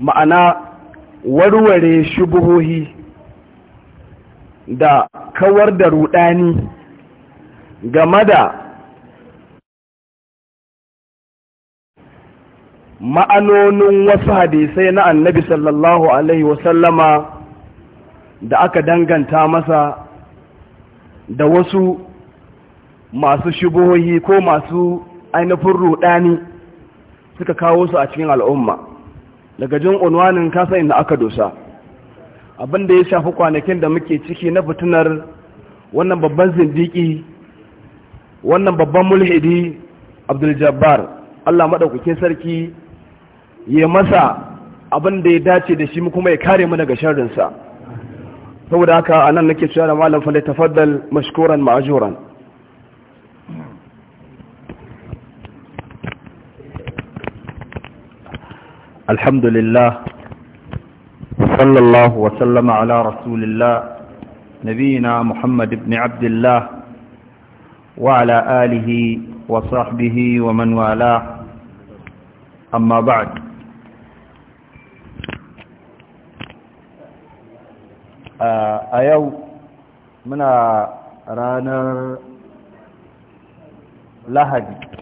ma'ana warware shubuhohi da kawar da rudani game da ma'anonin wasu hadisai na annabi sallallahu alaihi wasallama da aka danganta masa da wasu masu shubuhohi ko masu ainihin rudani suka kawo su a cikin al'umma daga jin unwanin kasa inda aka dosa abinda ya shafi kwanakin da muke ciki na fitinar wannan babban zindiki wannan babban mulhidi abdul-jabbar allah maɗaukakin sarki ya masa abin da ya dace da shi kuma ya kare mu daga sharrinsa saboda haka a anan nake cewa da malam falai tafaddal mashkuran ma'ajuran الحمد لله صلى الله وسلم على رسول الله نبينا محمد بن عبد الله وعلى آله وصحبه ومن والاه أما بعد a yau muna ranar lahadi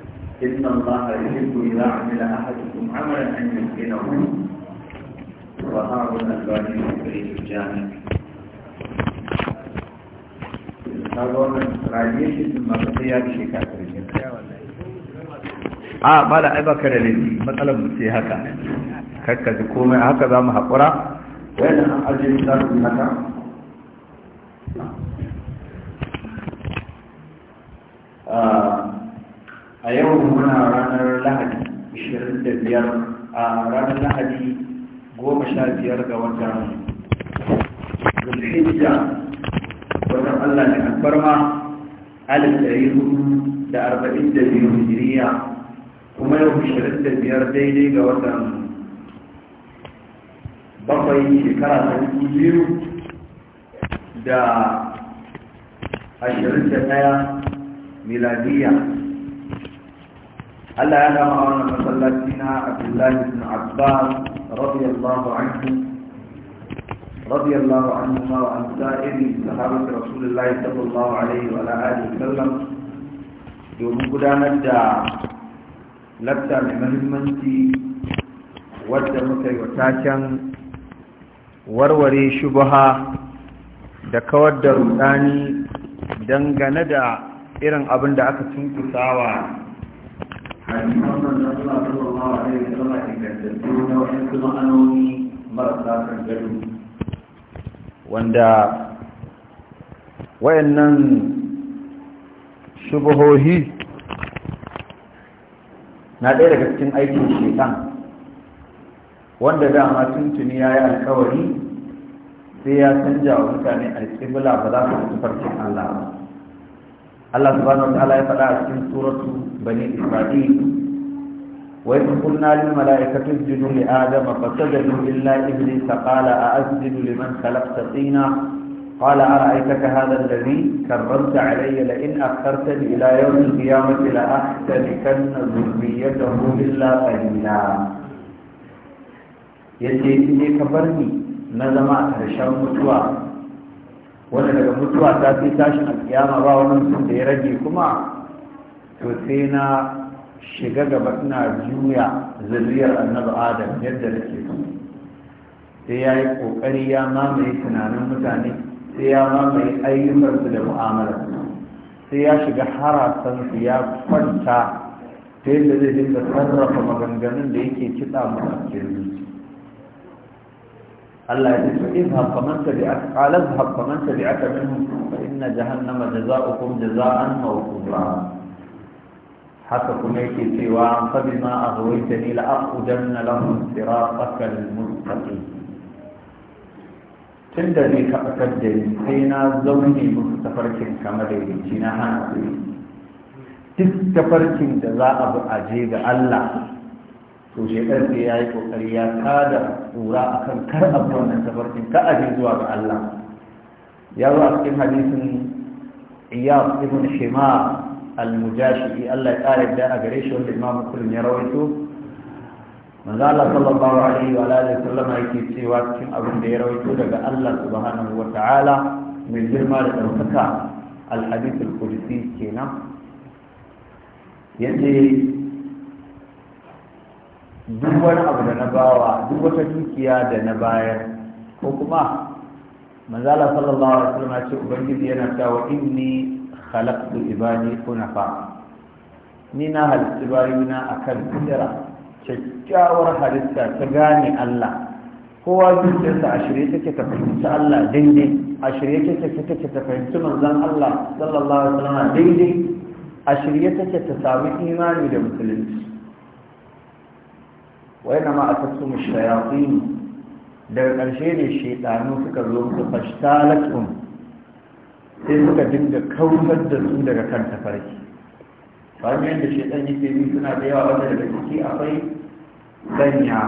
إن الله يحب إذا عمل أحدكم عملا أن يمكنه وهارون الباني في الجامع a mala ai baka da laifi matsalar mu haka karka ji komai haka za mu haƙura wayannan ajiyar za su haka a ah, a yau muna ranar lahadi 25 a ranar lahadi 15 ga watan zulhijja wajen allah ne albarma alif ɗari hudu da arba'in da biyu hijiriya kuma yau 25 daidai ga watan bakwai shekara ta biyu da ashirin da ɗaya miladiya Allah ya gama a wannan masallaci na Abdullahi ibn Abbas radiyallahu anhu radiyallahu anhu wa an sa'iri sahabatu Rasulullahi sallallahu alaihi wa alihi sallam domin gudanar da lafta mai muhimmanci, wadda muka yi wa warware shubaha da kawar da rudani dangane da irin abin da aka wa. hadisan manzon Allah sallallahu alaihi wasallam na marasa kan gado wanda wayannan shubuhohi na ɗaya daga cikin aikin shekan wanda dama tuntuni ya yi alkawari sai ya canja wa mutane alƙibla ba za su farkin Allah ba Allah subhanahu ta'ala ya faɗa a cikin suratu bani isra'il wa yadda kunna lil mala'ikati sujudu li adam fa sajadu illa iblis qala a asjudu liman khalaqta tina qala ara'aytaka hadha alladhi karramta alayya la in akhartani da yawm al-qiyamati la ahtanikanna dhurriyyatahu illa qalila yace in ne ka bar ni na zama a karshen mutuwa wanda daga mutuwa ta fi tashin alkiyama ba wani mutum da ya rage kuma to sai na shiga gaba ina juya zuriyar annabi adam yadda nake so sai ya yi ƙoƙari ya mamaye tunanin mutane sai ya mamaye ayyukansu da mu'amala, sai ya shiga harasansu ya kwanta ta yadda zai dinga sarrafa maganganun da yake kitsa mu a cikin Allah ya ce to izhab faman tabi'at qala izhab faman tabi'at minhum fa inna jahannama jazaa'ukum jazaa'an mawquta hatta kuma yake cewa an sabi ma a zuwa ta ni la aqudanna lahum siraqaka almustaqim tunda ne ka fakar da ni sai na zaune musu tafarkin kamar da yake hana su duk tafarkin da za a bu ga Allah to shekar ya yi ƙoƙari ya kada tsura a kan kar abu wannan tafarkin ka zuwa ga Allah ya zo a cikin hadisin iyas ibn shima al-mujashi Allah ya ƙara da a gare shi wanda imam muslim ya rawaito manzo Allah sallallahu alaihi wa alihi sallam yake cewa cikin abin da ya rawaito daga Allah subhanahu wa ta'ala mai girma da ɗaukaka al-hadith al-qudsi kenan yace duk wani abu da na bawa duk wata dukiya da na bayar ko kuma manzala sallallahu alaihi wasallam ce ubangiji yana cewa inni khalaqtu ibadi kunafa ni na halitta bayuna akan kudura kyakkyawar halitta ta gane Allah kowa zuciyarsa a shirye take ta fahimci Allah daidai a shirye take take ta fahimci manzon Allah sallallahu alaihi wasallam daidai a shirye take ta sami imani da musulunci وإنما أتتهم الشياطين daga ƙarshe ne shaidanu suka zo su fashtalatun sai suka dinga kaunar da su daga kan tafarki bayan yadda shaidan yake suna da yawa wanda daga ciki akwai sanya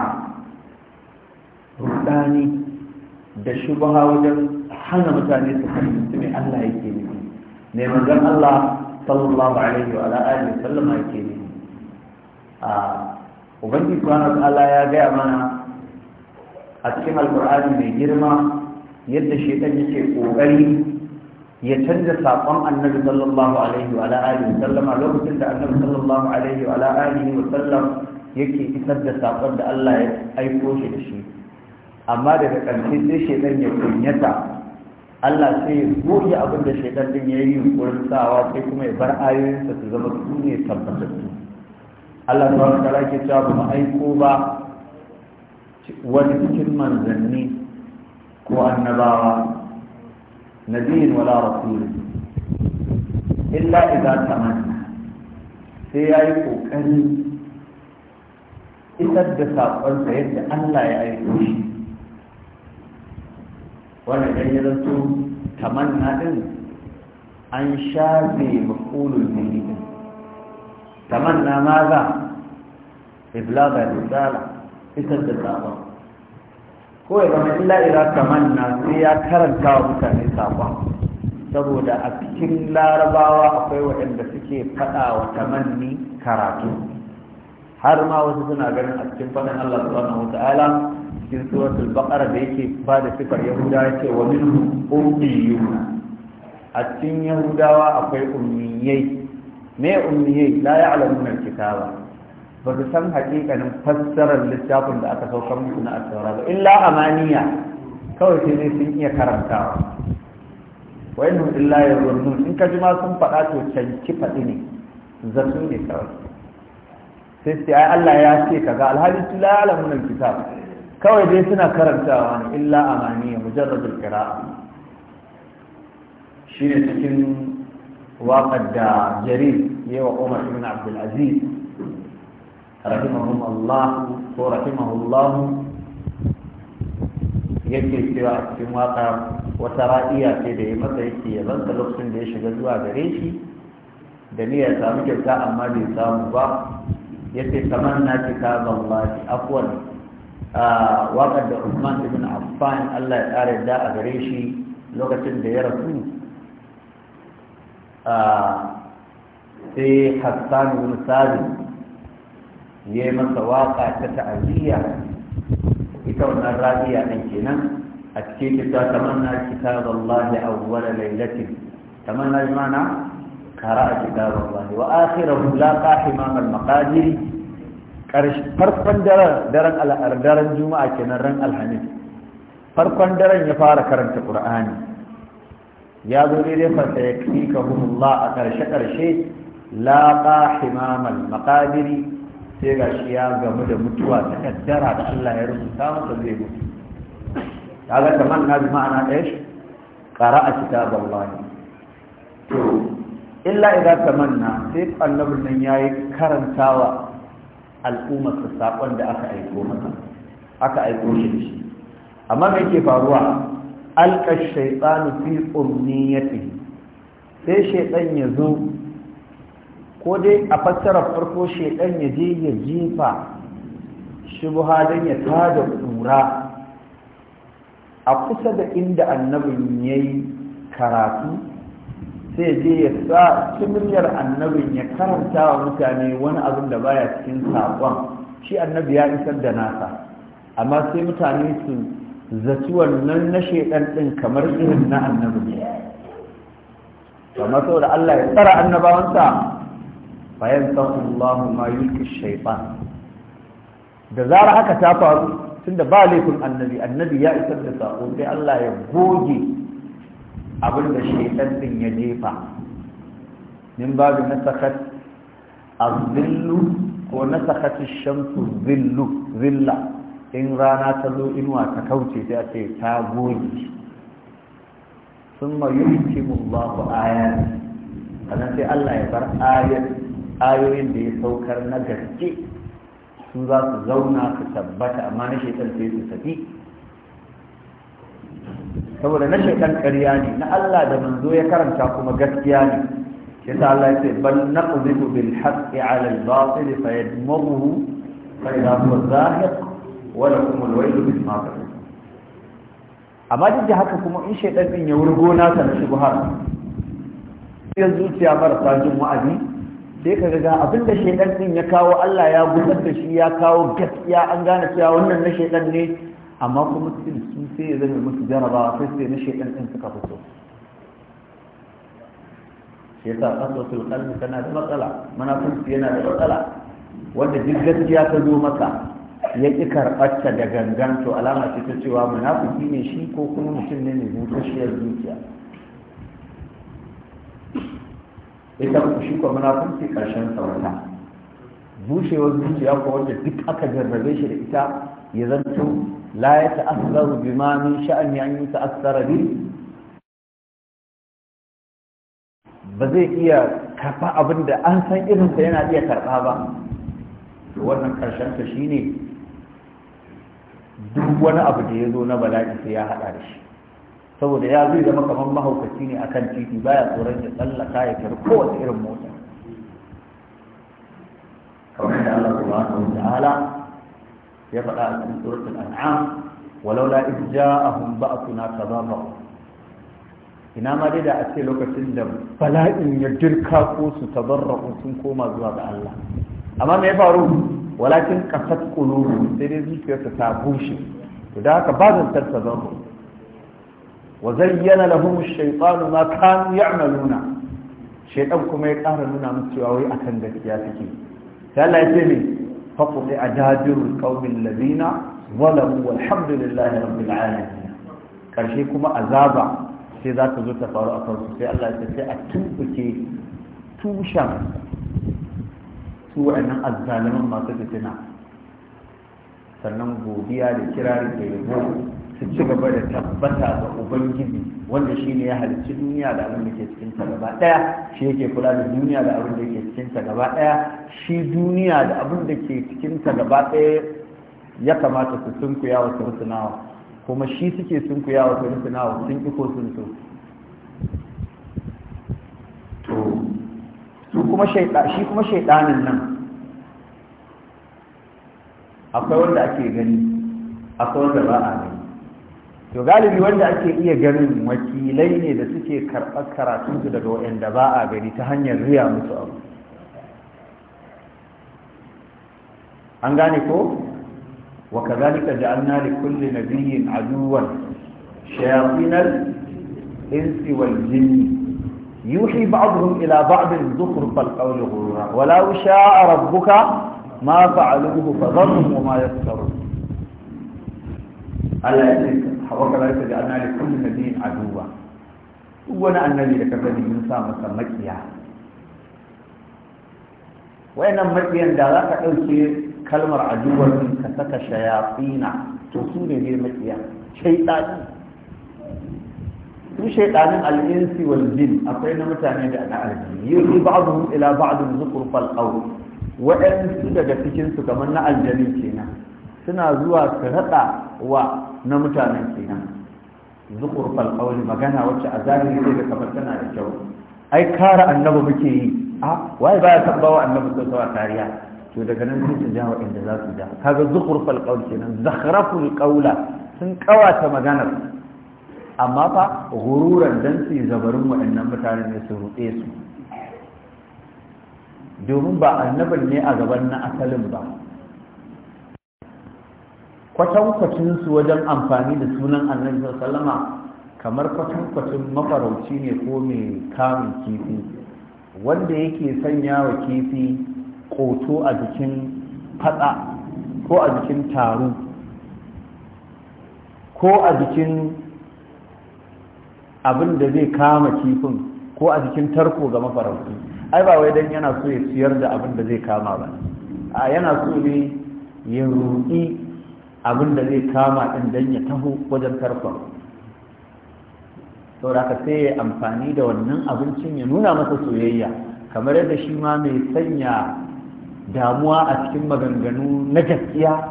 rudani da shubaha wajen hana mutane su fahimci mai Allah yake nufi ne manzon Allah sallallahu alaihi a ubangiji subhanahu ta'ala ya gaya mana a cikin alkur'ani mai girma yadda shaitan yake kokari ya canza saƙon annabi sallallahu alaihi wa alihi sallama lokacin da annabi sallallahu alaihi wa alihi wa sallam yake isar da saƙon da Allah ya aiko shi da shi amma daga ƙarshe sai shaitan ya kunyata Allah sai ya goge abin da shaitan din ya yi yunkurin sawa sai kuma ya bar ayoyinsa su zama su ne tabbatattu Allah ta wata kala ke cewa ba aiko ba wani cikin manzanni ko annabawa nabiyin wala rasulun illa idza tamanna sai yayi kokari isar da sakonsa yadda Allah ya aiko shi wannan dan ya tamanna din an shafe maqulul bihi تمنى ماذا إبلاغ الرسالة إسد الدعوة ko ya zama illa ila tamanna sai ya karanta wa mutane sabon saboda a cikin larabawa akwai waɗanda suke faɗa wa tamanni karatu har ma wasu suna ganin a cikin faɗin Allah subhanahu wa ta'ala cikin suratul baqara da yake ba da sifar yahudawa ce wa minhum ummiyuna a cikin yahudawa akwai ummiyai me ummiyai la ya'lamuna alkitaba ba su san hakikanin fassarar littafin da aka saukar musu na asaura ba illa amaniya kawai sai dai sun iya karantawa wa innahum illa yazunnun in ka ji ma sun faɗa to canki faɗi ne zato ne kawai sai sai ai Allah ya ce kaza alhali su la ya'lamuna alkitab kawai dai suna karantawa ne illa amaniya mujarradul Shi ne cikin waƙar da jarir wa umar ibn abdulaziz rahimahum allah ko rahimahullahu yake cewa a cikin waƙar wata ra'iya ce da ya masa yake ya zanta lokacin da ya shiga zuwa gare shi da ni ya samu kyauta amma bai samu ba ya ce kamar na ci kazan lafi afuwan waƙar da usman ibn affan allah ya ƙara da a gare shi lokacin da ya rasu sai hassan ibn ya yi masa waka ta ta'aziyya ita wannan rabiya ɗin kenan a cikin kita tamanna kitab Allah awwala lailatin tamanna mana a kita zallahi wa akhirahu laqa himam mamar makajiri farkon daren daren daren juma'a kenan ran alhamis farkon daren ya fara karanta qur'ani ya zo daidai fasa ya a ƙarshe-ƙarshe la ba himaman makadiri sai ga shi ya gamu da mutuwa ta kaddara da Allah ya rubuta masa zai mutu ya ga kamar na bi ma'ana ɗaya shi ƙara a cita bawani to illa idza tamanna sai annabin nan yayi karantawa al'ummar sa sakon da aka aiko masa aka shi amma me yake faruwa alka shaitanu fi umniyati sai shaitan ya zo ko dai a fassarar farko shaiɗan ya je ya jefa shi don ya tada kura a kusa da inda annabin ya yi karatu sai je ya sa kimiyyar annabin ya karanta wa mutane wani abin da baya cikin saƙon shi annabi ya isar da nasa amma sai mutane su zaciwan nan na shedan din kamar irin na annabi ne kamar saboda Allah ya tsara annabawansa fa yansahu Allah ma yulki shaytan da zara haka ta faru tunda ba laifin annabi annabi ya isar da sako sai Allah ya goge abin da shedan din ya jefa min babu nasakat azillu ko nasakat ash-shamsu zillu zilla in rana ta zo inuwa ta kauce ta ce ta goge sun mayu ma yunki mullahu ayan sannan sai Allah ya bar ayoyin da ya saukar na gaske su za su zauna su tabbata amma na shaitan sai su tafi saboda na shaitan ƙarya ne na Allah da manzo ya karanta kuma gaskiya ne yasa Allah ya ce bal naqdhibu bil haqqi 'ala al batil fayadmughu fa idha huwa zahiq wala kuma alwailu mimma tasifun amma duk da haka kuma in shaidan din ya wurgo nasa na shubha sai zuciya marasa jin wa'azi sai ka ga abin da shaidan din ya kawo Allah ya gusar da shi ya kawo gaskiya an gane cewa wannan na shaidan ne amma kuma sun su sai ya zama musu jaraba sai sai na shaidan din suka fito shi yasa qaswatul qalbi tana da matsala mana munafiki yana da matsala wanda duk gaskiya ta zo maka ya ƙi karɓarta da gangan to alama ce ta cewa munafiki ne shi ko kuma mutum ne mai zuciyar zuciya ita ku shi ko munafiki ƙarshen saurata bushewar zuciya ko wanda duk aka jarrabe shi da ita ya zanto la ya ta'azzaru ma min sha'ani an yi ta'azzara bi ba zai iya karɓa abin da an san irinsa yana iya karɓa ba wannan karshen ta shine duk wani abu da ya zo na bala'i sai ya haɗa da shi saboda ya zai zama kamar mahaukaci ne a kan titi baya tsoron ya tsallaka ya kira kowace irin motsa kamar da Allah subhanahu wa ta'ala ya faɗa a cikin suratul an'am walaula id ja'ahum ba'athuna kadhabu ina ma dai da a ce lokacin da bala'in ya dirka ko su tabarra'u sun koma zuwa ga Allah amma me ya faru walakin kasat qulubu sai dai zuciyarsa ta bushe to da haka ba zan tarsa zango wa zayyana lahum ash-shaytanu ma kanu ya'maluna shaytan kuma ya ƙara nuna musu cewa wai akan gaskiya take sai Allah ya ce ne faqti adabirul qaumil ladina zalamu walhamdulillahi rabbil alamin karshe kuma azaba sai za ta zo ta faru a kansu sai Allah ya ce sai a tumbuke tushen su waɗannan azzaliman masu fitina sannan godiya da kirari da yabo su ci gaba da tabbata ga ubangiji wanda shi ne ya halicci duniya da abin da ke cikin ta gaba daya shi yake kula da duniya da abin da ke cikin ta gaba daya shi duniya da abin da ke cikin ta gaba daya ya kamata su sunkuya wa sarsunawa kuma shi suke sunkuya wa sarsunawa sun iko sun so su kuma shi kuma shaidanin nan akwai wanda ake gani akwai wanda ba a gani to galibi wanda ake iya ganin wakilai ne da suke karɓar karatunsu daga waɗanda ba a gani ta hanyar riya musu abu an gane ko wa kazalika ja'alna li kulli nabiyyin aduwan shayatinal insi wal jinni يوحي بعضهم إلى بعض الزخرف فالقول غرورا ولو شاء ربك ما فعلوه فظنهم وما يفترون ألا يدرك حوك لا يتجعلنا لكل نبي عدوا وانا النبي لك الذي ينسى مثل مكيا وإن مكيا دارك أوكي كلمة عدوا كسك شياطين تصول به مكيا شيطان su shaidanin al'insi wal akwai na mutane da na aljini yuhi ba'dhum ila ba'dhin zukhrufal qawl wa'ansu daga cikinsu kamar na aljani kenan suna zuwa su rada wa na mutanen kenan zukhrufal qawl magana wacce a zahiri sai da kamar tana da kyau ai kara annabi muke yi a waye baya tabbawa annabi sallallahu kariya to daga nan sai su ja inda za su ja kaga kenan zakhraful qawla sun kawata maganar amma fa gururan dan su zabarin waɗannan mutane ne su ruɗe su domin ba annabin ne a gaban na asalin ba kwatankwacin su wajen amfani da sunan annabi sallama kamar kwatankwacin mafarauci ne ko mai kamun kifi wanda yake sanya wa kifi koto a jikin fada ko a jikin taru ko a jikin abin da zai kama kifin ko a cikin tarko ga mafarauci ai ba wai dan yana so ya siyar da abin da zai kama ba a yana so ne ya roƙi abin da zai kama din dan ya taho wajen tarkon saboda ka sai ya amfani da wannan abincin ya nuna masa soyayya kamar yadda shi ma mai sanya damuwa a cikin maganganu na gaskiya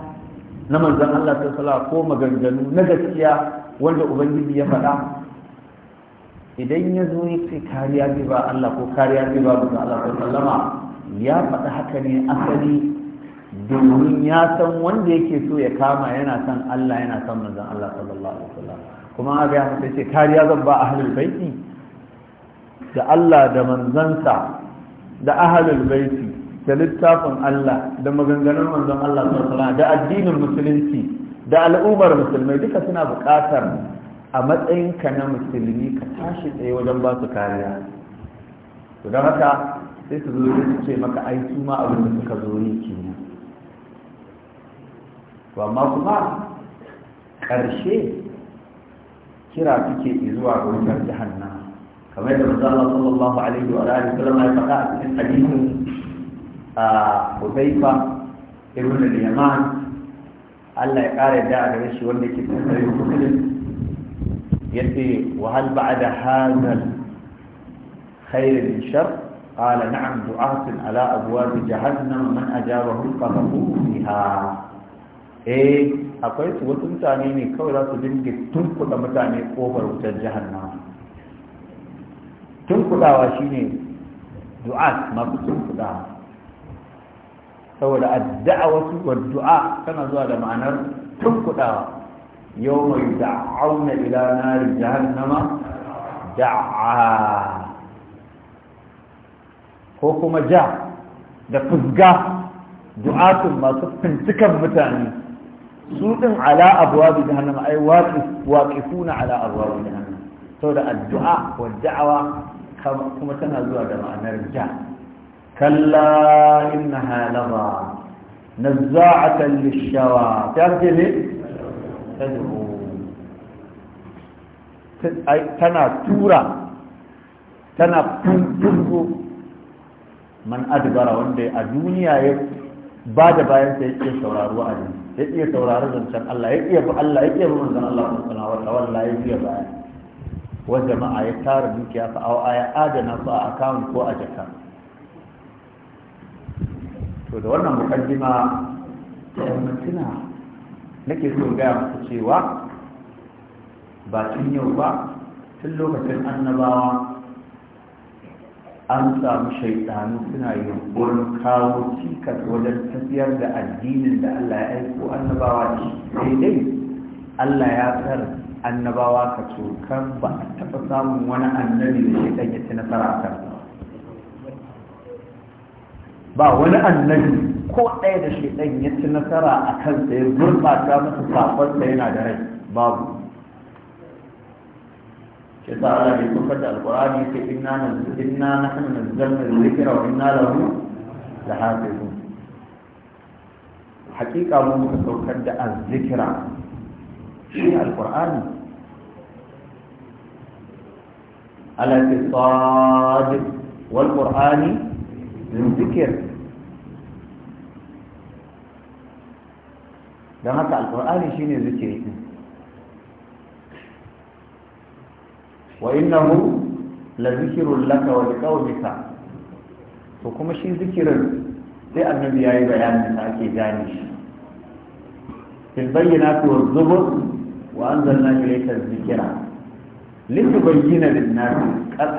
na manzon Allah sallallahu ko maganganu na gaskiya wanda ubangiji ya faɗa idan ya zo ya ce kariya zai ba Allah ko kariya zai ba mutum Allah ko sallama ya faɗi haka ne asali domin ya san wanda yake so ya kama yana san Allah yana san manzon Allah sallallahu alaihi wasallam kuma a ga mutum ce kariya zan ba ahlul baiti da Allah da manzansa da ahlul baiti da littafin Allah da maganganun manzon Allah sallallahu alaihi wasallam da addinin musulunci da al'ummar musulmai duka suna buƙatar a matsayinka na musulmi ka tashi tsaye wajen ba su kariya to don haka sai su zo su ce maka ai su ma abin da suka zo yi kenan to amma kuma ƙarshe kira suke zuwa ga wajen jahannama kamar yadda manzo Allah sallallahu alaihi wa alihi sallam ya faɗa a cikin hadisin a Hudayfa ibn al-Yaman Allah ya ƙara da a gare shi wanda yake cikin sahih Muslim يأتي وهل بعد هذا خير من شر قال نعم دعاة على أبواب جهنم من أجابه قبضوا فيها إيه أقيت وتم تانيني كولا سبين جتن قد متاني أوبر وتن جهنم تن قد دعاة ما بتن قد سولا الدعوة والدعاء كما زال معنى تن قد yawma yud'auna ila nari jahannama da'a ko kuma ja da fusga du'atun masu fincikan mutane su din ala abwabi jahannama ai waqifuna ala abwabi jahannama saboda addu'a wa da'awa kuma tana zuwa da ma'anar ja kalla innaha laba nazza'atan lishawa ta ce ne tad'u tana tura tana tuntungo man adbara wanda a duniya ya ba da bayan sai yake sauraro a ne ya iya sauraro zancen Allah ya iya ba Allah ya iya ba manzon Allah sallallahu alaihi wata wallahi ya iya bayan wa jama'a ya tara dukiya fa'a aw ya adana ba a account ko a jaka to da wannan mukaddima ta mutuna nake so gaya muku cewa ba tun yau ba tun lokacin annabawa an samu shaidanu suna yunkurin kawo cikas wajen tafiyar da addinin da Allah ya aiko annabawa ne daidai Allah ya tsar annabawa ka tsokar ba a taɓa samun wani annabi da shi ya ci a kansa ba wani annabi ko ɗaya da shaidan ya ci nasara a kansa ya gurɓata masa safonsa yana da rai babu shi sa Allah bai kuka da alƙur'ani sai inna na inna na hana nazzalna zikra wa inna lahu lahafizun hakika mun muka saukar da azzikira shi alƙur'ani ala fi sadiq wal qur'ani zikir don haka alkur'ani shine zikiri din wa innahu la zikrun laka wa liqaumika to kuma shi zikirin sai annabi yayi bayanin da ake gane shi fil bayyinati waz zubur wa anzalna ilayka dhikra لتبين للناس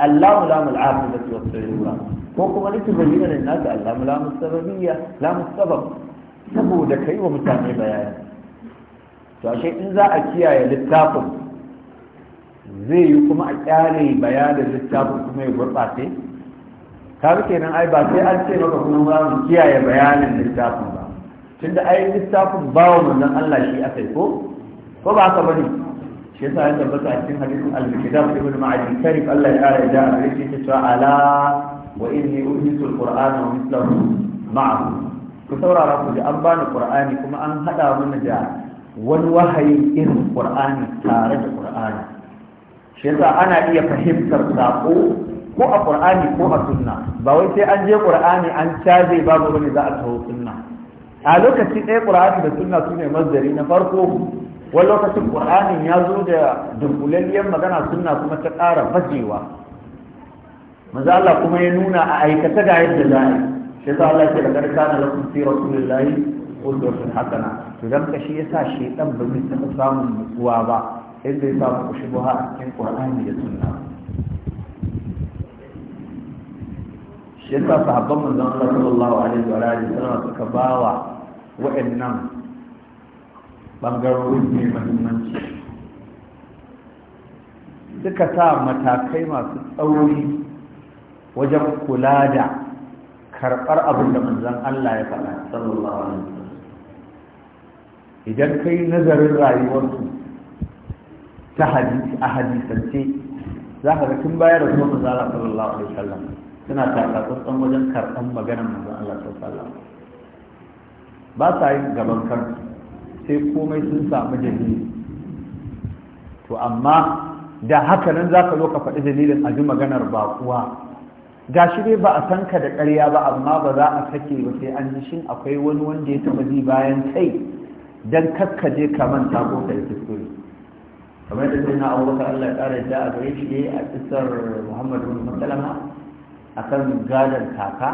اللام لام العاقبة والسرورة وكما لتبين للناس اللام ka السببية لام السبب سبو دكي ومتعني بيان in za a kiyaye littafin zai yi kuma a kyale bayanin littafin kuma ya ka bi kenan ai ba sai an ce maka kuma ba mu kiyaye bayanin littafin ba tunda ai littafin bawa manzon Allah shi aka yi ko ko ba ka bari. shi yasa ya tabbata a cikin hadisin al-kitab ibn ma'adi sharif Allah ya kare da a gare shi cewa ala wa inni uhitu al-qur'ana wa mithlahu ma'ahu ku saurara ku ji an bani qur'ani kuma an hada mana da wani wahayi irin qur'ani tare da qur'ani shi yasa ana iya fahimtar sako ko a qur'ani ko a sunna ba wai sai an je qur'ani an caje babu bane za a taho sunna a lokaci ɗaya qur'ani da sunna sune mazari na farko wani lokacin ƙur'anin ya zo da dunkulalliyar magana suna kuma ta ƙara fasewa manzo Allah kuma ya nuna a aikata ga yadda za a yi shi yasa Allah ke da garka na lakum fi rasulillahi uswatun hasana to don ka shi ya sa yasa shedan ba zai taɓa samun nutsuwa ba inda ya samu kushubuha a cikin ƙur'ani da sunna shi yasa sahabban manzon Allah sallallahu alaihi wa alihi wasallam suka bawa waɗannan. ɓangarorin mai mahimmanci suka sa matakai masu tsauri wajen kula da karɓar abin da manzan Allah ya faɗa sallallahu alaihi wasallam idan yi nazarin rayuwarsu ta hadisi a hadisance za ka ga tun bayar da kuma manzan Allah sallallahu alaihi wasallam suna takatsantsan wajen karɓar maganar manzan Allah sallallahu alaihi wasallam ba sa yin gaban kansu sai komai sun samu dalili to amma da haka nan za ka zo ka faɗi dalilin a ji maganar baƙuwa ga shi dai ba a kanka da ƙarya ba amma ba za a sake ba sai an ji shin akwai wani wanda ya taɓa ji bayan kai don kakkaje ka manta ko ka yi kuskure kamar da sai na ka allah ya ƙara da a gare shi ne a ƙisar muhammadu bin a kan gadar kaka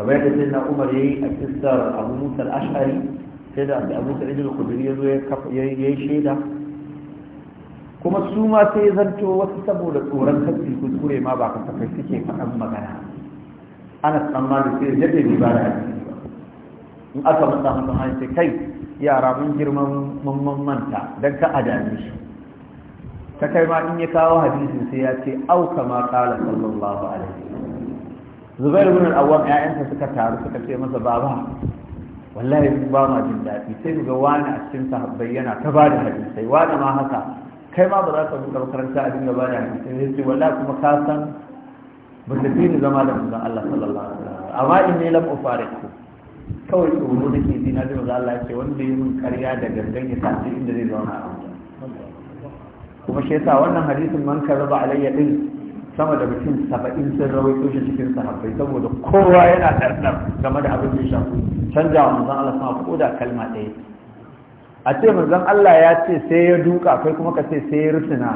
kamar da sai na umar ya yi a kisar abu musa ashari sai da abu sa'id al-khudri ya zo ya yi shaida kuma su ma sai zanto wasu saboda tsoron kasi kuskure ma ba ka kai suke faɗan magana ana da sai ya daɗe ba da hadisi ba in aka matsa masa an sai kai yara mun girma mun manta don ka adami shi ta kai ma in ya kawo hadisin sai ya ce au kama kala sallallahu alaihi zubairu bin al-awwam 'ya'yanta suka taru suka ce masa baba wallahi ba ma jin daɗi sai ga wani a cikin bayyana ta ba da hadisai wani ma haka kai ma ba za ka buɗe makaranta a dinga ba da hadisai sai ce wallahi kuma ka san ba ta fi ni zama da manzon Allah sallallahu alaihi wasallam amma in ne lam ufariku kawai tsoro da ke ji na ji manzon Allah ya ce wanda ya min ƙarya da gangan ya tafi inda zai zauna a wajen kuma shi yasa wannan hadisin man karaba alayya din sama da mutum saba'in sun rawaito tushen cikin sahabbai saboda kowa yana ɗarɗar game da abin da ya shafi canja wa manzon Allah sama ko da kalma ɗaya a ce manzon Allah ya ce sai ya duka kai kuma ka ce sai ya rusuna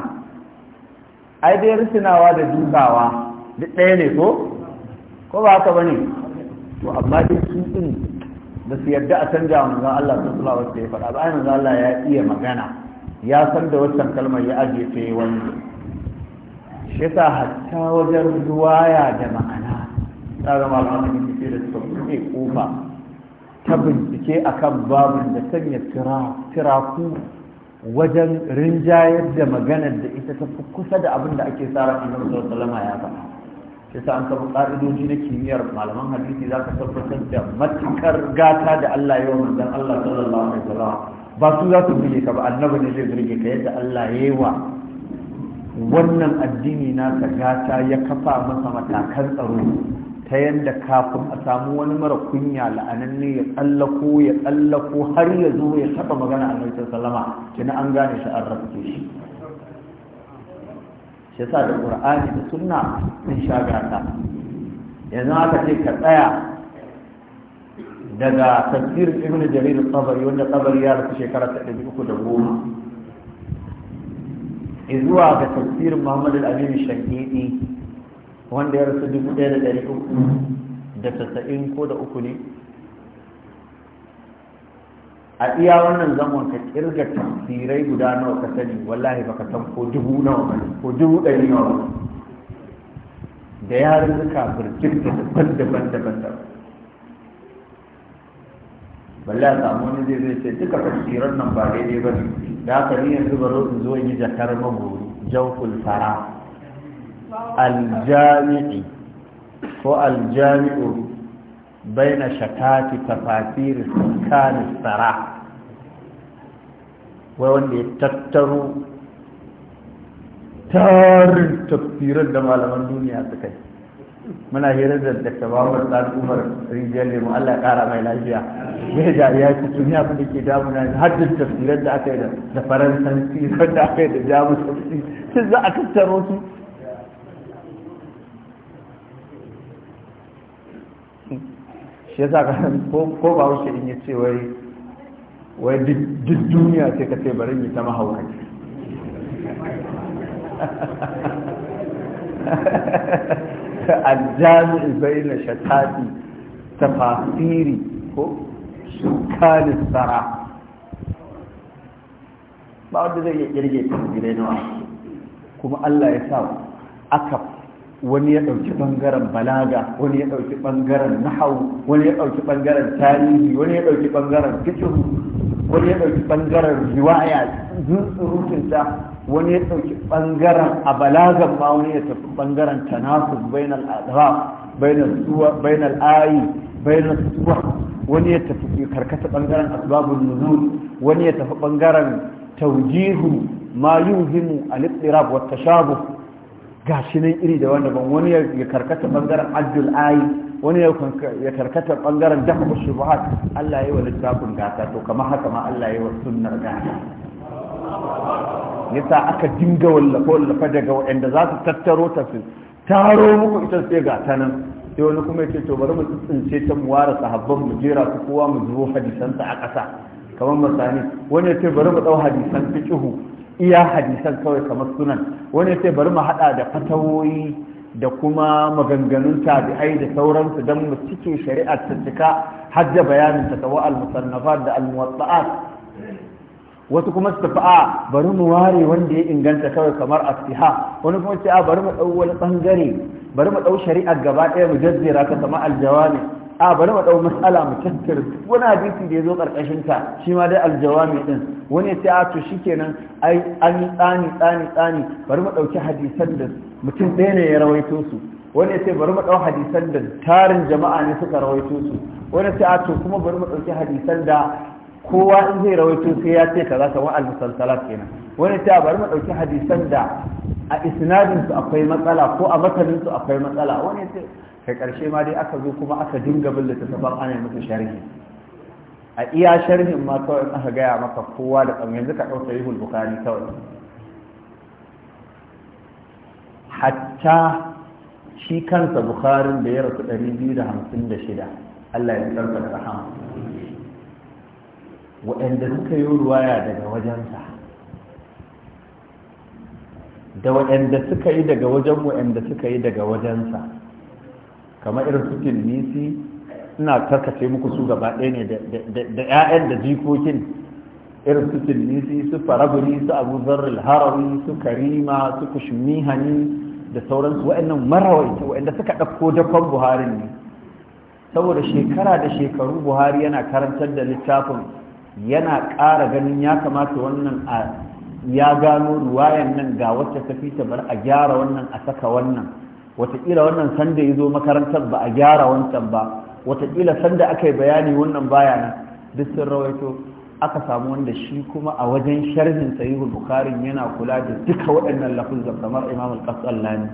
ai dai rusunawa da dukawa duk ɗaya ne ko ko ba haka bane to amma dai su din da su yarda a canja wa manzon Allah sun alaihi wasu ya faɗa ba ai manzon Allah ya iya magana ya san da wancan kalmar ya ajiye ta yi wani shi yasa hatta wajen ruwaya da ma'ana tsara malaman da ke da suka buɗe kofa ta bincike akan babin da sanya tiraku wajen rinjayar da maganar da ita ta fi kusa da abin da ake tsara annabi sallallahu salama ya faɗa shi yasa an samu ƙa'idoji na kimiyyar malaman hadisi za ka tabbatar da matukar gata da Allah ya wa Allah sallallahu alaihi wasallam ba su za su ka ba annabi ne zai burge ka yadda Allah ya yi wa wannan addini nasa gata ya kafa masa matakan tsaro ta yadda kafin a samu wani mara kunya la'ananne ya tsallako ya tsallako har ya zo ya taba magana a laifin salama tuni an gane shi an rafke shi shi sa da ƙura'ani da suna sun sha gata yanzu aka ce ka tsaya daga tafsir ibn jarir tsabari wanda tsabari ya rasu shekara ta ɗari uku da goma zuwa ga tafsirin muhammadu al-aminu shankidi wanda ya rasu dubu ɗaya da ɗari uku da tasa'in ko da uku ne a iya wannan zamon ka kirga tafsirai guda nawa ka sani wallahi baka san ko dubu nawa ba ko dubu ɗari nawa da yarurruka birkin da daban daban daban balle a samu wani zai zai ce duka tafsiran nan ba daidai ba ne da haka ni yanzu baro in zo yi jakar mabu jawful fara aljami'i ko aljami'u baina shakati tafasir kan sara wai wanda ya tattaro tarin tafsiran da malaman duniya suka yi muna hira da Dr. Babar Dan Umar Rijiyar Lemu Allah ya kara mai lafiya me da ya ci duniya ku ke damuna har da tafsirar da aka yi da faransanci da aka yi da jamus tafsir su za a tattaro su shi yasa ka ko ba wuce in yi ce wai wai duk duniya sai ka ce bari yi ta mahaukaci Ka aljami'i bayna ta tafasiri ko sukanin sara ba wanda zai iya kirge tasbirai nawa kuma Allah ya sa aka wani ya ɗauki ɓangaren balaga wani ya ɗauki ɓangaren nahau wani ya ɗauki ɓangaren tarihi wani ya ɗauki ɓangaren fikiru wani ya ɗauki ɓangaren riwaya zuntsurutunta wani ya ɗauki ɓangaren a balagan ma wani ya tafi ɓangaren tanasus bainal adra bainal suwa bainal ayi bainal suwa wani ya tafi karkata ɓangaren asbabun nuzul wani ya tafi ɓangaren taujihu ma yuhimu al-ittirab wa tashabuh Gashinan nan iri da wanda ban wani ya karkata bangaren abdul ayi wani ya karkata bangaren dafa shubuhat Allah ya yi wa littafin gata to kamar haka ma Allah ya yi wa sunnar gata yasa aka dinga wallafa wallafa daga waɗanda za su tattaro ta su taro muku ita sai gata nan sai wani kuma ya ce to bari mu tsince ta mu ware sahabban mu jera su kowa mu zubo hadisansa a ƙasa kamar misali wani ya ce bari mu ɗau hadisan fiƙihu iya hadisan kawai kamar sunan wani sai bari mu hada da fatawoyi da kuma maganganun tabi'ai da sauransu don mu cike shari'ar ta cika hajja bayanin ta tawa al-musannafat da al-muwatta'at wasu kuma su tafi bari mu ware wanda ya inganta kawai kamar asiha wani kuma ce a bari mu dau wani bangare bari mu dau shari'ar gaba ɗaya mu jazzira ta kamar al-jawami a bari mu dau mas'ala mu tattar wani hadisi da yazo karkashin ta shi ma dai aljawami din wani ya ce a to shikenan ai an yi tsani tsani tsani bari mu dauki hadisan da mutum ɗaya ne ya rawaito su wani ya ce bari mu dau hadisan da tarin jama'a ne suka rawaito su wani ya ce a to kuma bari mu dauki hadisan da kowa in zai rawaito sai ya ce kaza kamar al-musalsalat kenan wani a, bari mu dauki hadisan da a isnadin su akwai matsala ko a matanin su akwai matsala wani sai kai ƙarshe ma dai aka zo kuma aka dinga bin littattafan ana musu sharhi a iya sharhin ma kawai aka gaya maka kowa da kan yanzu ka ɗauka yihul bukari kawai hatta shi kansa bukarin da ya rasu 256 Allah ya tsarka da rahama waɗanda suka yi ruwaya daga wajensa da waɗanda suka yi daga wajen waɗanda suka yi daga wajensa kamar irin su tilmisi ina karkace muku su gaba ɗaya ne da 'ya'yan da jikokin irin su tilmisi su farabuni su abu zarril harari su karima su kushmihani da sauransu wa'annan marawaita wa'anda suka ɗauko dafan buhari ne saboda shekara da shekaru buhari yana karantar da littafin yana ƙara ganin ya kamata wannan a ya gano ruwayan nan ga wacce ta fi ta bar a gyara wannan a saka wannan watakila wannan sanda ya zo makarantar ba a gyara wancan ba watakila sanda aka yi bayani wannan baya nan duk sun rawaito aka samu wanda shi kuma a wajen sharhin sahihul bukharin yana kula da duka waɗannan lafuzan kamar imam al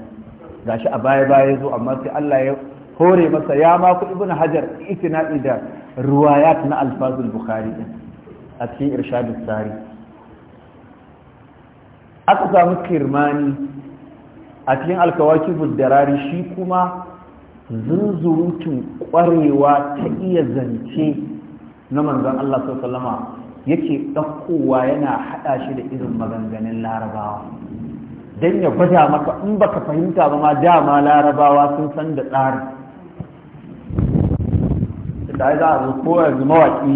Ga shi a baya baya zo amma sai Allah ya hore masa ya ma ku ibnu hajar itina'i da riwayat na alfazul bukhari din a cikin irshadus sari aka samu kirmani a cikin alkawakibul darari shi kuma zunzurutun kwarewa ta iya zance na manzon Allah sallama yake ɗaukowa yana haɗa shi da irin maganganun larabawa don ya gwada maka in baka fahimta ba ma dama larabawa sun san da tsari da za a zo ko yanzu mawaƙi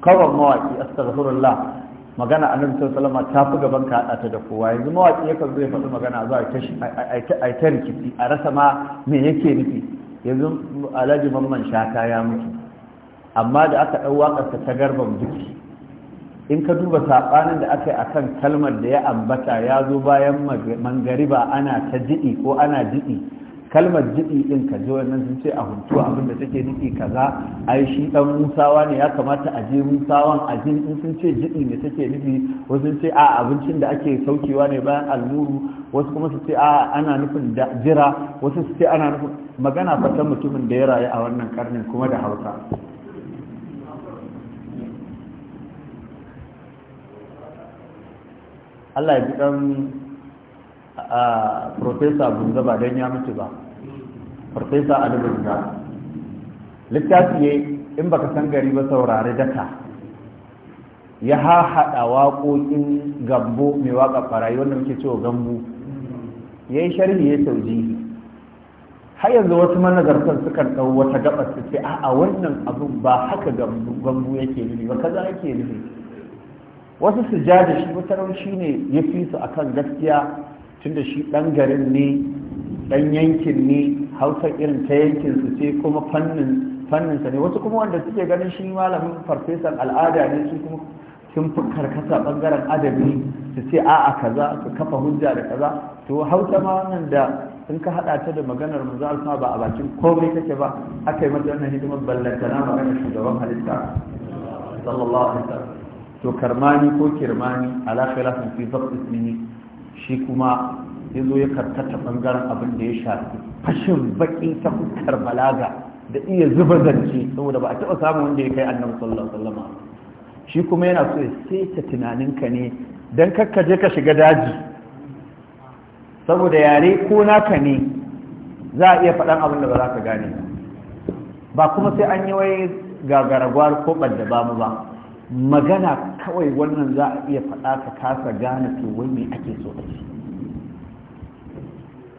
kawar mawaƙi astaghfirullah magana a nan sallallahu salama ta fi gaban ka ta da kowa yanzu mawaki ya kan zo ya faɗi magana zuwa a ta rikici a rasa ma me yake nufi yanzu alhaji mamman shata ya mutu amma da aka ɗau waƙarsa ta garban Buki. in ka duba saɓanin da aka yi a kan kalmar da ya ambata ya zo bayan mangariba ana ta jiɗi ko ana jiɗi kalmar jiɗi ɗin ka ji wannan sun ce a huntu abin da take nufi kaza ai shi ɗan musawa ne ya kamata a je musawan a jin in sun ce jiɗi ne take nufi wasu sun ce a abincin da ake saukewa ne bayan almuru wasu kuma su ce a ana nufin jira wasu su ce ana nufin magana fatan mutumin da ya rayu a wannan karnin kuma da hausa Allah ya ji a profesa bunga ba don ya mutu ba profesa ali bunga littafi ne, in baka san gari ba saurari daka ya haɗa waƙoƙin gambo mai waƙa farayi wanda muke cewa gambo ya yi sharhi ya sauji har yanzu wasu manazartan sukan ɗau wata gabas su ce a wannan abin ba haka gambo yake nufi ba kaza yake nufi wasu su ja da shi wata shi ne ya fi su akan gaskiya tunda shi ɗan garin ne ɗan yankin ne hausa irin ta yankin su ce kuma fannin fanninsa ne wasu kuma wanda suke ganin shi malamin farfesan al'ada ne su kuma sun fi karkata ɓangaren adabi su ce a'a kaza su kafa hujja da kaza to hausa ma wannan da in ka haɗa ta da maganar manzo alfa ba a bakin komai kake ba aka yi mata wannan hidimar ballantana maganar shugaban halitta sallallahu alaihi wasallam to karmani ko kirmani ala khilafin fi zabt ismini. shi kuma ya zo ya karkata bangaren abin da ya shafi fashin baƙi ta fuskar balaga da iya zuba zance saboda ba a taɓa samun wanda ya kai annabi sallallahu alaihi wasallam shi kuma yana so ya saita tunaninka ne dan kakka je ka shiga daji saboda yare ko naka ne za a iya faɗan abin da ba za ka gane ba kuma sai an yi wai gagaragwar ko ɓadda ba mu ba magana kawai wannan za a iya faɗa ka kasa gane to wai me ake so da shi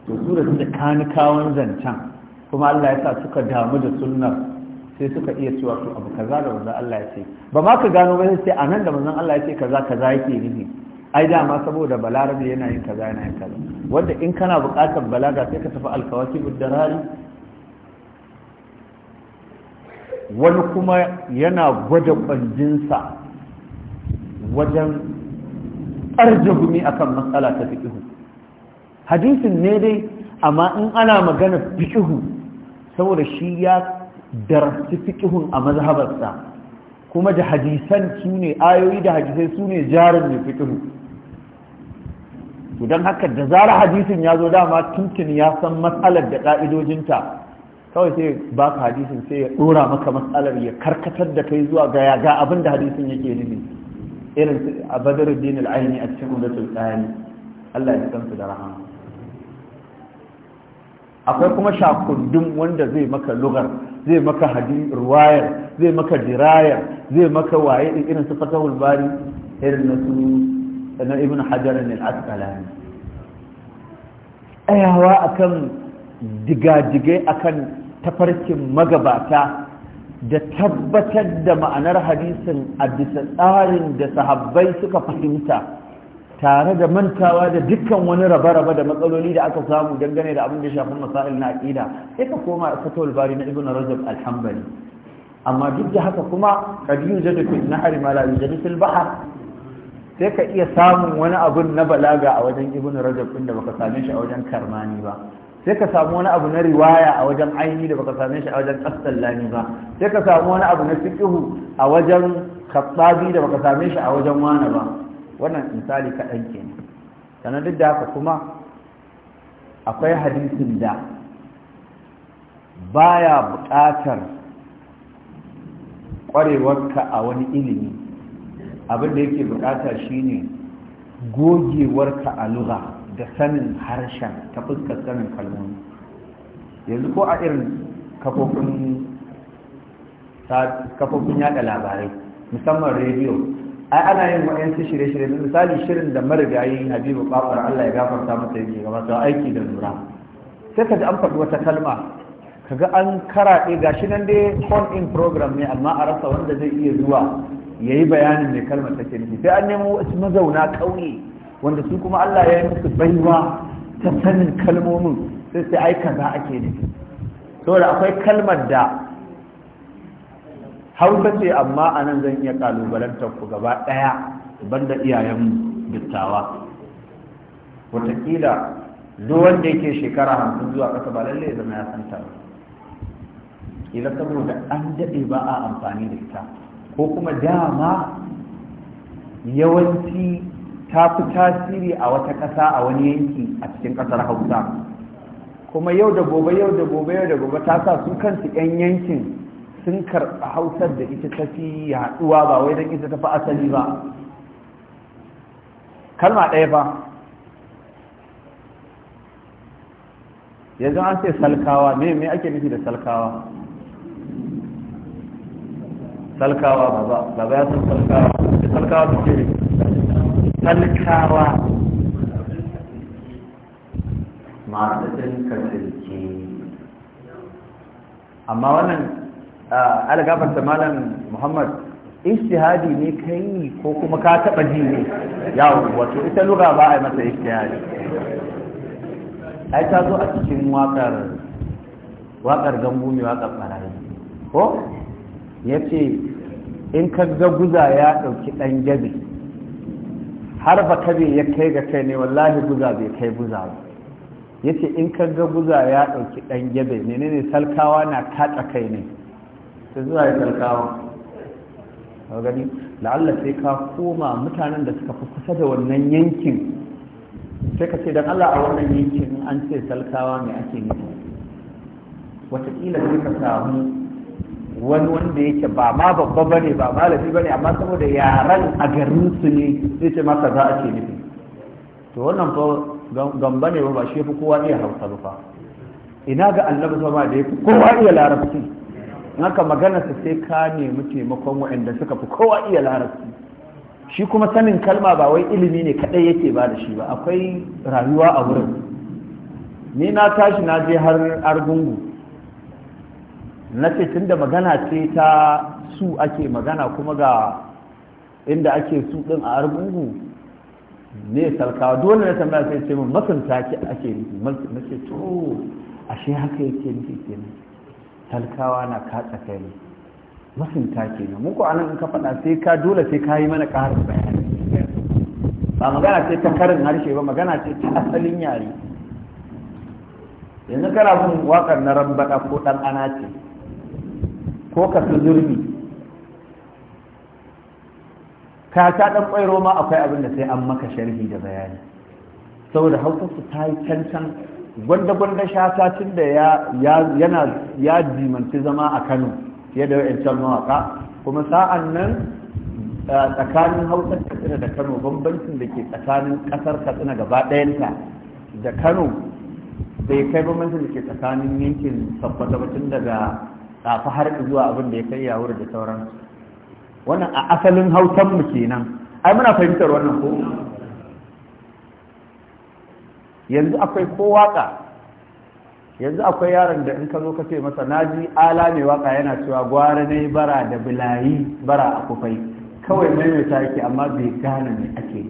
to su da suka kani kawon zancen kuma Allah ya sa suka damu da sunna sai suka iya cewa to abu kaza da manzon Allah ya ce ba ma ka gano ba sai a nan da manzon Allah ya ce kaza kaza yake nufi ai dama saboda balarabe yana yin kaza yana yin kaza wanda in kana buƙatar balaga sai ka tafi alkawaki darari wani kuma yana gwada ƙwanjinsa wajen a akan matsala ta fiƙihu hadisin ne dai amma in ana magana fikihu saboda shi ya darasi fiƙihun a mazhabarsa kuma da hadisan su ne ayoyi da hadisai su ne jarin mai fiƙihu don haka da zara hadisin ya zo dama tuntun ya san matsalar da ƙa'idojinta kawai sai ba ka hadisin sai ya dora maka matsalar ya karkatar da kai zuwa ga ga abin da hadisin yake nufi irin a dinar al'aini a cikin udatul tsari Allah ya san su da rahama akwai kuma shakundun wanda zai maka lugar zai maka hadin ruwayar zai maka dirayar zai maka waye irin su fatahul bari irin na su na ibn hajar al-asqalani ayawa akan diga-digai akan tafarkin magabata da tabbatar da ma'anar hadisin a bisa tsarin da sahabbai suka fahimta tare da mantawa da dukkan wani raba-raba da matsaloli da aka samu dangane da abin da shafin masail na aqida sai ka koma a fatawul bari na Ibn rajab al amma duk da haka kuma qad yujadu fil nahr ma la yujadu fil bahr sai ka iya samun wani abun na balaga a wajen Ibn rajab inda da baka same shi a wajen karmani ba sai ka samu wani abu na riwaya a wajen aini da baka same shi a wajen kastallani ba sai ka samu wani abu na fiqhu a wajen khattabi da baka same shi a wajen wani ba wannan misali kaɗan kenan sannan duk da haka kuma akwai hadisin da baya buƙatar ƙwarewarka a wani ilimi abin da yake buƙata shine gogewarka a lugha da sanin harshen ta fuskar sanin kalmomi yanzu ko a irin kafofin yada labarai musamman rediyo ai ana yin wa'yansu shirye-shirye da misali shirin da marigayi habibu babar allah ya gafarta masa yake gaba sau aiki da lura sai ka ji an faɗi wata kalma Ka ga an karaɗe gashi nan dai phone in program ne amma a rasa wanda zai iya zuwa ya yi bayanin mai kalmar take nufi sai an nemo wasu mazauna ƙauye wanda su kuma Allah ya yi musu baiwa ta sanin kalmomin sai sai aika za a ake nufi saboda akwai kalmar da hausa ce amma a nan zan iya kalubalantar ku gaba ɗaya banda iyayen dattawa wataƙila duk wanda yake shekara hamsin zuwa ƙasa ba lallai ya zama ya san ba ila saboda an daɗe ba a amfani da ita ko kuma dama yawanci ta fi tasiri a wata ƙasa a wani yanki a cikin ƙasar hausa kuma yau da gobe yau da gobe yau da gobe ta sa su kansu 'yan yankin sun karɓi hausar da ita ta fi yaɗuwa ba wai don ita ta fi asali ba kalma ɗaya ba yanzu an ce salkawa me me ake nufi da salkawa salkawa baba baba ya san salkawa salkawa su ke. talkawa masu ɗinka silki amma wannan algafarta malam muhammad ishtihadi ne kai ko kuma ka taɓa ji ne ya wato ita lura ba a yi masa ishtihadi ai ta zo a cikin wakar wakar gambo mai wakar ɓarayi ko ya ce in ka ga guza ya ɗauki ɗan gabi har ba ka kabe ya kai ga kai ne wallahi guza bai kai guza ba ya ce in ka ga guza ya ɗauki ɗan gebe ne ne salkawa na katsa kai ne ta zuwa ya salkawa a gani la'alla sai ka koma mutanen da suka fi kusa da wannan yankin sai ka ce don allah a wannan yankin an ce salkawa mai ake nufi wataƙila sai ka samu wani wanda yake ba ma babba bane ba malami bane amma saboda yaran a garin su ne sai ce masa za a ce nufi to wannan fa gamba ne ba shi fi kowa iya hausa ba ina ga annabi sama da ya fi kowa iya larabci Naka magana su sai ka nemi taimakon waɗanda suka fi kowa iya larabci shi kuma sanin kalma ba wai ilimi ne kaɗai yake ba da shi ba akwai rayuwa a wurin ni na tashi na je har argungu na ce tunda magana ce ta su ake magana kuma ga inda ake su din a argungu ne salkawa dole na tambaya sai ce min makanta ki ake nufi na ce to ashe haka yake nufi nan talkawa na katsa kai masunta ke nan muku anan in ka faɗa sai ka dole sai ka yi mana ƙarin bayani ba magana ce ta karin harshe ba magana ce ta asalin yare yanzu kana son waƙar na rambaɗa ko ɗan ana ce ko ka fi zurmi ka ta ɗan ƙwairo ma akwai abin da sai an maka sharhi da bayani saboda hausa su ta yi cancan gwanda-gwanda shata tun da yana ya dimanci zama a kano fiye da wa'ancan mawaka kuma sa'an nan tsakanin hausar katsina da kano bambancin da ke tsakanin ƙasar katsina gaba ɗayanta da kano bai kai bambancin da ke tsakanin yankin sabbata batun daga kafa har zuwa abin da ya kai yawur da sauran wannan a asalin hautan mu kenan ai muna fahimtar wannan ko yanzu akwai ko waka yanzu akwai yaron da in ka zo ka ce masa naji ala mai waka yana cewa gwara ne bara da bilayi bara a kufai kawai maimaita yake amma bai gane me ake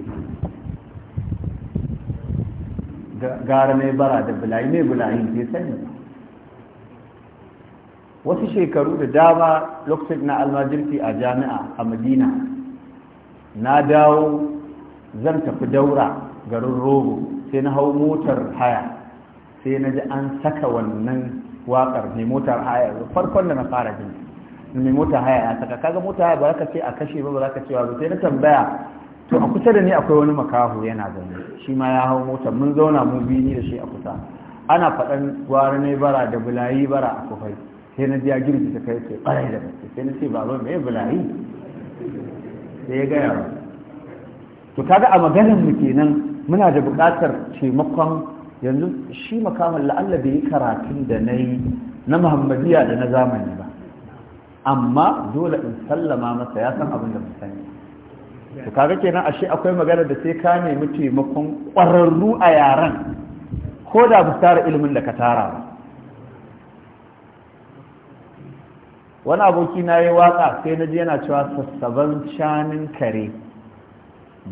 gara ne bara da bilayi ne bilayi bai sani wasu shekaru da dama lokacin na almajirti a jami'a a madina na dawo zan tafi daura garin rogo sai na hau motar haya sai na ji an saka wannan wakar mai motar haya farkon da na fara jin mai motar haya ya saka kaga motar haya ba za ka ce a kashe ba ba za ka ce ba sai na tambaya to a kusa da ni akwai wani makaho yana zaune shi ma ya hau motar mun zauna mu biyu ni da shi a kusa ana faɗan gwara bara da bulayi bara a kufai sai na jiya girgi ta kai sai ƙarai da gaske sai na ce ba baba mai bulayi sai ya gaya ba to kaga a maganar mu kenan muna da buƙatar taimakon yanzu shi makamar la'alla bai yi karatun da na yi na muhammadiya da na zamani ba amma dole in sallama masa ya san abin da mu sani to kaga kenan ashe akwai maganar da sai ka nemi taimakon ƙwararru a yaran ko da bu tara ilimin da ka tara ba wani aboki na yi waka sai na ji yana cewa sassaban shanun kare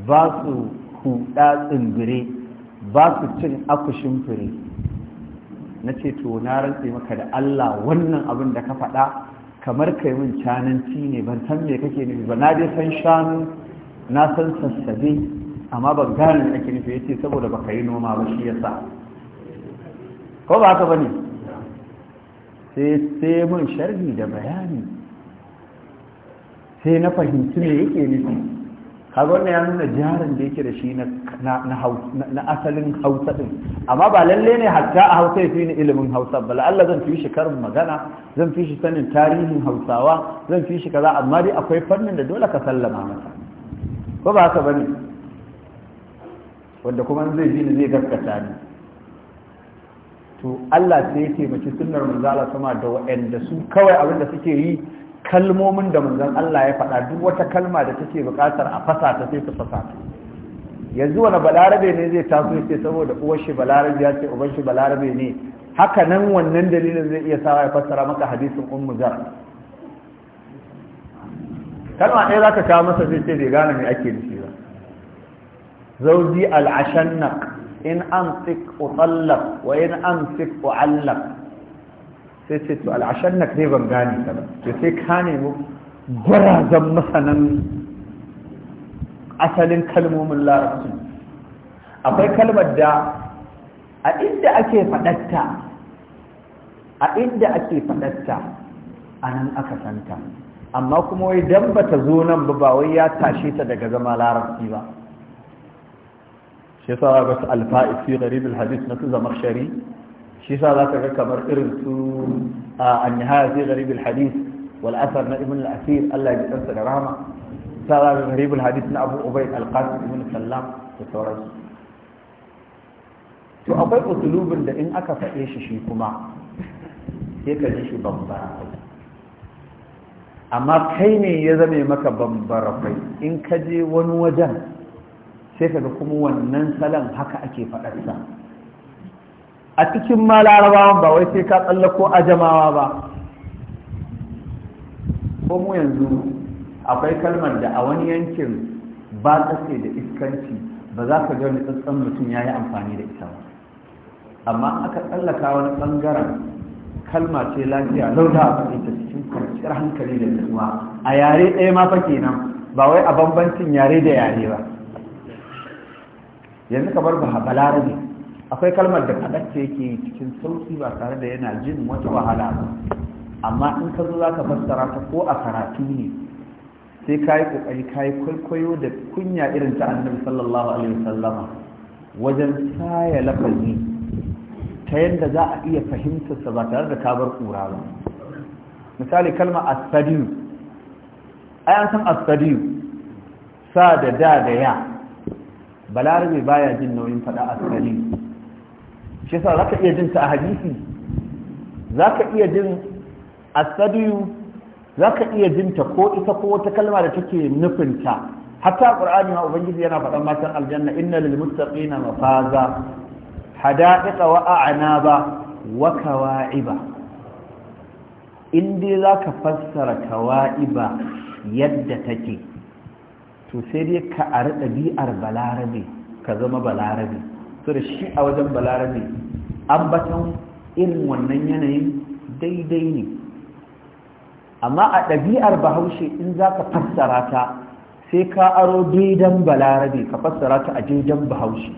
ba su huda tsingire ba su cin akushin fure na ce to na rantse maka da Allah wannan abin da ka faɗa kamar kai min ci ne ban san me kake nufi ba na dai san shanu na san sassabe amma ban gane ake nufi yace saboda baka yi noma ba shi yasa ko ba haka bane sai mun sharhi da bayani sai na fahimci me yake nufi kaga wannan ya nuna jarin da yake da shi na asalin hausa din amma ba lalle ne hatta a hausa ya fi ni ilimin hausa ba la'alla zan fi shi karin magana zan fi shi sanin tarihin hausawa zan fi shi kaza amma dai akwai fannin da dole ka sallama masa ko ba haka bane wanda kuma zai ji ni zai gaskata ni to Allah sai ya taimaki sunnar manzo Allah sama da wayanda su kawai abin da suke yi kalmomin da manzon Allah ya faɗa duk wata kalma da take buƙatar a fasa ta sai su fasa yanzu wani balarabe ne zai taso ya ce saboda uwar shi balarabe ya uban shi balarabe ne haka nan wannan dalilin zai iya sawa ya fassara maka hadisin ummu zar kalma ɗaya zaka kawo masa zai ce bai gane me ake nufi ba zauji al-ashannaq in amsik utallaq wa in amsik uallaq sai ce to al'ashan na kai ban gane ka ba to sai ka nemi gwarazan masanan asalin kalmomin larabci akwai kalmar da a inda ake fadatta a inda ake fadatta a nan aka santa amma kuma wai dan bata zo nan ba ba wai ya tashe ta daga zama larabci ba shi sa za ga su alfa'id fi gharib hadith na su shari shi sa za ka ga kamar irin su an-nihaya fi gharib hadith wal athar na ibn al-asir Allah ya tsantsa da rahama sa za ga gharib hadis na Abu Ubayd al-Qasim ibn Sallam da sauransu to akwai usulubin da in aka faɗe shi shi kuma sai ka ji shi bambara amma kai ne ya zame maka bambara kai in ka je wani wajen sai kaga kuma wannan salon haka ake faɗarsa a cikin ma larabawan ba wai sai ka tsallako ajamawa ba ko mu yanzu akwai kalmar da a wani yankin ba tsatse da iskanci ba za ka ga wani mutum ya yi amfani da ita ba amma aka tsallaka wani ɓangaren kalma ce lafiya lauta a faɗin ta cikin kwanciyar hankali da nutsuwa a yare ɗaya ma fa kenan ba wai a bambancin yare da yare ba yanzu kamar ba ne akwai kalmar da ce yake cikin sauki ba tare da yana jin wata wahala ba amma in ka zo za ka fassara ta ko a karatu ne sai ka yi ƙoƙari ka yi kwaikwayo da kunya irin ta annabi sallallahu alaihi wasallama wajen saya lafazi ta yadda za a iya fahimtarsa ba tare da ka bar ƙura ba misali kalmar asadiyu ai an san asadiyu sa da da da ya balarabe baya jin nauyin faɗa askari shi za ka iya jin ta a hadisi ka iya jin asadiyu ka iya jin ta ko ita ko wata kalma da take nufin ta hatta qur'ani ma ubangiji yana faɗan matan aljanna inna lil muttaqina mafaza hada'iqa wa a'naba wa kawa'iba in dai ka fassara kawa'iba yadda take to sai dai ka ari ɗabi'ar balarabe ka zama balarabe so da shi a wajen balarabe ambaton irin wannan yanayin daidai ne amma a ɗabi'ar bahaushe in za ka fassara ta sai ka aro daidan balarabe ka fassara ta a daidan bahaushe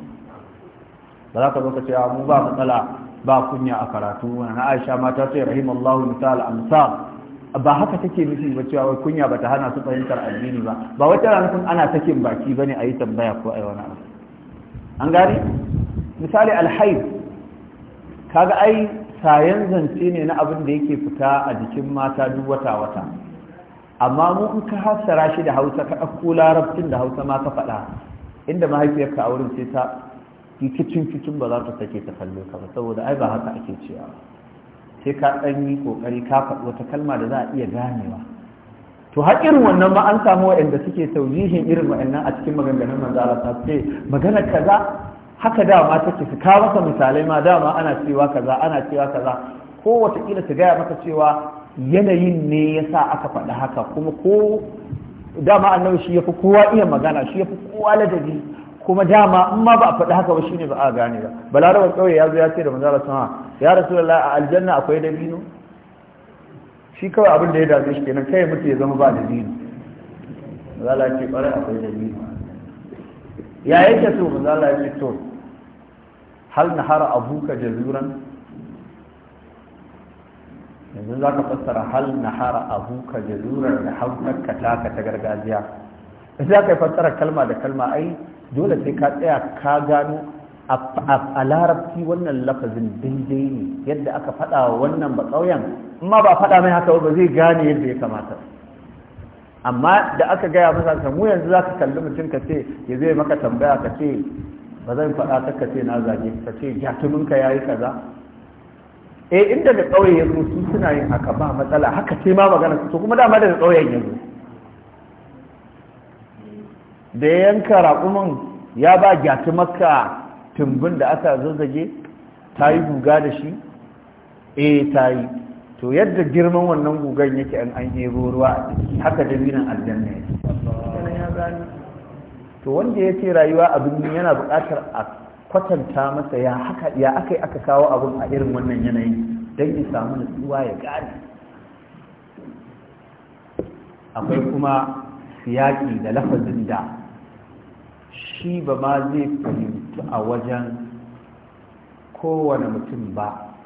ba za ka zo ka ce ah, mu ba matsala ba kunya a karatu wani na aisha mata ce rahimallahu misal amsal ba haka take nufi ba cewa wai kunya bata hana su fahimtar addini ba ba wata ranakun ana sakin baki bane a yi tambaya ko a yi wani abu an gane misali alhaib kaga ai sayan zance ne na abin da yake fita a jikin mata duk wata wata amma mu in ka hassara shi da hausa ka dauko larabcin da hausa ma ka faɗa inda mahaifiyarka a wurin sai ta kicin kicin ba za ta sake ta kalle ka ba saboda ai ba haka ake cewa sai ka ɗan yi ƙoƙari ka faɗi wata kalma da za a iya ganewa to har irin wannan ma an samu waɗanda suke taujihin irin waɗannan a cikin maganganun manzo Allah magana kaza haka dama take su kawo masa misalai ma dama ana cewa kaza ana cewa kaza ko wataƙila su gaya maka cewa yanayin ne ya sa aka faɗi haka kuma ko dama annabi shi ya fi kowa iya magana shi ya fi kowa ladabi kuma dama in ma ba a faɗi haka ba shi ne ba a gane ba balarabar ƙauye ya zo ya ce da manzara sama ya rasu da a aljanna akwai dabino shi kawai abin da ya dace shi kenan kai mutu ya zama ba dabino manzala ce ƙwarai akwai dabino ya yake so manzala ya ce to hal na hara abuka jazuran yanzu za ka fassara hal na hara abuka jazuran da ka taka ta gargajiya da za ka yi fassara kalma da kalma ai dole sai ka tsaya ka gano a larabci wannan lafazin daidai ne yadda aka faɗa wa wannan ba ƙauyen amma ba faɗa mai haka ba zai gane yadda ya kamata amma da aka gaya masa ka mu yanzu za ka kalli mutum ka ce ya zai maka tambaya ka ce ba zan faɗa ta ka ce na zage ka ce jatuminka ya yi kaza eh inda da ƙauye ya zo su suna yin haka ba matsala haka ce ma magana su kuma dama da ƙauyen ya zo da ya yanka raƙumin ya ba gyatu maka tumbin da aka zazzage ta yi guga da shi eh ta yi to yadda girman wannan gugan yake an an ɗebo ruwa haka da haka aljanna yake to wanda ya ce rayuwa a birni yana buƙatar a kwatanta masa ya haka ya aka aka kawo abin a irin wannan yanayin, don ya samu nutsuwa ya gane akwai kuma siyaki da lafazin da shi ba ma zai fahimtu a wajen kowane mutum ba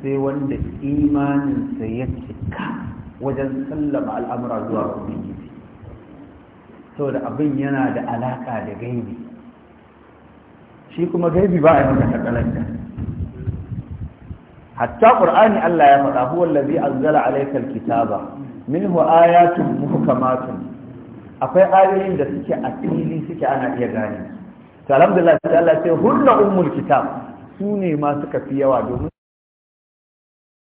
sai wanda imaninsa ya cika wajen sallama al'amura zuwa ubangiji saboda abin yana da alaka da gaibi shi kuma gaibi ba a yi wata takalanta hatta ƙur'ani Allah ya faɗa huwa an zala alaikar kitaba minhu hu'ayatun muhukamatun akwai ayoyin da suke a fili suke ana iya gane to alhamdulillah sai Allah sai hunna ummul kitab su ne ma suka fi yawa domin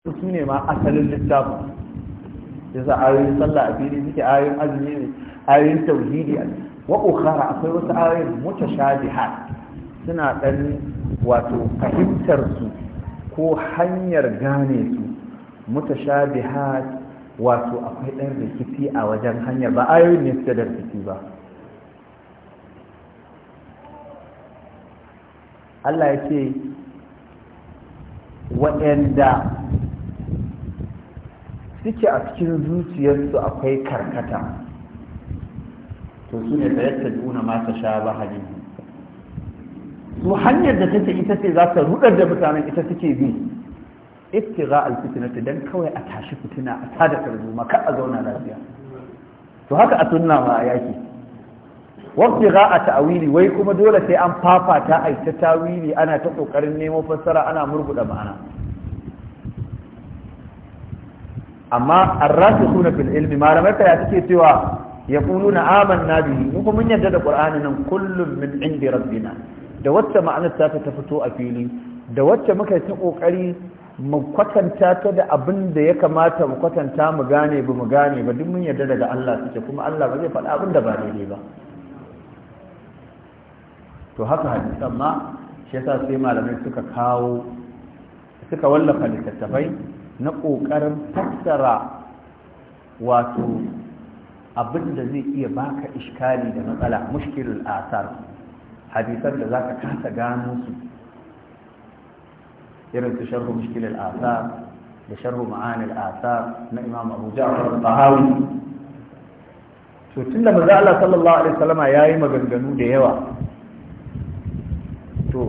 su ne ma asalin littafi yasa ayoyin sallah a fili suke ayoyin azumi ne ayoyin tauhidi wa ukhara akwai wasu ayoyin mutashabihat suna dan wato fahimtar su ko hanyar gane su mutashabihat wato akwai ɗan rikici a wajen hanyar ba a ne suke da rikici ba Allah ya ce waɗanda suke a cikin zuciyarsu akwai karkata to su ne tsaye ta juna mata sha ba hannun su hanyar da take ita ce za ta rudar da mutanen ita suke bi iftiga alfitinata dan kawai a tashi fitina a tada tarzoma kar a zauna lafiya to haka a sunna ma a yaki waftiga a ta'awili wai kuma dole sai an fafata a ta tawili ana ta kokarin nemo fassara ana murguda ma'ana amma arrasikhuna fil ilmi malamai ya suke cewa yaquluna amanna bihi mu kuma mun yarda da qur'ani nan kullum min indi rabbina da wacce ma'anar ta ta fito a fili da wacce muka ta kokari mu kwatanta ta da abin da ya kamata mu kwatanta mu gane ba mu gane ba duk mun yarda daga Allah suke kuma Allah ba zai faɗa abin da ba daidai ba to haka hadisi amma shi yasa sai malamai suka kawo suka wallafa littattafai na ƙoƙarin fassara wato abin da zai iya baka iskali da matsala mushkilul asar hadisan da zaka kasa gano su irin su sharhu mushkil al-asar da sharhu ma'an al-asar na imam abu ja'far al-tahawi to tunda manzo Allah sallallahu alaihi wasallam yayi maganganu da yawa to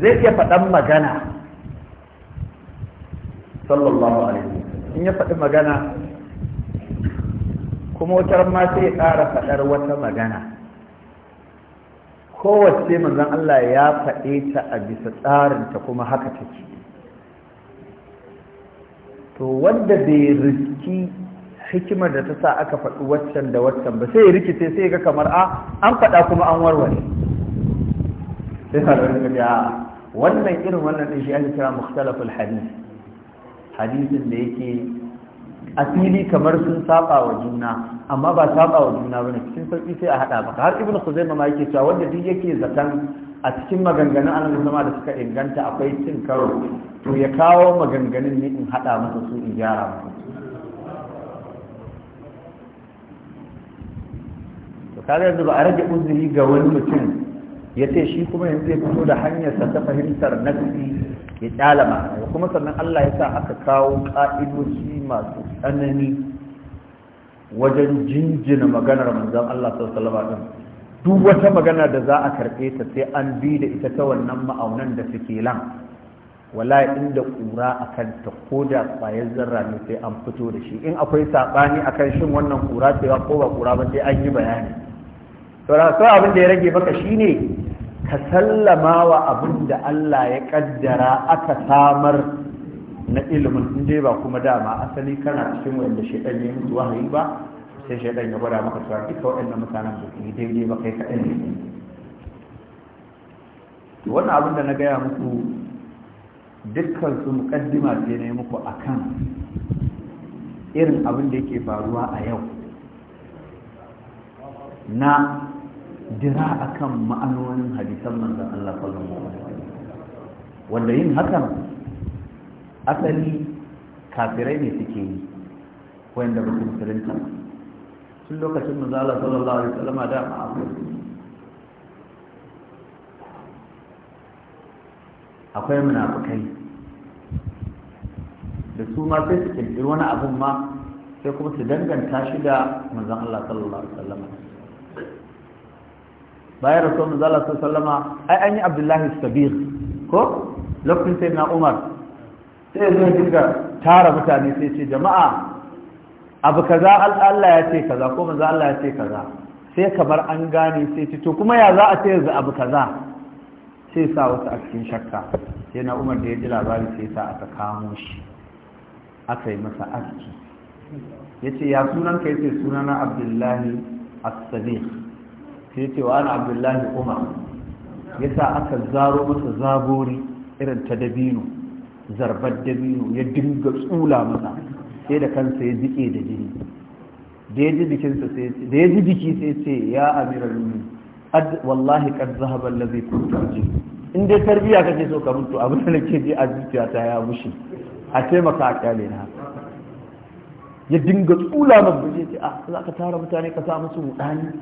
zai iya faɗan magana sallallahu alaihi in ya fadi magana kuma wutar ma sai ya ƙara faɗar wata magana kowace manzon Allah ya faɗe ta a bisa tsarinta kuma haka take to wanda bai riski hikimar da ta sa aka faɗi waccan da waccan ba sai ya rikice sai ga kamar a an faɗa kuma an warware sai sarari ka da wannan irin wannan ɗin shi ake kira mukhtalaful hadis hadithin da yake asili kamar sun saba wa juna amma ba saba wa juna bane cikin sauki sai a hada maka har ibnu khuzaimah ma yake cewa wanda duk yake zaton a cikin maganganun annabi zama da suka inganta akwai cin karo to ya kawo maganganun ne in hada masa su in gyara masa to yanzu ba a rage uzuri ga wani mutum ya ce shi kuma yanzu zai fito da hanyarsa ta fahimtar nafsi ya kyala ma'ana kuma sannan Allah ya sa aka kawo ka'idoji masu tsanani wajen jinjina maganar manzon Allah sallallahu alaihi wasallam duk wata magana da za a karɓe ta sai an bi da ita ta wannan ma'aunan da suke lan wala inda ƙura a ta ko da zarra ne sai an fito da shi in akwai saɓani akan kan shin wannan kura cewa ko ba kura ba sai an yi bayani so abin da ya rage maka shine ka sallama wa abin da Allah ya ƙaddara aka samar na ilimin in ba kuma dama asali kana cikin wanda shi ɗan yi wahayi ba sai shaidan ya gwada maka cewa duka waɗannan mutanen su yi daidai ba kai kaɗan ne wannan abin da na gaya muku dukkan su muƙaddima ce ne muku akan irin abin da yake faruwa a yau na dira akan ma'anonin hadisan da Allah sallallahu alaihi wanda yin hakan asali kafirai ne suke yi wanda ba su musulunta ba tun lokacin manzala sallallahu alaihi wasallam da ma akwai munafikai da su ma sai su kirkir wani abun ma sai kuma su danganta shi da manzon Allah sallallahu alaihi wasallam bayan rasul manzon Allah sallallahu alaihi ai an yi Abdullahi Sabir ko lokacin sai na Umar sai ya zo dinga tara mutane sai ce jama'a abu kaza Allah ya ce kaza ko manzo Allah ya ce kaza sai kamar an gane sai ce to kuma ya za a ce yanzu abu kaza sai sa wasu a cikin shakka sai na Umar da ya ji labari sai sa aka kamo shi aka yi masa aski yace ya sunan ka yace na Abdullahi As-Sadiq sai yace wa ana Abdullahi Umar yasa aka zaro masa zabori irin ta dabino zarbar dabino ya dinga tsula masa sai da kansa ya jike da jini da ya ji sai da ya ji jiki sai ce ya amiral rumi wallahi kan qad zahaba zai kuntu jini in dai tarbiya kake so ka mutu abin da nake ji a ta ya bushe a taimaka a kyale na ya dinga tsula mabu ce a ah, za ka tara mutane ka sa musu mudani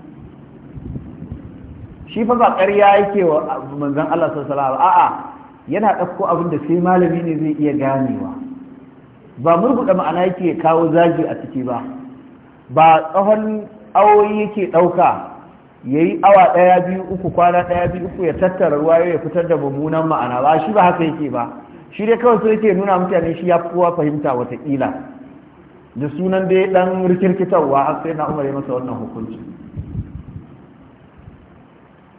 shi fa ba ƙarya yake wa manzan Allah sallallahu a'a yana ɗauko abin da sai malami ne zai iya ganewa ba murbuɗa ma'ana yake kawo zagi a ciki ba ba tsawon awoyi yake ɗauka ya yi awa ɗaya biyu uku kwana ɗaya biyu uku ya tattara ruwa ya fitar da mummunan ma'ana ba shi ba haka yake ba shi dai kawai sai yake nuna mutane shi ya kowa fahimta watakila da sunan dai ɗan rikirkitarwa har sai na umar ya masa wannan hukunci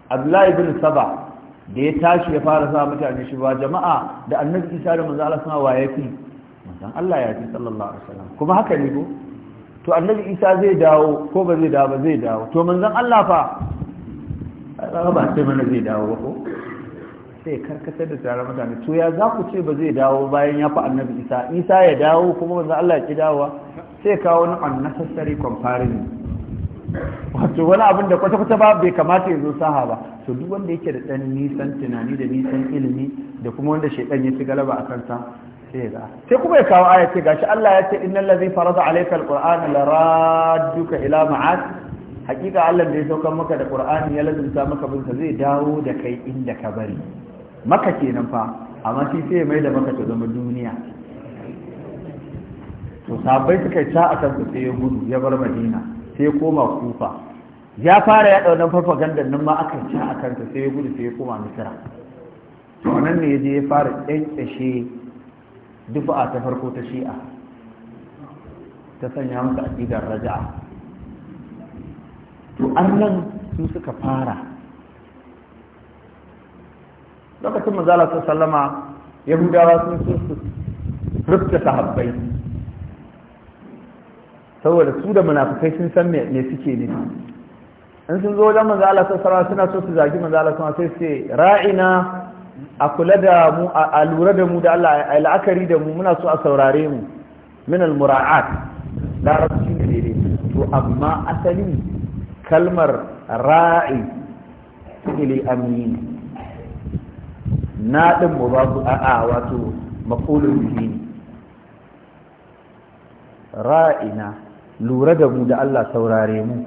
abdullahi bin saba da ya tashi ya fara sa mutane shi ba jama'a da annabi isa da manzo Allah sama ya fi dan Allah ya ji sallallahu alaihi wasallam kuma haka ne ko to annabi Isa zai dawo ko ba zai dawo ba zai dawo to manzon Allah fa Allah ba sai mana zai dawo ko sai karkata da tare mutane to ya za ku ce ba zai dawo bayan ya fa annabi Isa Isa ya dawo kuma manzon Allah ya ki dawowa sai kawo wani unnecessary comparison wato wani abin da kwata-kwata ba bai kamata ya zo saha ba to duk wanda yake da ɗan nisan tunani da nisan ilimi da kuma wanda shekan ya ci galaba a kansa sai kuma ya kawo aya ce gashi Allah ya ce innal ladhi farada alayka la radduka ila ma'ad hakika Allah da ya saukar maka da qur'ani ya lazumta maka bin zai dawo da kai inda ka bari maka kenan fa amma shi sai mai da maka ta zama duniya to sabai suka ta akan su sai ya gudu ya bar Madina sai koma Kufa ya fara ya daunan farfagandan nan ma aka ta akan sai ya gudu sai ya koma Misra to nan ne ya je ya fara tsantsashe dufa'a ta farko ta shi'a ta sanya a aƙidar raja'a to nan su suka fara lokacin mazala su sallama yahudawa sun su rufta sahabbai saboda su da munafukai sun san me suke ne in sun zo wajen manzo Allah sallallahu alaihi wasallam suna so su zagi manzo Allah sallallahu alaihi wasallam sai ce ra'ina a kula da mu a lura da mu da Allah a la'akari da mu muna so a saurare mu min al-mura'at larabci ne daidai to amma asali kalmar ra'i ili amin na din mu babu a'a wato maqulun bihi ra'ina lura da mu da Allah saurare mu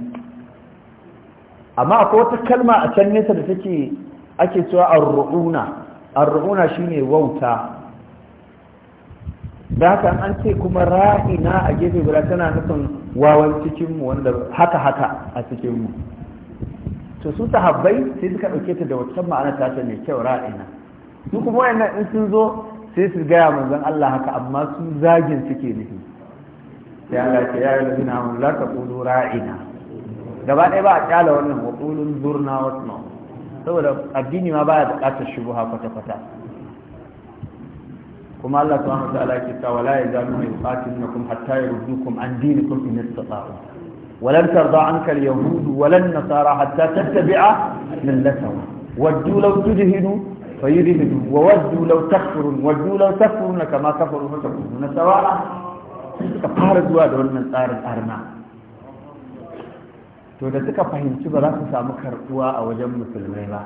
amma akwai wata kalma a can nesa da take ake cewa ar-ru'una ar-ru'una shine wauta da haka an ce kuma ra'ina a gefe guda tana nufin wawan cikinmu wanda haka haka a cikinmu to su tahabbai sai suka ɗauke ta da wata ma'ana ta ce mai kyau ra'ina su kuma wayannan in sun zo sai su gaya manzon Allah haka amma su zagin suke nufi sai Allah ce ya yi na mun la qulu ra'ina gaba ɗaya ba a kyala wannan wa qulun zurna wasma saboda addini ma baya buƙatar shubuha kwata-kwata kuma Allah subhanahu wa ta'ala yake cewa la yazaluna yuqatilunakum hatta yurdukum an dinikum in istata'u walan tarda anka al-yahud walan nasara hatta tattabi'a millatahum waddu law tudhinu fayudhinu wa waddu law takfurun waddu law takfuruna kama kafaru fa takununa sawa'a suka fara zuwa da wannan tsarin arna to da suka fahimci ba za su samu karɓuwa a wajen musulmai ba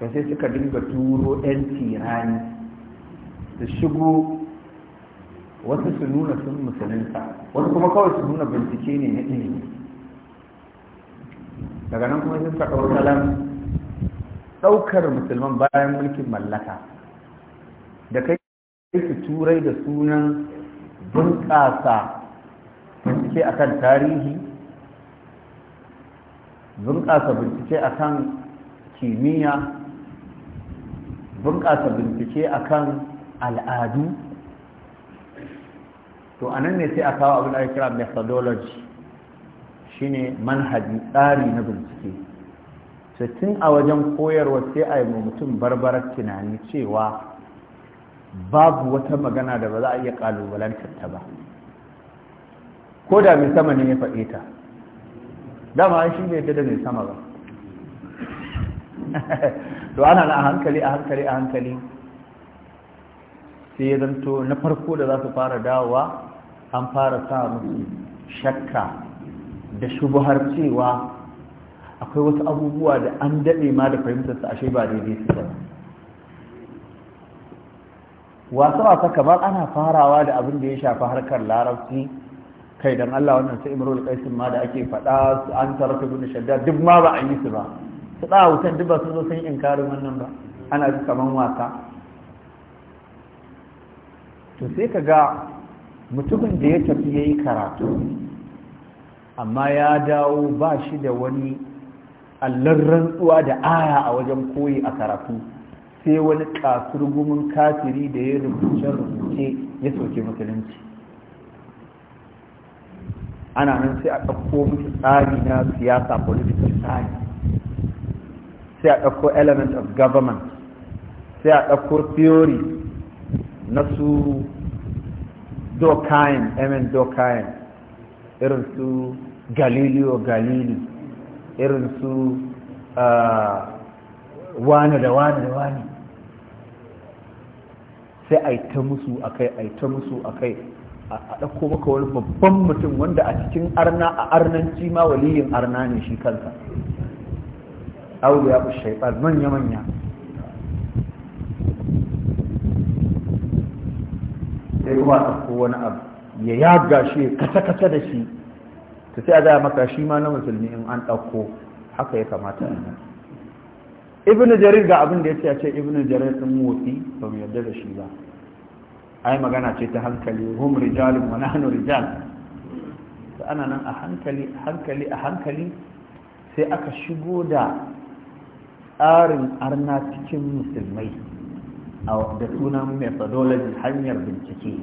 da sai suka dinga turo 'yan tirani su shigo wasu su nuna sun musulunta wasu kuma kawai su nuna bincike ne na ilimi daga nan kuma sun suka ɗau salam ɗaukar musulman bayan mulkin mallaka da kai su turai da sunan bunƙasa bincike akan tarihi bunƙasa bincike a kan kimiyya bunƙasa bincike a kan al'adu to a nan ne sai a kawo abin da kira methodology shine manhaji tsari na bincike so tun a wajen koyarwa sai a yi mutum barbarar tunani cewa babu wata magana da ba za a iya ƙalubalantar ta ba ko da mai sama ne ya faɗe ta dama shi ne yadda da mai sama ba to ana na hankali a hankali a hankali sai ya to na farko da za su fara dawowa an fara sa musu shakka da shubuhar cewa akwai wasu abubuwa da an daɗe ma da fahimtarsa ashe ba daidai su ba wasu wasa kamar ana farawa da abin da ya shafi harkar larabci kai dan Allah wannan sai imrul qaisin ma da ake faɗa an taraka bin shadda duk ma ba a yi su ba su da wutan duk ba sun zo sun inkari wannan ba ana ji kaman wasa to sai ka ga mutumin da ya tafi yayi karatu amma ya dawo ba shi da wani allon rantsuwa da aya a wajen koyi a karatu sai wani kasurgumin kafiri da ya rubuce rubuce ya soke musulunci ana nan sai a ɗauko musu tsari na siyasa political science sai a ɗauko element of government sai a ɗauko theory na su dokain emin dokain irin su galileo galili irin su uh, wane da wane da wane sai a yi ta musu akai a yi ta musu akai a ɗauko maka wani babban mutum wanda a cikin arna a arnanci ma waliyin arna ne shi kansa audu ya fi shaifar manya-manya sai kuma a ɗauko wani abu ya yaga shi ya kasa-kasa da shi ta sai a zaya maka shi ma na musulmi in an ɗauko haka ya kamata a nan ibn jarir ga abin da ya ce a ce ibn jarir sun motsi ba mu yarda da shi ba ai magana ce ta hankali hum rijalun wa nahnu rijal to ana nan a hankali hankali a hankali sai aka shigo da tsarin arna cikin musulmai da sunan methodology hanyar bincike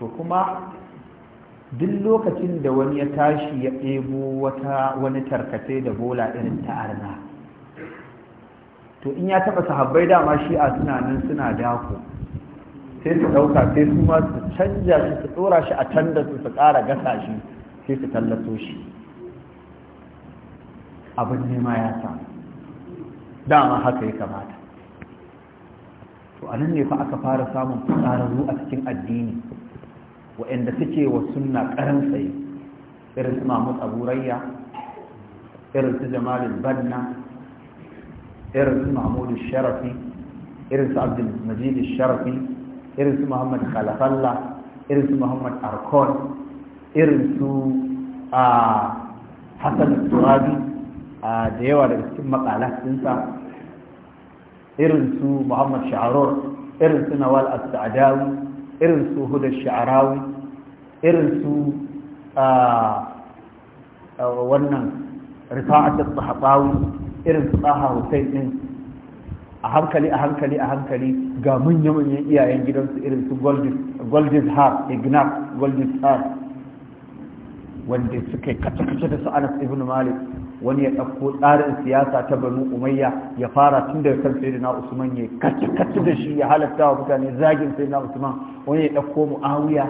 to kuma duk lokacin da wani ya tashi ya ɗebo wani tarkace da bola irin ta arna to in ya taba sahabbai dama shi a suna nan suna dako sai su dauka sai su ma su canja shi su tsora shi a tanda su su kara gasa shi sai su tallato shi abin nema ya samu dama haka ya kamata to nan ne fa aka fara samun tsararru a cikin addini waɗanda suke wa sunna karan tsaye irin su mamu aburayya irin su jamalin banna irin su mahmud sharafi irin su abdul majid sharafi irin su muhammad khalafalla irin su muhammad arkon irin su a hassan turabi da yawa daga cikin makalas dinsa irin su muhammad sha'arur irin su nawal as-sa'dawi irin su hudar sha'arawi irin su wannan rifa'at as-sahabawi irin su tsaha hussein din a hankali a hankali a hankali ga manya-manyan iyayen gidansu irin su goldis har ignat goldis har wanda suka kace-kace da su anas ibn malik wani ya ɗauko tsarin siyasa ta banu umayya ya fara tun daga kan sai na usman ya kace-kace da shi ya halatta wa mutane zagin sai na usman wani ya ɗauko mu'awiya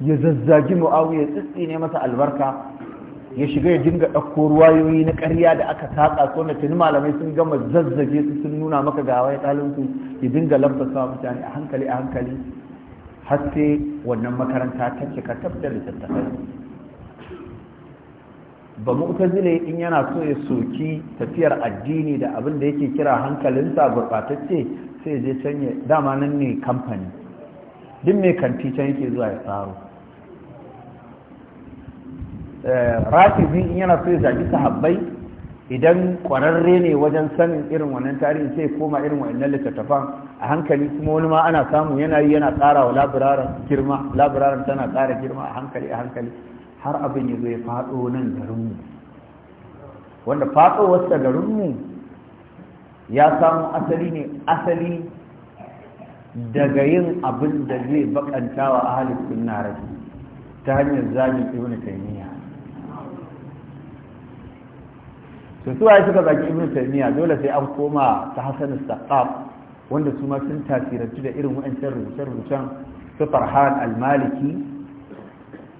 ya zazzagi mu'awiya tsitsi ne masa albarka ya shiga ya dinga ɗauko ruwayoyi na ƙarya da aka saƙa so na tuni malamai sun gama zazzage su sun nuna maka ga hawaye ɗalinsu ya dinga lambasa mutane a hankali a hankali har sai wannan makaranta ta cika da littattafai ba mu zile in yana so ya soki tafiyar addini da abin da yake kira hankalinsa gurɓatacce sai je can dama nan ne kamfani duk mai kanti can yake zuwa ya tsaro rafizin in yana so ya zaɓi sahabbai idan ƙwararre ne wajen sanin irin wannan tarihin sai koma irin wannan littattafan a hankali kuma wani ma ana samu yana yi yana ƙara wa girma labiraran tana ƙara girma a hankali a hankali har abin ya zo ya faɗo nan garinmu wanda faɗo faɗowarsa garinmu ya samu asali ne asali daga yin abin da zai bakanta wa ahalin sunna rasu ta hanyar zagin ibn taimiyya. to su waye suka zaki ibnu taymiya dole sai an koma ta hasan saqaf wanda su ma sun tasirantu da irin wa'ancan rubuce-rubucen su farhan al-maliki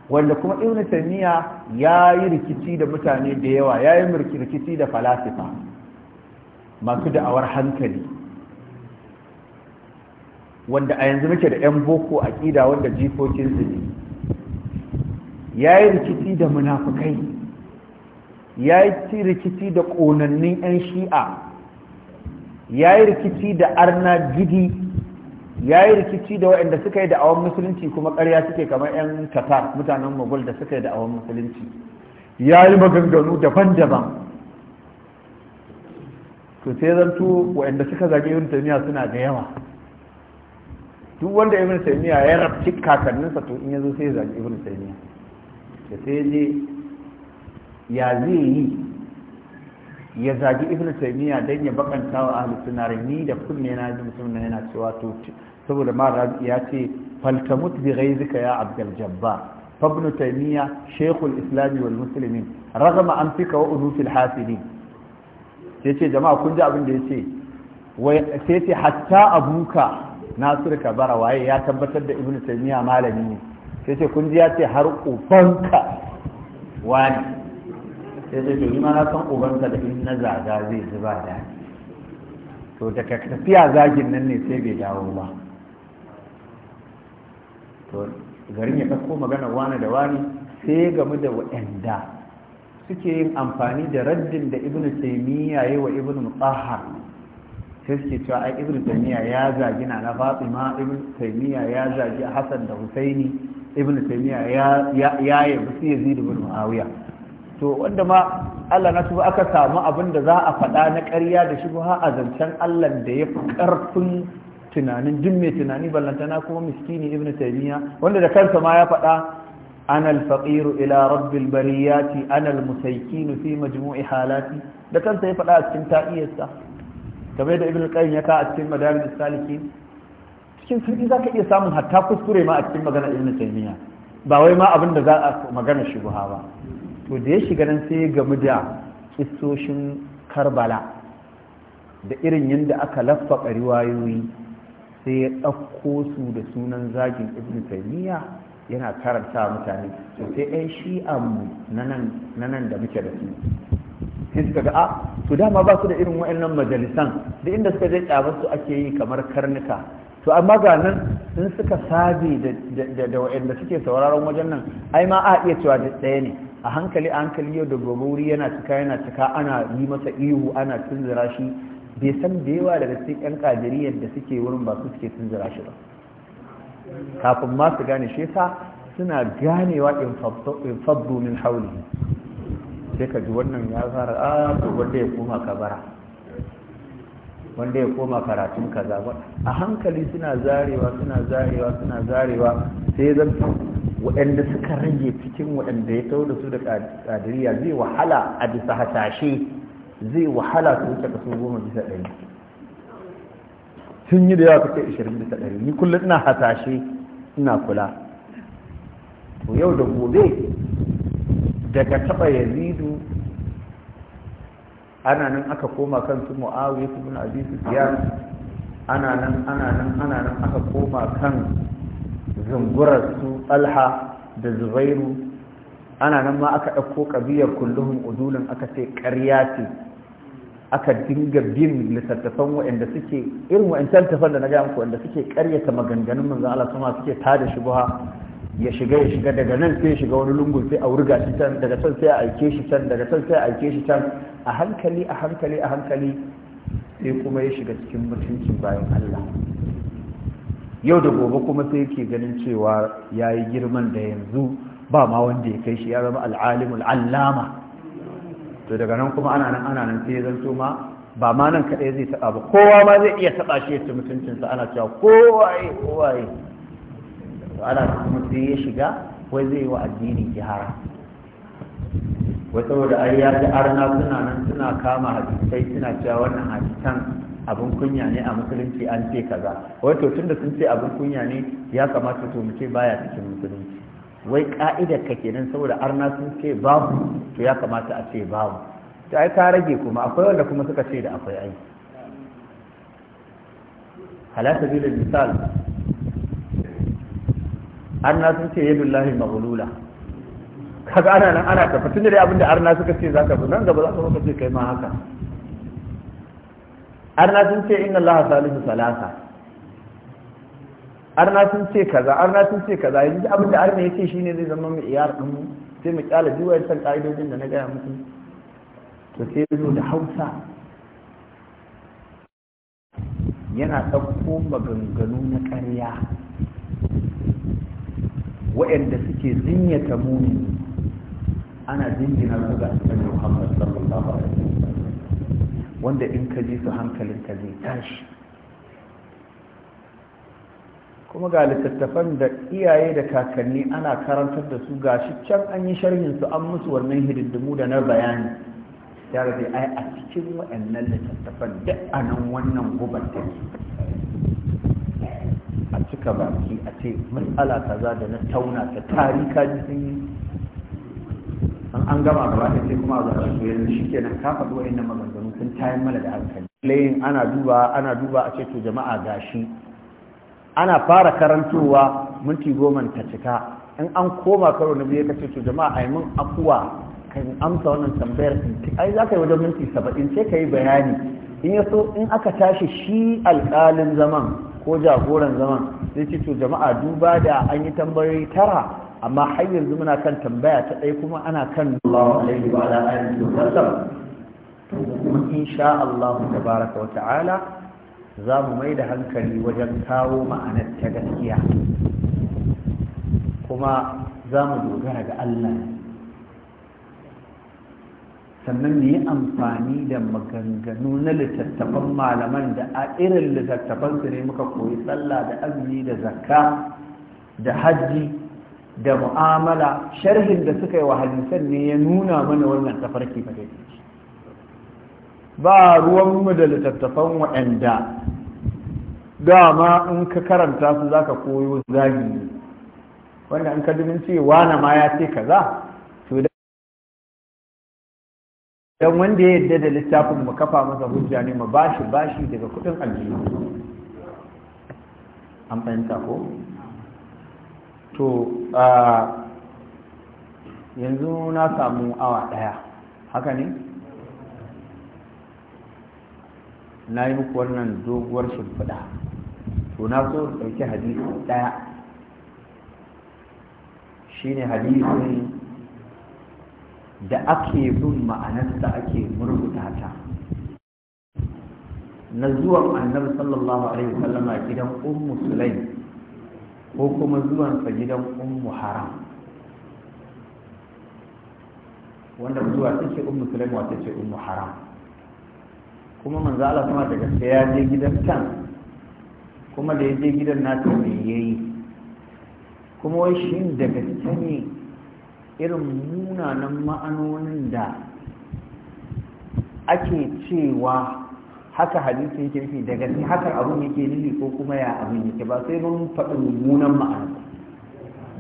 wanda kuma ibnu taymiya ya yi rikici da mutane da yawa ya yi rikici da falasifa masu da'awar hankali wanda a yanzu muke da 'yan boko a ƙida wanda su ne ya yi rikici da munafukai ya yi rikici da ƙonannin 'yan shi'a ya yi rikici da arna gidi ya yi rikici da waɗanda suka yi da'awar musulunci kuma ƙarya suke kamar 'yan Qatar, mutanen mogul da suka yi da'awar musulunci ya yi maganganu daban-daban to sai zanto waɗanda suka zage yin taymiya suna da yawa duk wanda ibn taimiyya ya rabci kakanninsa to in zo sai ya zage ibn taimiyya da sai je ya zai yi ya zagi ibn taymiya dan ya bakanta wa ahli sunna ni da kunne na ji mutum yana cewa to saboda ma rabi ya ce faltamut bi ghaizika ya abdul jabbar ibn taymiya shaykhul islam wal muslimin ragama an fika wa ulufil hasidin yace jama'a kun ji abin da yace wai sai ce hatta abuka nasir kabara waye ya tabbatar da ibn taymiya malami ne sai ce kun ji ya ce har ubanka wani sai ce ni na san ubansa da in na zaga zai ji ba daɗi to daga tafiya zagin nan ne sai bai dawo ba to garin ya ɗauko magana wani da wani sai game da waɗanda suke yin amfani da raddin da ibnu taymiya yi wa ibnu mutahhar sai suke cewa ai ibnu taymiya ya zagi na fatima ibnu taymiya ya zagi hasan da husaini ibnu taymiya ya ya yabi yazid ibn to wanda ma Allah na tuba aka samu abin da za a faɗa na ƙarya da ha a zancen Allah da ya fi ƙarfin tunanin jin mai tunani ballantana kuma miskini ibn taymiya wanda da kansa ma ya faɗa أنا ila rabbil bariyati ana أنا fi majmu'i halati da kansa ya faɗa a cikin ta'iyyarsa game da ibn يكا ya ka a cikin sauƙi za ka iya samun hatta kuskure ma a cikin magana ibn taymiya ba wai ma abin da za a magana shubha ba to da ya shiga nan sai ya gamu da kistoshin karbala da irin yadda aka laffaka riwayoyi sai ya ɗauko su da sunan zagin ibn taymiya yana karanta mutane to sai ɗan shi'an na nan da muke da su sai suka ga a ah, to dama ba su da irin wa'annan majalisan da inda suka je ƙyamar su ake yi kamar karnuka to amma ga nan in suka sabi da wa'anda suke sauraron wajen nan ai ma a iya cewa da ɗaya ne a hankali a hankali yau da gobe wuri yana cika yana cika ana yi masa ihu ana tunzura shi bai san da yawa daga cikin yan kadiriyar da suke wurin ba su suke tunzura shi ba kafin ma su gane shi suna ganewa in faddu min hauli sai ka ji wannan ya fara a ah, wanda ya koma kabara wanda ya koma karatun kaza ba a hankali suna zarewa suna zarewa suna zarewa sai zanto waɗanda suka rage cikin waɗanda ya tau da su da ƙadiriya zai wahala a bisa hasashe zai wahala su wuce kaso goma bisa ɗari sun yi da yawa kake ishirin bisa ɗari ni kullum ina hasashe ina kula to yau da gobe daga taɓa yazidu ana nan aka koma kan su mu'awiyah ibn abi sufyan ana nan ana nan ana nan aka koma kan zungurar su talha da zubairu ana nan ma aka ɗauko ƙabiyar kulluhun udulin aka ce ƙarya ce aka dinga bin littattafan waɗanda suke irin waɗancan tafan da na gaya muku waɗanda suke ƙaryata maganganun manzan Allah kuma suke tada shubuha ya shiga ya shiga daga nan sai ya shiga wani lungun sai a wurga shi can daga can sai a aike shi can daga can sai a aike shi can a hankali a hankali a hankali sai kuma ya shiga cikin mutuncin bayan Allah yau da gobe kuma sai yake ganin cewa ya yi girman da yanzu ba ma wanda ya kai shi ya zama al'alimul allama to daga nan kuma ana nan ana nan sai ya zanto ma ba ma nan kaɗai zai taɓa ba kowa ma zai iya taɓa shi ya ci mutuncinsa ana cewa kowaye kowaye to ana kuma sai ya shiga wai zai yi wa addini jihara wai saboda ai ya ji arna suna nan suna kama hadisai suna cewa wannan hadisan abin kunya ne a musulunci an ce kaza wai to tunda sun ce abin kunya ne ya kamata to mu ce baya cikin musulunci wai ka'ida ka kenan saboda arna sun ce babu to ya kamata a ce babu to ai ka rage kuma akwai wanda kuma suka ce da akwai ai halatta da misal arna sun ce lahi maulula kaga ana nan ana tafi tun da abin da arna suka ce zaka fi nan gaba za ka ce kai ma haka arna sun ce inna laha salihu salasa arna sun ce kaza arna sun ce kaza yanzu abin da arna yake ne zai zama mai iyar din mu sai mu kyala duwa san ka'idodin da na gaya muku to sai zo da Hausa yana ɗauko maganganu na ƙarya waɗanda suke zinyata muni ana jingina su ga annabi Muhammad sallallahu alaihi wasallam wanda in ka ji su hankalin ka zai tashi kuma ga littattafan da iyaye da kakanni ana karantar da su gashi can an yi sharhin su an musu wannan hididdimu da na bayani ya rabe ai a cikin waɗannan littattafan duk anan wannan gubar take a cika baki a ce matsala za da na tauna ta tarika jikin an an gama gaba ta sai kuma a zaɓa su yanzu shi nan. ka faɗi wa inda maganganu sun tayin mana da hankali layin ana duba ana duba a ce to jama'a gashi ana fara karantowa minti goma ta cika in an koma karo na biyu ka ce to jama'a yi mun akuwa kan amsa wannan tambayar ai za ka yi wajen minti saba'in sai ka yi bayani in ya so in aka tashi shi alƙalin zaman ko jagoran zaman sai ce to jama'a duba da an yi tambayoyi tara amma har yanzu muna kan tambaya ta ɗaya kuma ana kan Allahu alaihi wa ala alihi wa sallam insha Allah tabaraka wa ta'ala za mu mai da hankali wajen kawo ma'anar ta gaskiya kuma za mu dogara ga Allah ne sannan mu yi amfani da maganganu na littattafan malaman da a irin littattafansu ne muka koyi sallah da azumi da zakka da hajji da mu'amala sharhin da suka yi wa hadisan ne ya nuna mana wannan tafarki ba ba ruwanmu da littattafan waɗanda dama in ka karanta su za ka koyo zagi wanda in ka dubin ce na ma ya ce kaza dan wanda ya yadda da littafin mu kafa masa hujja ne mu bashi bashi daga kudin aljihu an fahimta ko to yanzu na samu awa daya haka ne na yi muku wannan doguwar shimfiɗa to na so ɗauki hadisi ɗaya shine hadisin da ake bin ma'anarsa ake murguta ta na zuwan annabi sallallahu alaihi wasallam a gidan ummu sulaim ko kuma zuwansa gidan ummu haram wanda zuwa take ce ummu sulaim wata ce ummu haram kuma manzo Allah kuma daga sai ya je gidan can kuma da ya je gidan nata me yayi kuma wai shin daga gaske ne irin munanan ma'anonin da ake cewa haka hadisi yake nufi daga ni haka abun yake nufi ko kuma ya abun yake ba sai mun faɗi munan ma'ana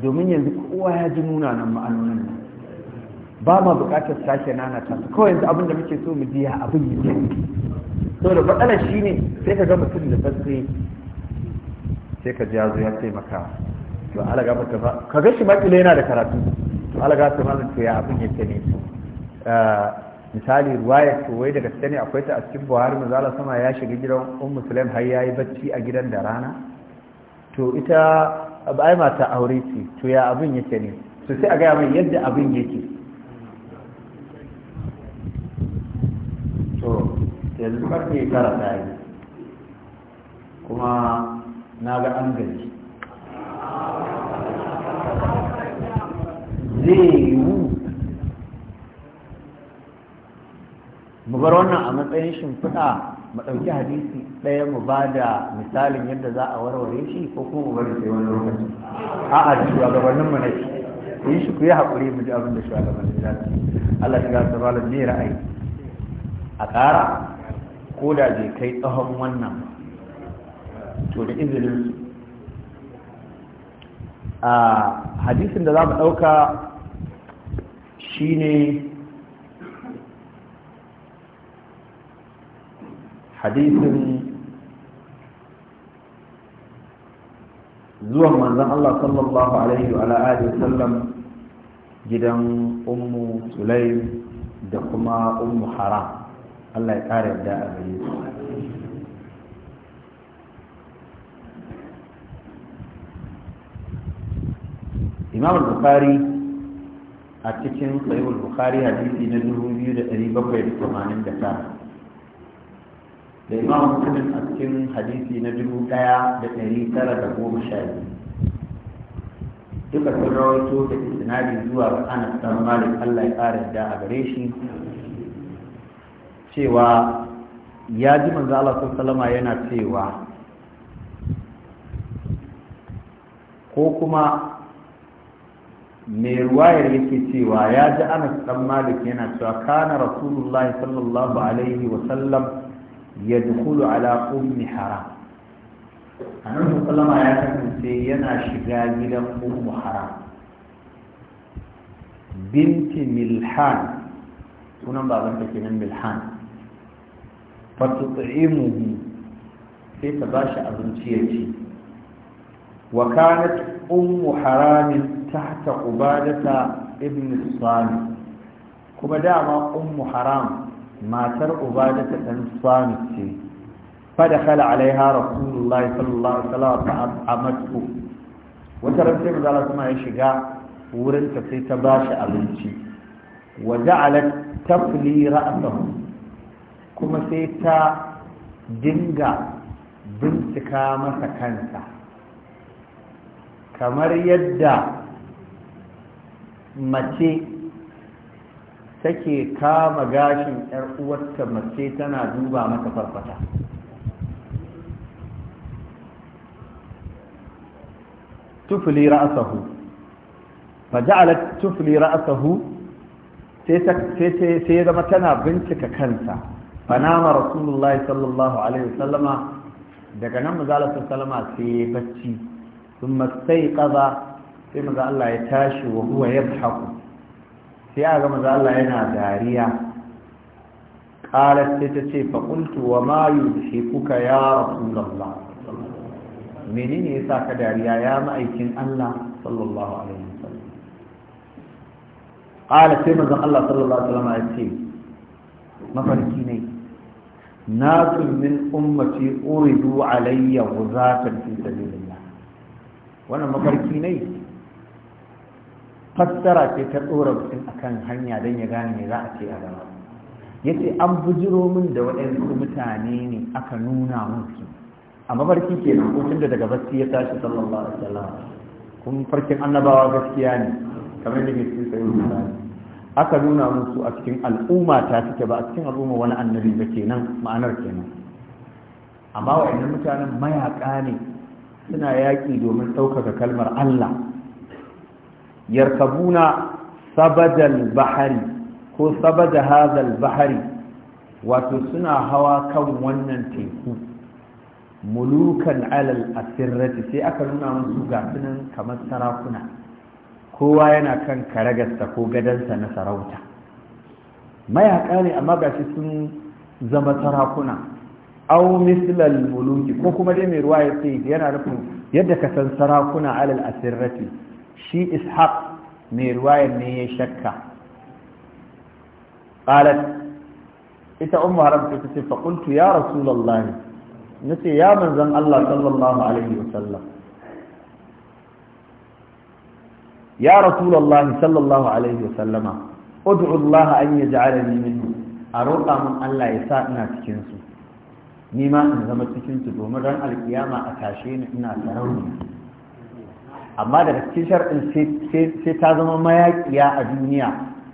domin yanzu kowa ya ji munanan ma'anonin nan ba ma buƙatar sake nana ta kawai yanzu abin da muke so mu ji ya abun yake da matsalar shi ne sai ka ga mutum da sassai sai ka ji ya zo ya taimaka ba ala gaba ka ga shi makila yana da karatu alaga ta malam to ya abin yake ne su ah, misali ruwaya to wai daga sani akwai ta a cikin buhari manzala sama ya shiga gidan un musulun har ya yi bacci a gidan da rana to ita ai mata aure ce to ya abin yake ne to sai a gaya mai yadda abin yake to yanzu karfe tara ta yi kuma na ga an gaji zai yiwu mu bar wannan a matsayin shimfiɗa mu ɗauki hadisi ɗaya mu ba da misalin yadda za a warware shi ko kuma mu bari sai wani lokaci a'a da shugabannin mu nake yi shi ku yi haƙuri mu ji abin da shugabannin da su Allah ya gasa ba ne ra'ayi a ƙara ko da bai kai tsohon wannan to da izinin su a hadisin da za mu ɗauka Shi ne hadisin zuwa manzon Allah sallallahu alaihi wa alihi sallam gidan ummu sulaim da kuma ummu haram Allah ya kare yadda a gare su Imam Bukhari a cikin sayuwar bukari hadisi na 2789 da imam musulun a cikin hadisi na 1912 duka sun rawaito da isnadi zuwa ga anas dan malik allah ya ƙara da a gare shi cewa ya ji manzo Allah salama yana cewa ko kuma mai ruwayar yake cewa ya ji anas dan malik yana cewa kana rasulullah sallallahu alaihi wa sallam ya yadkhulu ala ummi haram annabi sallama ya kasance yana shiga gidan ummu haram binti milhan sunan babanta kenan milhan fatut'imuhu sai ta bashi abinci ya ci wa kanat ummu haramin tahta ubadata ibn sami kuma dama ummu haram matar ubadata dan sami ce fadakhala alaiha rasulullahi sallallahu alaihi wasallam amatu wata ran sai kuma ya shiga wurin ta sai ta bashi abinci wa ja'alat tafli ra'sahu kuma sai ta dinga bincika masa kansa kamar yadda mace take kama gashin yar uwarta mace tana duba mata farfata tufli ra'sahu faja'alat tufli ra'sahu sai sai sai zama tana bincika kansa fanama rasulullahi sallallahu alaihi wasallama daga nan mazalatul sallama sai bacci thumma stayqaza sai maza Allah ya tashi wa huwa haku. sai a ga maza Allah yana dariya qalat sai ta ce fa qultu wa ma yudhikuka ya rasulullah menene yasa ka dariya ya ma'aikin Allah sallallahu alaihi wasallam qala sai manzon Allah sallallahu alaihi wasallam ya ce mafarki ne nasu min ummati uridu alayya ghuzatan fi sabilillah wannan mafarki ne fassara ce ta ɗora mutum kan hanya don ya gane me za a ce a gaba ya ce an bujiro min da waɗansu mutane ne aka nuna mun a mafarki ke nan da daga basti ya tashi sallallahu alaihi wasallam kun farkin annabawa gaskiya ne kamar da ke cikin sayo misali aka nuna mun a cikin al'umma ta suke ba a cikin al'umma wani annabi ba kenan ma'anar kenan amma waɗannan mutanen mayaƙa ne suna yaƙi domin ɗaukaka kalmar Allah yarkabuna sabadal bahari ko sabada hadal bahari wato suna hawa kan wannan teku mulukan alal asirrati sai aka nuna musu ga sunan kamar sarakuna kowa yana kan karagarsa ko gadansa na sarauta mayaka ne amma gashi sun zama sarakuna au mislal muluki ko kuma dai mai ruwa ya ce yana nufin yadda ka san sarakuna alal asirrati shi ishaq mai ruwayar ne ya shakka qalat ita ummu haram ta ce fa qultu ya rasulullah ce ya manzon Allah sallallahu alaihi wa wasallam ya rasulullah sallallahu alaihi wa sallama ud'u Allah an yaj'alani minhu a roƙa mun Allah ya sa ina cikin ni ma in zama cikin su domin ran alkiyama a tashe ni ina sarauniya amma daga cikin shar'in sai ta zama mayaƙiya a duniya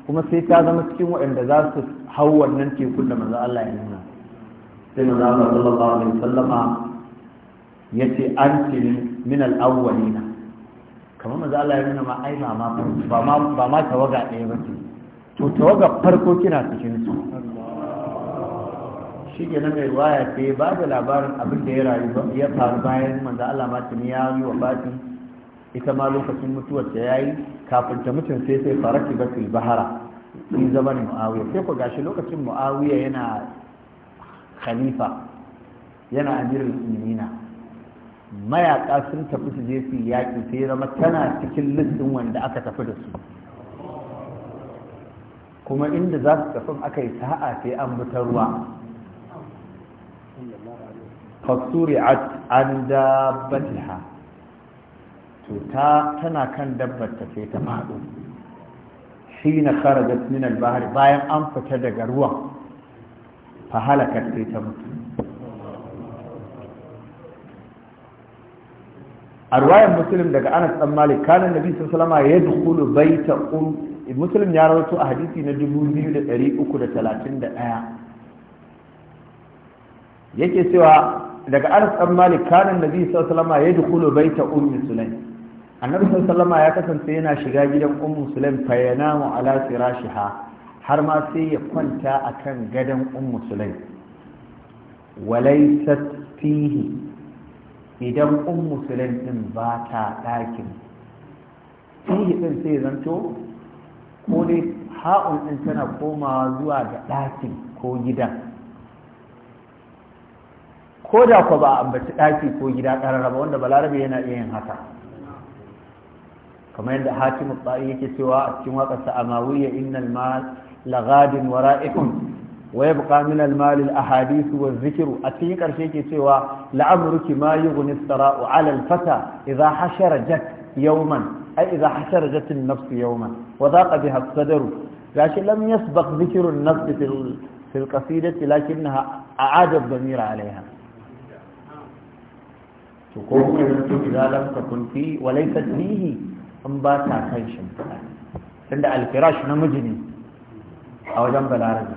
kuma sai ta zama cikin waɗanda za su hau wannan tekun da manzo Allah ya nuna sai manzo Allah sallallahu alaihi wasallama ce an tiri min al-awwalina kamar manzo Allah ya nuna ma ai ba ma ba ma tawaga ɗaya ba ce to tawaga farko kina cikin su shi ke na mai waya ce ba da labarin abin da ya rayu ya faru bayan manzo Allah ma tuni ya yi wa fatin ita ma lokacin mutuwar ta yayi kafin ta mutun sai sai faraki batul bahara in zamanin muawiya sai ku gashi lokacin muawiya yana khalifa yana amirul mu'minina mayaka sun tafi su je su yaƙi sai zama tana cikin listin wanda aka tafi da su kuma inda za su tafi aka yi sa'a sai an bi ta ruwa fasuri'at an dabbatiha to ta tana kan dabbar ta sai ta faɗo shi na kharajat min al-bahr bayan an fita daga ruwan fa sai ta mutu a ruwayar muslim daga anas dan malik kana nabi sallallahu alaihi wasallam yadkhulu baita um muslim ya rawaito a hadisi na 2331 yake cewa daga anas dan malik kana nabi sallallahu alaihi wasallam bai baita ummi sulaim annabi sallama ya kasance yana shiga gidan ummu sulaim fa yanamu ala firashiha har ma sai ya kwanta akan gadon ummu sulaim walaysat fihi idan ummu sulaim din ba ta ɗakin fihi din sai zanto ko dai ha'un din tana komawa zuwa ga ɗakin ko gidan ko da ku ba ambaci ɗaki ko gida ƙararraba wanda balarabe yana iya yin haka كما عند حاكم الطائي سوى سواق السماوية إن المال لغاد ورائكم ويبقى من المال الأحاديث والذكر أتيك الشيك سوى لعمرك ما يغني الثراء على الفتى إذا حشر جت يوما أي إذا حشر جت النفس يوما وذاق بها الصدر لكن لم يسبق ذكر النفس في في القصيدة لكنها أعاد الضمير عليها تقول إذا لم تكن فيه وليست فيه In ba ta kan shimfiɗa tunda alfirash namiji ne a wajen balarabe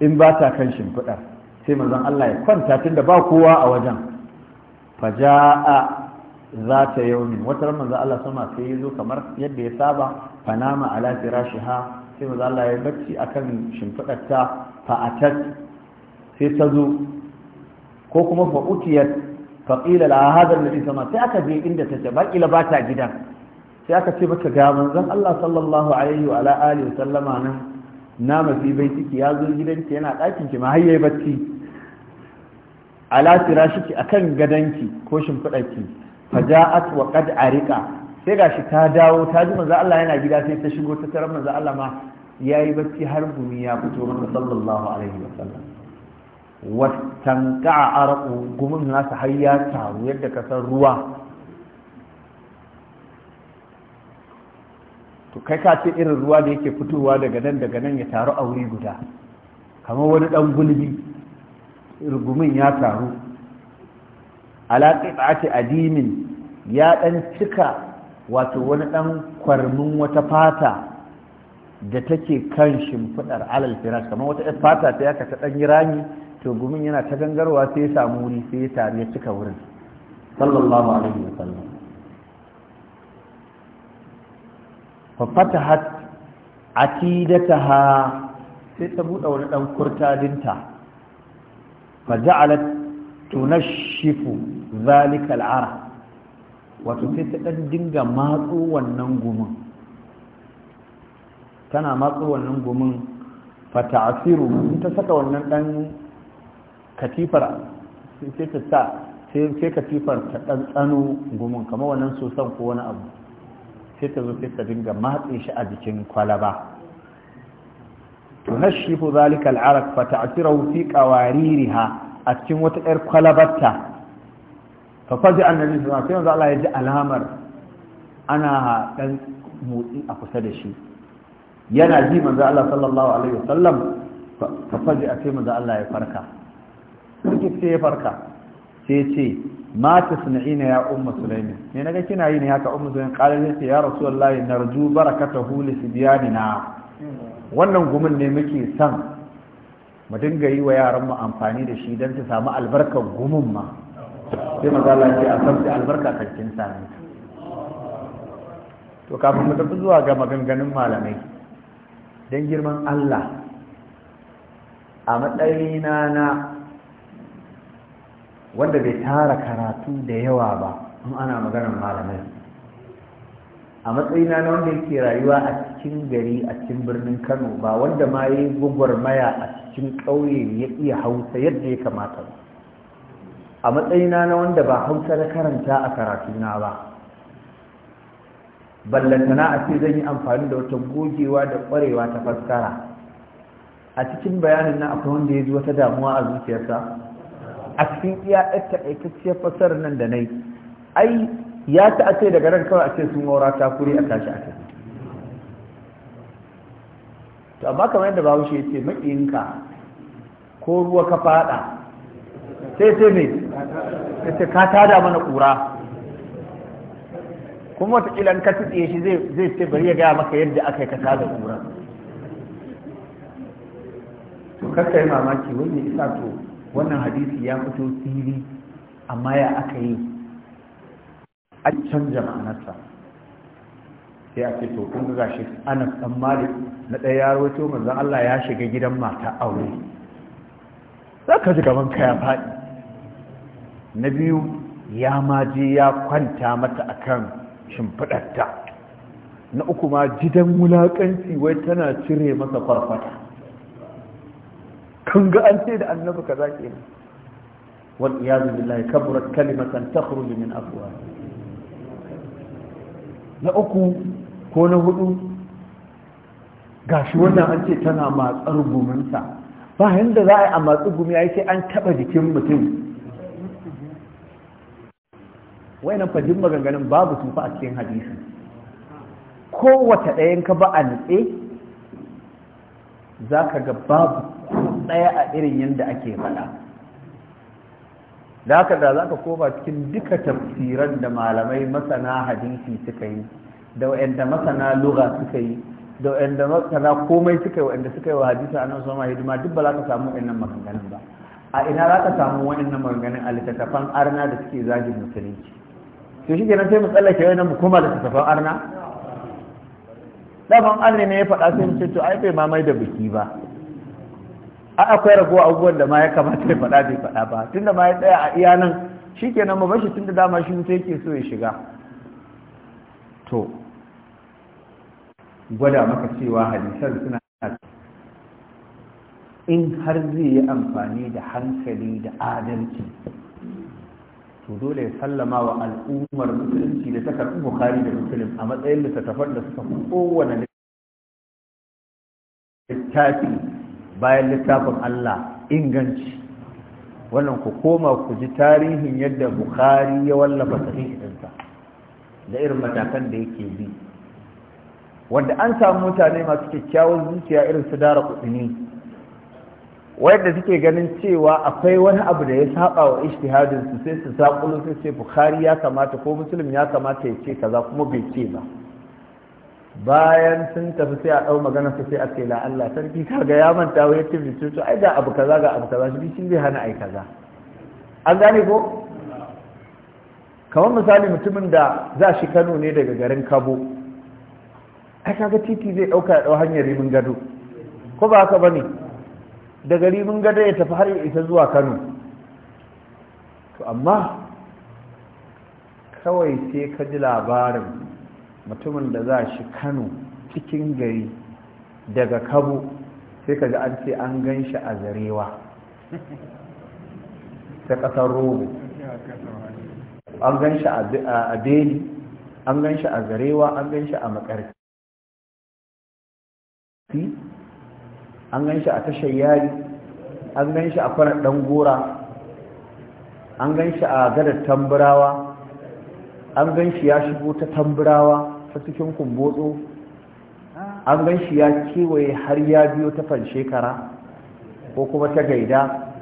in ba ta kan shimfiɗa sai mazan Allah ya kwanta tunda ba kowa a wajen faja'a za ta yaumi wata mazan Allah sama sai ya zo kamar yadda ya saba fanama ala ha sai manzon Allah ya bacci akan shimfiɗar ta fa'atat sai ta zo ko kuma fa'utiyat faƙila la hadar nabi sama sai aka je inda take ba kila ba ta gidan sai aka ce baka ga manzon Allah sallallahu alaihi wa alihi wa sallama nan na mafi bai ciki ya zo gidanki yana ɗakin ki ma har yayi bacci ala firashiki akan gadanki ko shimfiɗarki faja'at wa qad arika sai gashi ta dawo ta ji manzon Allah yana gida sai ta shigo ta tarar manzon Allah ma yayi bacci har gumi ya fito masa sallallahu alaihi wa sallam watanka arqu gumun nasa har ya taru yadda kasar ruwa to kai ka ce irin ruwa da yake fitowa daga nan daga nan ya taru a wuri guda kamar wani dan gulbi rugumin ya taru alaƙi ake adimin ya ɗan cika wato wani ɗan kwarmin wata fata da take kan shimfiɗar alal firash kamar wata ɗan fata ta yaka ta ɗan yi rami to gumin yana ta gangarwa sai ya samu wuri sai ya taru ya cika wurin sallallahu alaihi wa sallam fa fatahat atidataha sai ta buɗe wani ɗan kurtadinta fa ja'alat tunashshifu zalika al'ara wato sai ta ɗan dinga matsu wannan gumin tana matsu wannan gumin fa ta'asiru ta saka wannan ɗan katifar sai ta sa sai katifar ta ɗan ɗanɗano gumin kamar wannan sosan ko wani abu sai ta zo sai ta dinga matse shi a jikin kwalaba tunashifu zalika al'arak fa ta'tirahu fi qawaririha a cikin wata ƴar kwalabarta ta faji annabi sallallahu sai wasallam Allah ya ji alamar ana ɗan motsi a kusa da shi yana ji manzo Allah sallallahu alaihi wasallam ta faji a sai manzo Allah ya farka sai ya farka sai ce ma na ya ummu sulaimi ne na kina yi ne haka ummu sulaimi qalat ya rasu huli narju biya ni na wannan gumin ne muke san mu dinga yi wa yaran mu amfani da shi don su samu albarkar gumin ma sai maza Allah a san da albarka karkin sami to kafin mu tafi zuwa ga maganganun malamai don girman Allah a matsayina na wanda bai tara karatu da yawa ba in ana maganar malamai a matsayina na wanda yake rayuwa a cikin gari a cikin birnin kano ba wanda ma ya yi gwagwarmaya a cikin ƙauye ya iya hausa yadda ya kamata ba a matsayina na wanda ba hausa na karanta a karatuna ba ballantana a ce zan yi amfani da wata gogewa da ƙwarewa ta fassara a cikin bayanin na akwai wanda ya ji wata damuwa a zuciyarsa a cikin iya ta taƙaitacciyar fasar nan da na yi ai ya ta a ce daga ran kawai a ce sun maura ta kuri a tashi a tafi to amma kamar yadda bahaushe ya ce maƙinka ko ruwa ka faɗa sai ce ne ya ce ka tada mana ƙura kuma wataƙila in ka tuɗe shi zai ce bari ya gaya maka yadda aka yi ka tada ƙura to kakka yi mamaki wani isa to wannan hadisi ya fito fili amma ya aka yi a canja ma'anarsa sai a ce to kun ga shi anas dan malik na ɗaya ya rawaito manzon Allah ya shiga gidan mata aure ka ji gaban kaya faɗi na biyu ya ma je ya kwanta mata akan shimfiɗarta na uku ma gidan wulaƙanci wai tana cire masa farfata kun ga an ce da annabi kaza ke ne wal iyadu billahi kabura kalimatan takhruju min afwah na uku ko na hudu gashi wannan an ce tana matsar guminsa ba yanda za a yi a matsu gumi ya sai an taba jikin mutum wayannan fajin maganganun babu su fa a cikin hadisi kowace ɗayan ka ba a nutse za ka ga babu ɗaya a irin yadda ake faɗa da haka da za ka koma cikin duka tafsiran da malamai masana hadisi suka yi da wa'anda masana lura suka yi da wa'anda masana komai suka yi wa'anda suka yi wa hadisa a nan hidima duk ba za ka samu wa'annan maganganun ba a ina za ka samu wa'annan maganganun a littattafan arna da suke zagin musulunci to shi kenan sai mu tsallake wa'annan mu koma littattafan arna daban arna ne ya faɗa sai mu ce to ai bai mamai da biki ba a akwai raguwa abubuwan da ma ya kamata ya faɗa bai faɗa ba tunda ma ya tsaya a iya nan shikenan mu bashi da dama shi mutu yake so ya shiga to gwada maka cewa hadisan suna in har zai yi amfani da hankali da adalci to dole ya sallama wa al'ummar musulunci da ta karɓi bukari da musulun a matsayin littattafan da suka fi kowane littafi bayan littafin Allah inganci wannan ku koma ku ji tarihin yadda Bukhari ya wallafa sahih da irin matakan da yake bi wanda an samu mutane masu kyakkyawar zuciya irin su dara kudini wanda suke ganin cewa akwai wani abu da ya saba wa ijtihadin su sai su saƙulu sai Bukhari ya kamata ko Muslim ya kamata ya ce kaza kuma bai ce ba bayan sun tafi sai a ɗau magana su sai a ce Allah sarki kaga ya manta wai yace bi to ai da abu kaza ga abu kaza shi shi zai hana ai kaza an gane ko kamar misali mutumin da za shi Kano ne daga garin Kabo ai kaga titi zai dauka ya dau hanyar ribin Gado ko ba haka bane daga ribin Gado ya tafi har ya isa zuwa Kano to amma kawai sai ka ji labarin mutumin da za shi kano cikin gari daga kabo sai ka ga an ce an gan shi a zarewa ta ƙasar robo an gan shi a beli an gan shi a zarewa an gan shi a makarci an gan shi a tashar yari an gan shi a kwanar gora an gan shi a gadar tamburawa an gan shi ya shigo ta tamburawa ta cikin kumbotso an gan shi ya kewaye har ya biyo ta shekara ko kuma ta gaida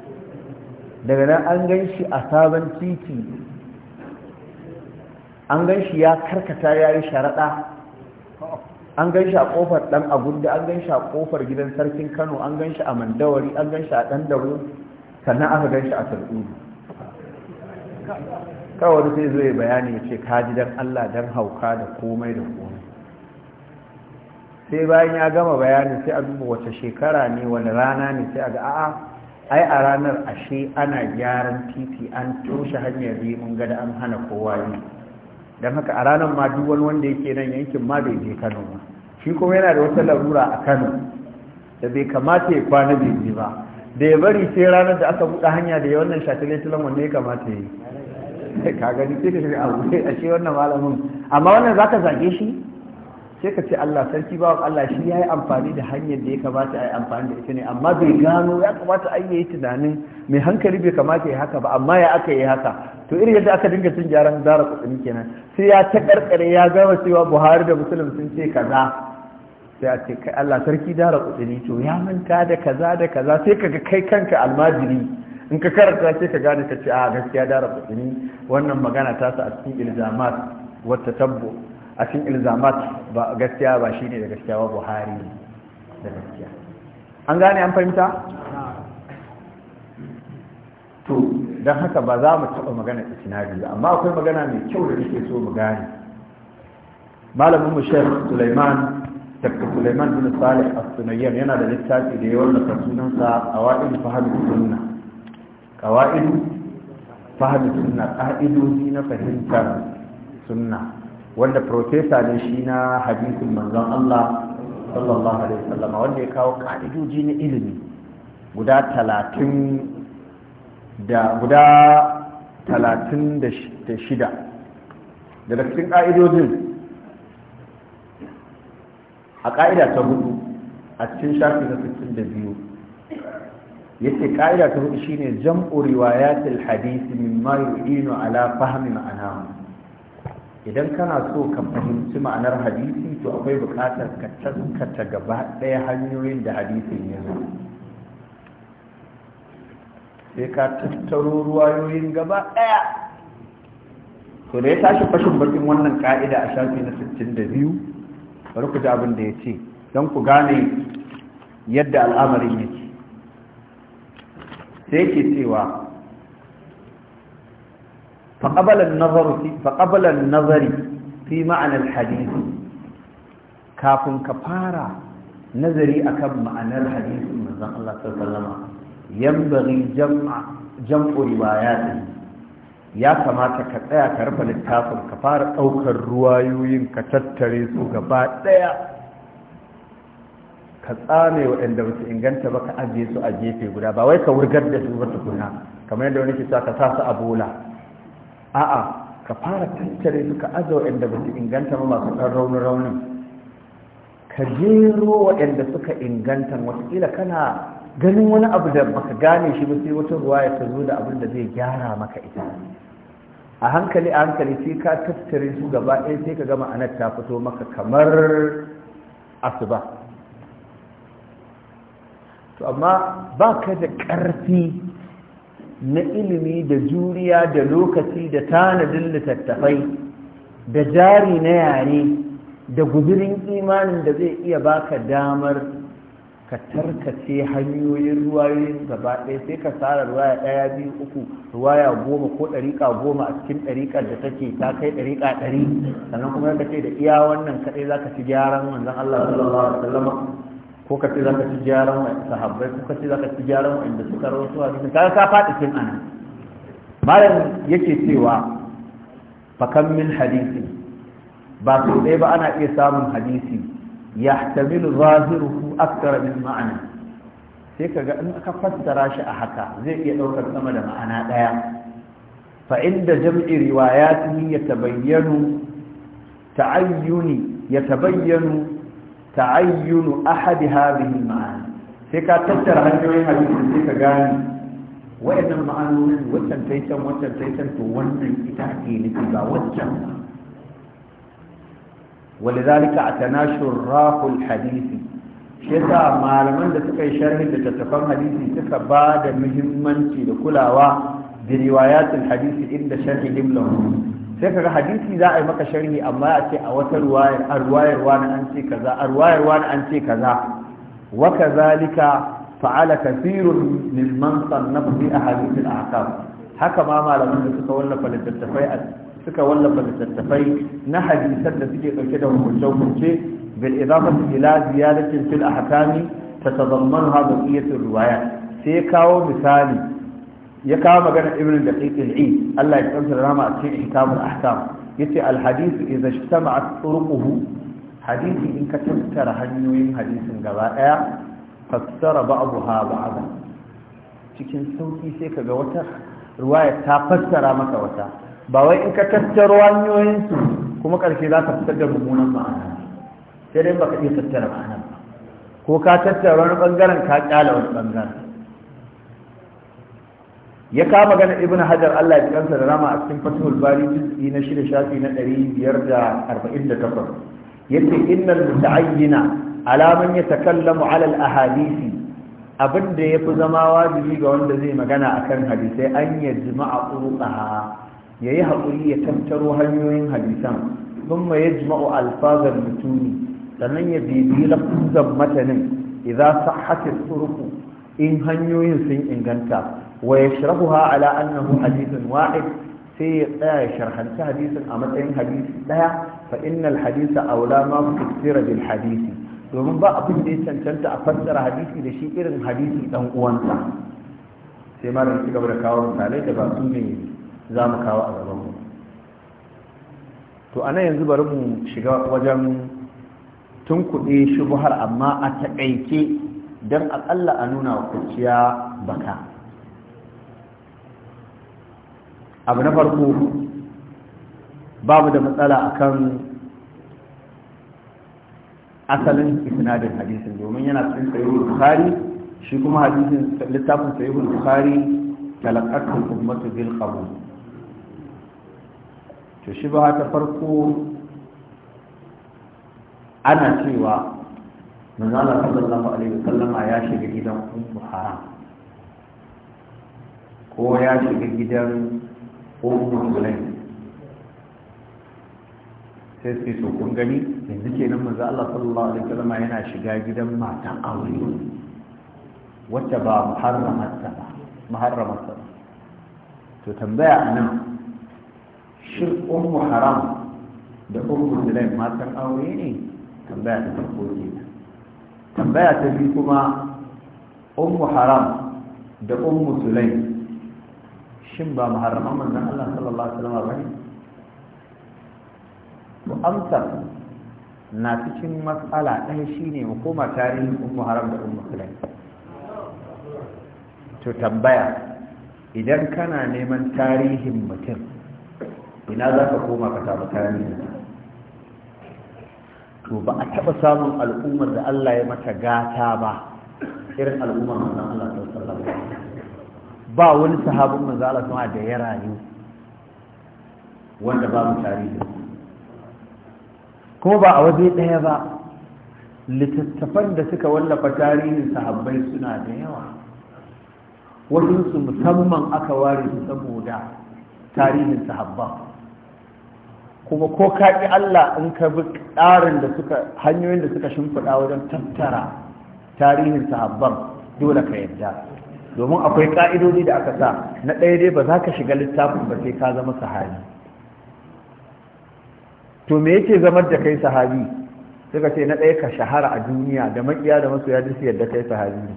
daga nan an gan shi a sabon titi an gan shi ya karkata ya yi sharaɗa an gan shi a ƙofar ɗan agunda an gan shi a ƙofar gidan sarkin kano an gan shi a mandawari an gan shi a ɗan dawo sannan aka gan shi a sarƙudu kawai wani sai zo ya bayani ya ce kaji don Allah don hauka da komai da komai sai bayan ya gama bayani sai a duba wata shekara ne wani rana ne sai a ga a'a ai a ranar ashe ana gyaran titi an toshe hanyar rimin gada an hana kowa yi don haka a ranar ma duk wani wanda yake nan yankin ma bai je kano ba shi kuma yana da wata larura a kano da bai kamata ya kwana bai je ba da ya bari sai ranar da aka buɗe hanya da ya wannan shataletulon wanne ya kamata ya yi ka gani sai ka shiga abu sai ce wannan malamin amma wannan zaka zage shi sai ka ce Allah sarki ba Allah shi ya yi amfani da hanyar da ya kamata a yi amfani da ita ne amma bai gano ya kamata ai yayi tunanin mai hankali bai kamata ya haka ba amma ya aka yi haka to irin yadda aka dinga cin gyaran zara kuɗin kenan sai ya ta karkare ya gama cewa Buhari da Muslim sun ce kaza sai a ce kai Allah sarki zara kudini to ya manta da kaza da kaza sai kaga kai kanka almajiri in ka karanta sai ka gane ka ce a ah, gaskiya dara fasini wannan magana ta sa a cikin ilzamat wata tabbo a cikin ilzamat ba gaskiya ba shine da gaskiya ba buhari da gaskiya an gane an fahimta to don haka ba za mu taɓa magana itinari ba amma akwai magana mai kyau da nake so mu gane malamin mu shek suleiman dr suleiman bin salih as-sunayyan yana da littafi da ya wallafa sunansa a wa'in fahimtar sunna kawa'idu fahimtar sunna qa'idoji na fahimtar sunna wanda professor ne shi na hadisin manzon Allah sallallahu alaihi wasallam wanda ya kawo ka'idoji na ilimi guda talatin da guda talatin da shida da cikin ƙa'idojin a ƙa'ida ta hudu a cikin shafi na 62 yace ka'ida ta hudu shine jam'u riwayatil hadisi mimma yu'inu ala fahmi ma'anahu idan kana so ka fahimci ma'anar hadisi to akwai bukatar ka tankata gaba hanyoyin da hadisin ya zo sai ka tattaro ruwayoyin gaba ɗaya to da ya tashi fashin bakin wannan ka'ida a shafi na 62 bari ku ji abin da ya ce don ku gane yadda al'amarin yake sai yake cewa faƙabala nazari fi ma'anar hadisi kafin ka fara nazari akan ma'anar hadisi mazan Allah sallama yan bari jam'ur bayani ya kamata ka tsaya ka rufe littafin ka fara ɗaukar ruwayoyin ka tattare su gaba ɗaya ka tsame waɗanda ba su inganta ba ka ajiye su a gefe guda ba wai ka wurgar da su ba tukuna kamar yadda wani kisa ka sa su a bola a'a ka fara tattare su ka aza waɗanda ba su inganta ba masu ɗan raunin raunin ka jero waɗanda suka inganta wataƙila kana ganin wani abu da baka gane shi ba sai wata ruwa ya zo da abin da zai gyara maka ita a hankali a hankali sai ka tattare su gaba ɗaya sai ka gama anar ta fito maka kamar asuba to amma ba ka da ƙarfi na ilimi da juriya da lokaci da tanadin littattafai da jari na yare da guzurin imanin da zai iya baka damar ka tarkace hanyoyin ruwayoyin gaba ɗaya sai ka tsara ruwaya ɗaya biyu uku ruwaya goma ko ɗariƙa goma a cikin ɗariƙar da take ta kai ɗariƙa ɗari sannan kuma ka ce da iya wannan kaɗai za ka ci gyaran manzon Allah sallallahu alaihi ko ka ce za ka ci gyaran wa sahabbai ko ka ce za ka ci gyaran wa suka rawaito a cikin kaga ka faɗi cin ana malam yake cewa fakan min hadisi ba su ɗaya ba ana iya samun hadisi ya tamilu zahiruhu akthar min ma'ana sai kaga in aka fassara shi a haka zai iya ɗaukar sama da ma'ana ɗaya فعند جمع رواياته ya ta يتبين ta'ayyunu ahadi hadhihi ma'ani sai ka tattara hanyoyin hadisi sai ka gane wayannan ma'anonin wancan tai can wancan to wannan ita ake nufi ba wancan ba ولذلك اعتناش الراق الحديثي shesa malaman da suka yi sharhi da tattafan hadisi suka ba da muhimmanci da kulawa da riwayatul hadisi inda sharhi lahu sai kaga hadisi za a yi maka sharhi amma a ce a wata ruwayar a ruwayar wani an ce kaza a ruwayar wani an ce kaza wa kazalika fa'ala kathirun min man sannafa ahadith al-ahkam haka ma malaman da suka wallafa littattafai suka wallafa littattafai na hadisan da suke dauke da hukunce hukunce bil idafati ila ziyadatin fil ahkami tatadammanha baqiyatur ruwaya sai kawo misali ya kawo magana ibn da ƙiƙil Allah ya tsamsa rama a cikin ihkamul ahkam yace al hadithu idza ijtama'at turuquhu hadisi in ka tattara hanyoyin hadisin gaba daya fassara ba'daha ba'da cikin sauki sai kaga wata ruwaya ta fassara maka wata ba wai in ka tattaro hanyoyin su kuma karshe za ka fitar da mummunan ma'ana sai dai baka iya tattara ma'ana ko ka tattara wani bangaren ka kyala wani bangaren ya kama gana ibn hajar allah ya kansa da rama a cikin fatihul bari juz'i na shida shafi na ɗari biyar da arba'in da takwas ya ce innal muta'ayyina alaman ya takallamu alal ahadisi abinda da ya fi zama wajibi ga wanda zai magana akan hadisai an ya jima'a tsuruqaha ya yi haƙuri ya tattaro hanyoyin hadisan ثم يجمع alfazar المتون sannan ya bibiyi lafuzan matanin idan sahhat as in hanyoyin sun inganta wa yashrahuha ala annahu hadithun wahid sai ya tsaya ya sharhanci hadisin a matsayin hadisi ɗaya. fa innal hadisa aula ma fusira bil hadisi domin ba abin da ya cancanta a fassara hadisi da shi irin hadisi dan uwanta. sai malam gaba da kawo misalai da ba su ne za mu kawo a gaban mu to ana yanzu bari mu shiga wajen tun kuɗi shubuhar amma a taƙaice don aƙalla a nuna wa kuciya baka abu na farko babu da matsala akan asalin isnadin hadisin domin yana cikin sahihul bukhari shi kuma hadisin littafin sahihul bukhari talaqatul ummatu bil qabul to shi ba ta farko ana cewa manzo sallallahu alaihi wasallam ya shiga gidan ummu haram ko ya shiga gidan ko kuma tunai sai su so kun gani yanzu nan manzo Allah sallallahu alaihi wasallam yana shiga gidan matan aure wacce ba muharramarta ba muharramarta ba to tambaya anan shin ummu haram da ummu sulaim matan aure ne tambaya ta farko ne tambaya ta biyu kuma ummu haram da ummu sulaim shin ba muharraman manzon Allah sallallahu alaihi wasallam bane to amsar na cikin matsala ɗaya shine mu koma tarihin ummu haram da ummu sulaim to tambaya idan kana neman tarihin mutum ina za ka koma ka samu tarihin to ba a taɓa samun al'ummar da Allah ya mata gata ba irin al'ummar manzon Allah sallallahu alaihi wasallam ba wani sahabin manzo Allah sama da ya rayu wanda ba mu tarihi ko ba a waje ɗaya ba littattafan da suka wallafa tarihin sahabbai suna da yawa wasu musamman aka ware su saboda tarihin sahabban kuma ko ka ƙi Allah in ka bi tsarin da suka hanyoyin da suka shimfiɗa wajen tattara tarihin sahabban dole ka yadda domin akwai ka'idodi da aka sa na ɗaya dai ba za ka shiga littafin ba sai ka zama sahabi to me yake zamar da kai sahabi suka ce na ɗaya ka shahara a duniya da makiya da ya duk yadda kai sahabi ne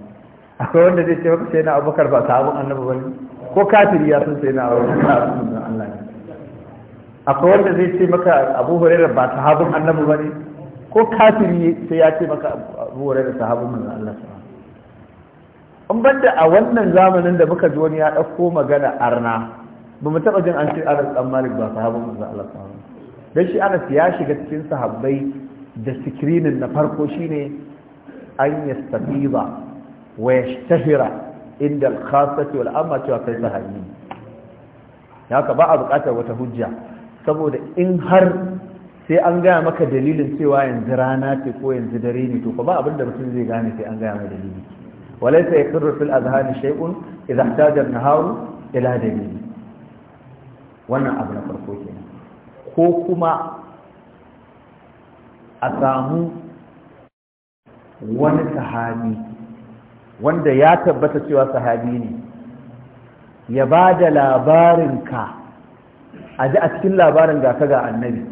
akwai wanda zai ce maka sai na abubakar ba sahabin annabi ne? ko kafiri ya san sai na abubakar Allah ne akwai wanda zai ce maka abu hurairah ba sahabin annabi ne? ko kafiri sai ya ce maka abu hurairah sahabin manzon Allah in da a wannan zamanin da muka ji wani ya ɗauko magana arna ba mu taɓa jin an ce anas dan malik ba sahabin manzo Allah sallallahu Don shi anas ya shiga cikin sahabbai da sikirinin na farko shine an yastafiza wa shahira, inda al wal amma cewa kai sahabi haka ba a buƙatar wata hujja saboda in har sai an gaya maka dalilin cewa yanzu rana ce ko yanzu dare ne to ba abin da mutum zai gane sai an gaya mai dalili walaysa yakru fil azhan shay'un idha ihtaja an-nahar ila dalil wannan abu na farko kenan ko kuma a samu wani sahabi wanda ya tabbata cewa sahabi ne ya ba da labarinka a ji a cikin labarin ga ka ga annabi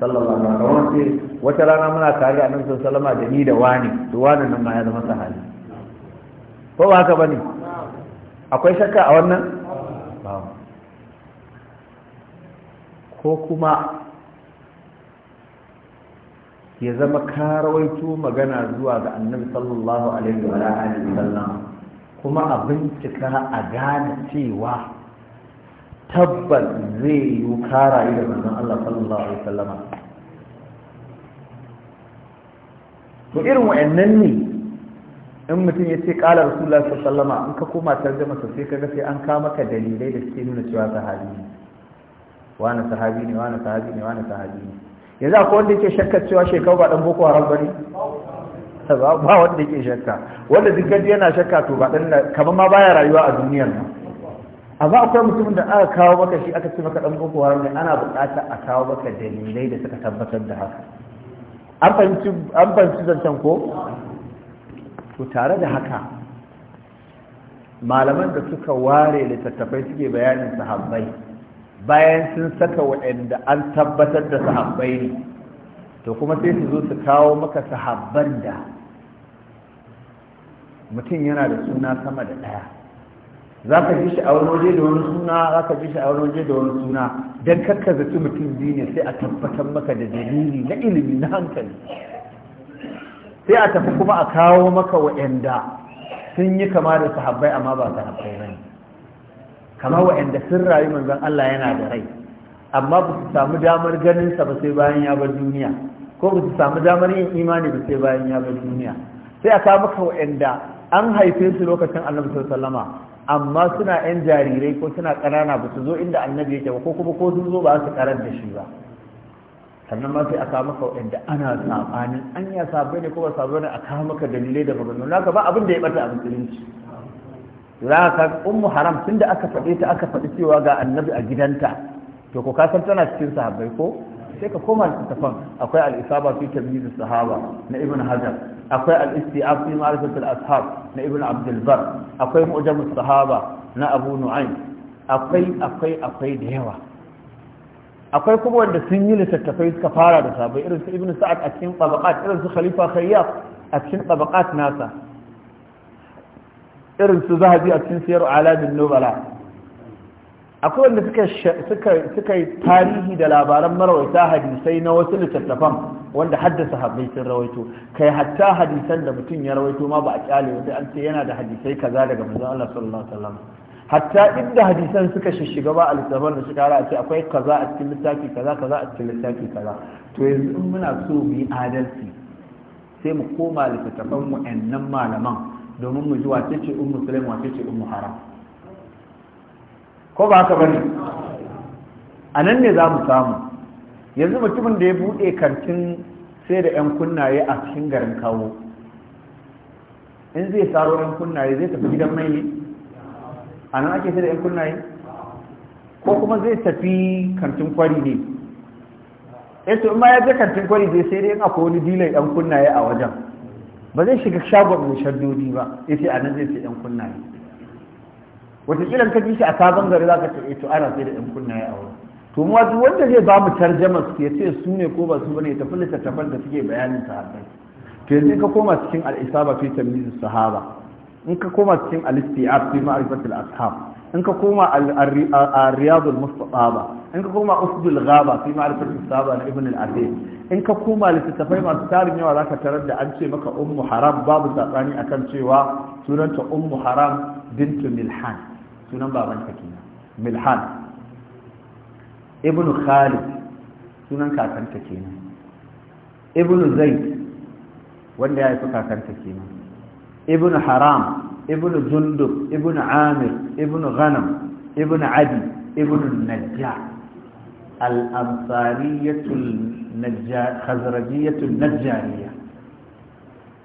sallallahu alaihi wasallam wata rana muna tare a annabi da ni da wani to wani ma ya zama sahabi ko ba haka bane akwai shakka a wannan ko kuma ya zama karawaito magana zuwa ga annabi sallallahu alaihi wa alihi sallam kuma a bincika a gane cewa tabbat zai yi karayi da manzon Allah sallallahu alaihi sallama to irin wa'annan ne in mutum ya ce ƙala rasulullah sallama in ka koma tarjama sa sai kaga sai an ka maka dalilai da suke nuna cewa sahabi ne wani sahabi ne wani sahabi ne wani sahabi ne yanzu akwai wanda yake shakka cewa shekau ba dan boko haram bane ba wanda yake shakka wanda duk gaji yana shakka to ba dan kamar ma baya rayuwa a duniyar nan amma akwai mutumin da aka kawo maka shi aka ce maka dan boko haram ne ana buƙatar a kawo maka dalilai da suka tabbatar da haka an fahimci an fahimci zancen ko to tare da haka malaman da suka ware littattafai suke bayanin sahabbai bayan sun saka waɗanda an tabbatar da sahabbai ne to kuma sai su zo su kawo maka sahabban da mutum yana da suna sama da ɗaya za ka ji shi a wani waje da wani suna za ka ji shi a wani waje da wani suna don kakka zaci mutum biyu ne sai a tabbatar maka da dalili na ilimi na hankali sai a tafi kuma a kawo maka wa'anda sun yi kama da sahabbai amma ba sahabbai ne kama wa'anda sun rayu manzon Allah yana da rai amma ba su samu damar ganin sa ba sai bayan ya bar duniya ko ba su samu damar yin imani ba sai bayan ya bar duniya sai a kawo maka wa'anda an haife su lokacin Annabi sallallahu amma suna 'yan jarirai ko suna ƙanana ba su zo inda annabi yake ba ko kuma ko sun zo ba su karar da shi ba sannan ma sai a kawo waɗanda ana sabani. an ya sabai ne kuma sabai ne a kawo maka dalilai da maganganu naka ba abin da ya bata a musulunci za ka ummu haram tun da aka faɗe ta aka faɗi cewa ga annabi a gidanta to ko kasan tana cikin sahabbai ko sai ka koma tafan akwai al-isaba fi tamyiz sahaba na ibn hajar akwai al-istiab fi ma'rifat ashab na ibn Abdulbar. bar akwai mu'jam sahaba na abu nu'aym akwai akwai akwai da yawa akwai kuma wanda sun yi littattafai suka fara da sabai irin su ibn sa'ad a cikin tabaqat irin su khalifa khayyab a cikin tabaqat nasa irin su zahabi a cikin siyar alamin nubala akwai wanda suka suka suka yi tarihi da labaran marawaita hadisai na wasu littattafan wanda haddasa habbai sun rawaito kai hatta hadisan da mutum ya rawaito ma ba a kyale wanda an ce yana da hadisai kaza daga manzon Allah sallallahu alaihi wasallam hatta inda hadisan suka shishiga ba a littafin da suka a ce akwai kaza a cikin littafi kaza kaza a cikin littafi kaza to yanzu in muna so mu yi adalci sai mu koma littattafan ɗannan malaman domin mu ji wace ce ummu sulaim wace ce ummu haram ko ba haka bane a nan ne za mu samu yanzu mutumin da ya buɗe kantin sai da 'yan kunnaye a cikin garin kawo in zai saro 'yan kunnaye zai tafi gidan mai ne a nan ake sai da 'yan kunnaye ko kuma zai tafi kantin kwari ne eto eh in ma ya je kantin kwari zai sai dai akwai wani dilan 'yan kunnaye a wajen ba zai shiga shagon mai shardodi ba ya ce a nan zai sai 'yan kunnaye wataƙila ka ji shi a sabon gari za ka ce eto eh ana sai da 'yan kunnaye a wajen to mu wanda zai ba mu tarjama su ya ce su ne ko ba su ba ne, tafi littattafan da suke bayanin sahabbai to yanzu ka koma cikin al'isaba fi tamyiz sahaba in ka koma cikin al-istiab fi ma'rifat al-ashab in ka koma al-riyad al in ka koma usdul ghaba fi ma'rifat al-sahaba na ibn al-adil in ka koma littattafai masu tarin yawa zaka tarar da an ce maka ummu haram babu sakani akan cewa sunanta ummu haram bintu milhan sunan baban ta kenan milhan ibn khalid sunan kakanta kenan ibn zaid wanda ya yi kakanta kenan ابن حرام ابن جندب ابن عامر ابن غنم ابن عدي ابن النجار الأنصارية النجار خزرجية النجارية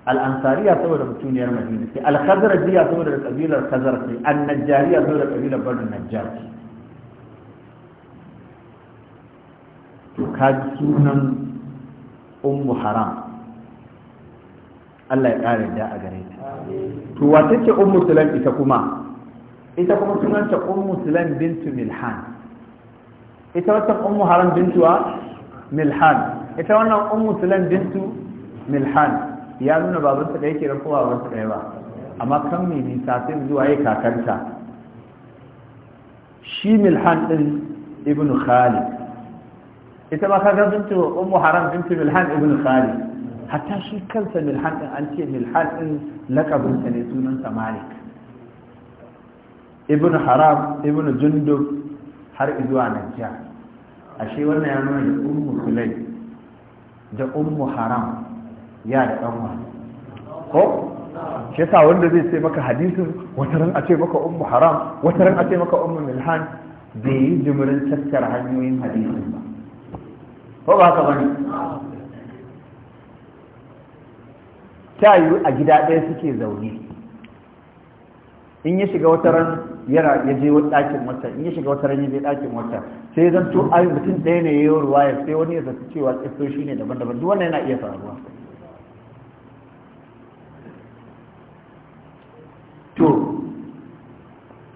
الأنصارية تقول متونية المدينة الخزرجية تقول القبيلة الخزرجية النجارية تقول القبيلة بنو النجار تكاد سونا أم حرام Allah ya ƙara da a gare ta to wa take um sulaim ita kuma ita kuma sunanta um sulaim bintu milhan ita wata um haram bintu wa milhan ita wannan um sulaim bintu milhan ya nuna babansa da yake rakuwa su ɗaya ba amma kan mai nisa sai zuwa ya kakanta shi milhan din ibn khalid ita ma kaga bintu um haram bintu milhan ibn khalid hatta shi kansa milhan ɗin an ce milhan ɗin laƙabinsa ne sunansa malik ibn haram ibn jundub har izuwa najjar ashe wannan ya nuna da ummu sulai da ummu haram ya da ɗan ko shi yasa wanda zai ce maka hadisin wata ran a ce maka ummu haram wata ran a ce maka ummu milhan bai yi jimirin tattara hanyoyin hadisin ba ko ba haka bane ta yiwu a gida ɗaya suke zaune in ya shiga wata ran yana ya je ɗakin wata in ya shiga wata ran ya je ɗakin wata sai zan to ai mutum ɗaya ne yayin ya sai wani ya zata cewa shi ne daban-daban duk wannan yana iya faruwa to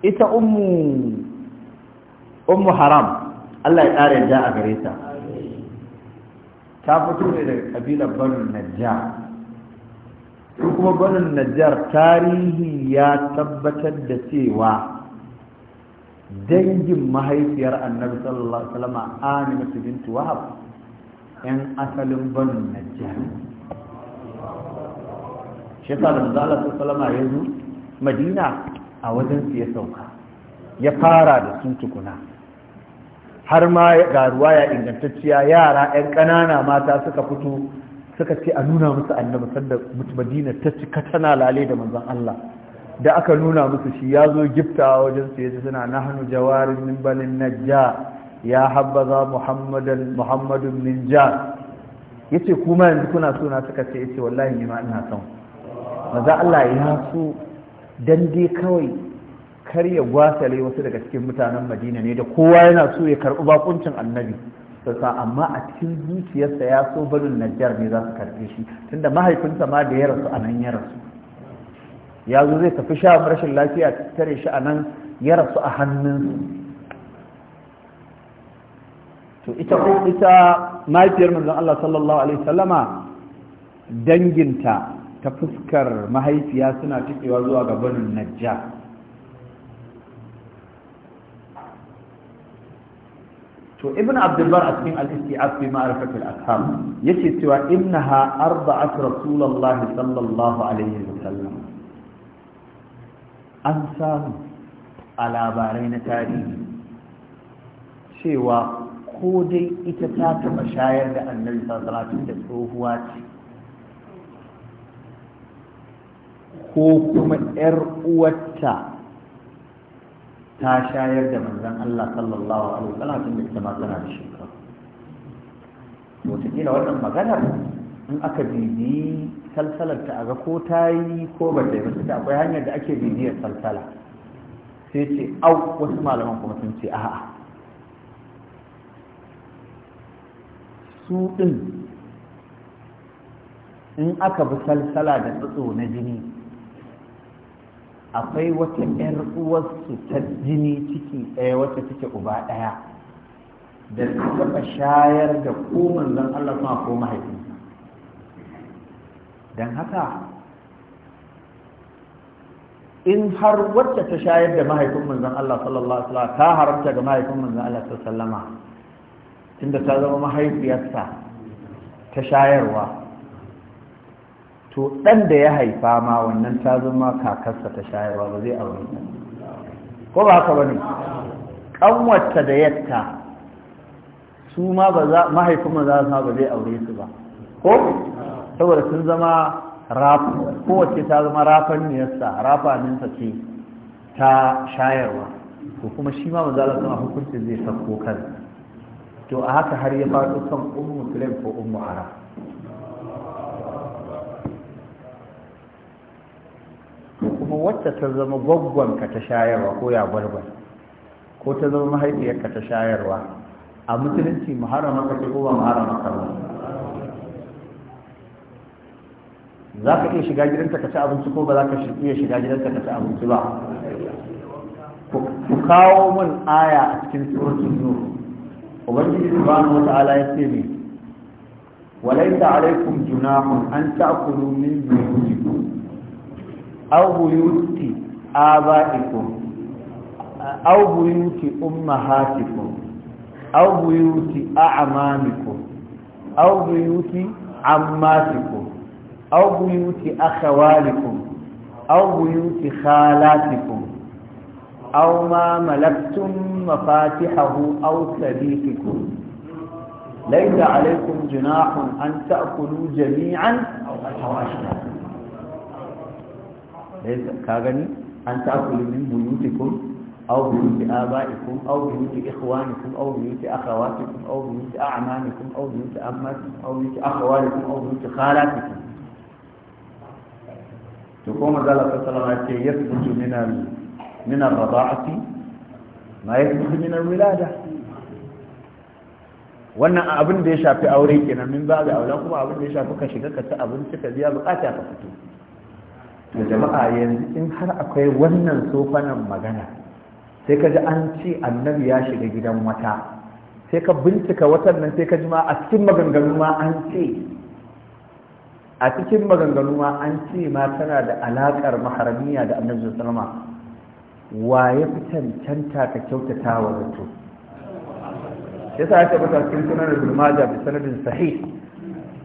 ita ummu ummu haram Allah ya ƙara yadda a gare ta ta fito ne daga ƙabilar banu najjar su kuma banin najjar tarihi ya tabbatar da cewa dangin mahaifiyar annabi sallallahu alaihi wasallam amina bintu wahab yan asalin banin najjar shi yasa da manzo sallallahu alaihi wasallam ya zo madina a wajen su ya sauka ya fara da sun tukuna har ma ga ruwa ya ingantacciya yara 'yan ƙanana mata suka fito suka ce a nuna musu annabi sanda madina ta cika tana lale da manzon Allah da aka nuna musu shi ya zo gifta wajen su yaji suna hannu jawarin min balin najja ya habbaza muhammadan muhammadun min ja yace kuma yanzu kuna so na suka ce yace wallahi ni ma ina son manzon Allah ya so dan dai kawai kar ya gwasale wasu daga cikin mutanen Madina ne da kowa yana so ya karbi bakuncin annabi sassa amma a cikin zuciyarsa ya so barin najjar ne za su karfe shi tunda mahaifinsa ma da ya rasu a nan ya rasu ya zo zai tafi sha rashin lafiya tare shi a nan ya rasu a hannun to ita ko ita mahaifiyar manzon Allah sallallahu alaihi wasallama danginta ta fuskar mahaifiya suna tikewa zuwa ga barin najjar to ibn abdulbar a cikin al-isti'ab fi ma'rifat al-ashab yace cewa innaha arba'at rasulullahi sallallahu alaihi wa sallam an samu a labarai na tarihi cewa ko dai ita ta taba shayar da annabi sallallahu da tsohuwa ce ko kuma 'yar uwarta ta shayar da manzan Allah sallallahu alaihi wasallam tun da ita ma tana da shekaru wataƙila wannan maganar in aka bibi salsalar ta aga ko ta yi ko ba ta yi ba ta akwai hanyar da ake bibiyar salsala sai ce au wasu malaman kuma sun ce a'a su ɗin in aka bi salsala da tsatso na jini akwai wata 'yar uwarsu ta jini ciki ɗaya wata take uba ɗaya da ta taɓa shayar da ko manzon Allah kuma ko mahaifinsa don haka in har wacce ta shayar da mahaifin manzon Allah sallallahu alaihi wasallam ta haramta ga mahaifin manzon Allah sallallahu alaihi wasallama tunda ta zama mahaifiyarsa ta shayarwa to ɗan da ya haifa ma wannan ta zama kakarsa ta shayarwa ba zai aure ta ko ba haka ba ne da yatta su ma ba za mahaifin ma za su ba zai aure su ba ko saboda sun zama rafa kowace ta zama rafan niyarsa rafaninsa ce ta shayarwa ko kuma shi ma maza sama hukunci zai sako kan to a haka har ya faɗo kan ummu sulaim ko ummu arab kuma wacce ta zama gwaggwanka ta shayarwa ko ya gwargwar ko ta zama mahaifiyarka ta shayarwa a musulunci muharama ka ce ko ba muharama ka ba za ka iya shiga gidanta ka ci abinci ko ba za ka iya shiga gidanta ka ci abinci ba ku kawo min aya a cikin suratul nur ubangiji wata Ala ya ce ne walaita alaykum junahun an ta'kulu min buyutikum أو بيوت آبائكم أو بيوت أمهاتكم أو بيوت أعمامكم أو بيوت عماتكم أو بيوت أخوالكم أو بيوت خالاتكم أو ما ملكتم مفاتحه أو صديقكم ليس عليكم جناح أن تأكلوا جميعا أو أشهر ka gani an takulu min buyutikum aw buyuti abaikum aw buyuti ikhwanikum aw buyuti akhawatikum aw buyuti a'manikum aw buyuti ammatikum aw buyuti akhwalikum aw buyuti khalatikum to ko mazala ta salama ce yasbutu min al min al rada'ati ma yasbutu min al wilada wannan abin da ya shafi aure kenan min ba ga aure kuma abin da ya shafi ka shiga ka ci abinci ka biya bukata ka fito to jama'a yanzu in har akwai wannan sofanan magana sai ka ji an ce annabi ya shiga gidan wata sai ka bincika watan nan sai ka ji ma a cikin maganganu ma an ce a cikin maganganu ma an ce ma tana da alaƙar maharamiya da annabi sallama wa ya fi cancanta ka kyautata wa zato yasa aka bata cikin sunan da bulmaja da sanadin sahih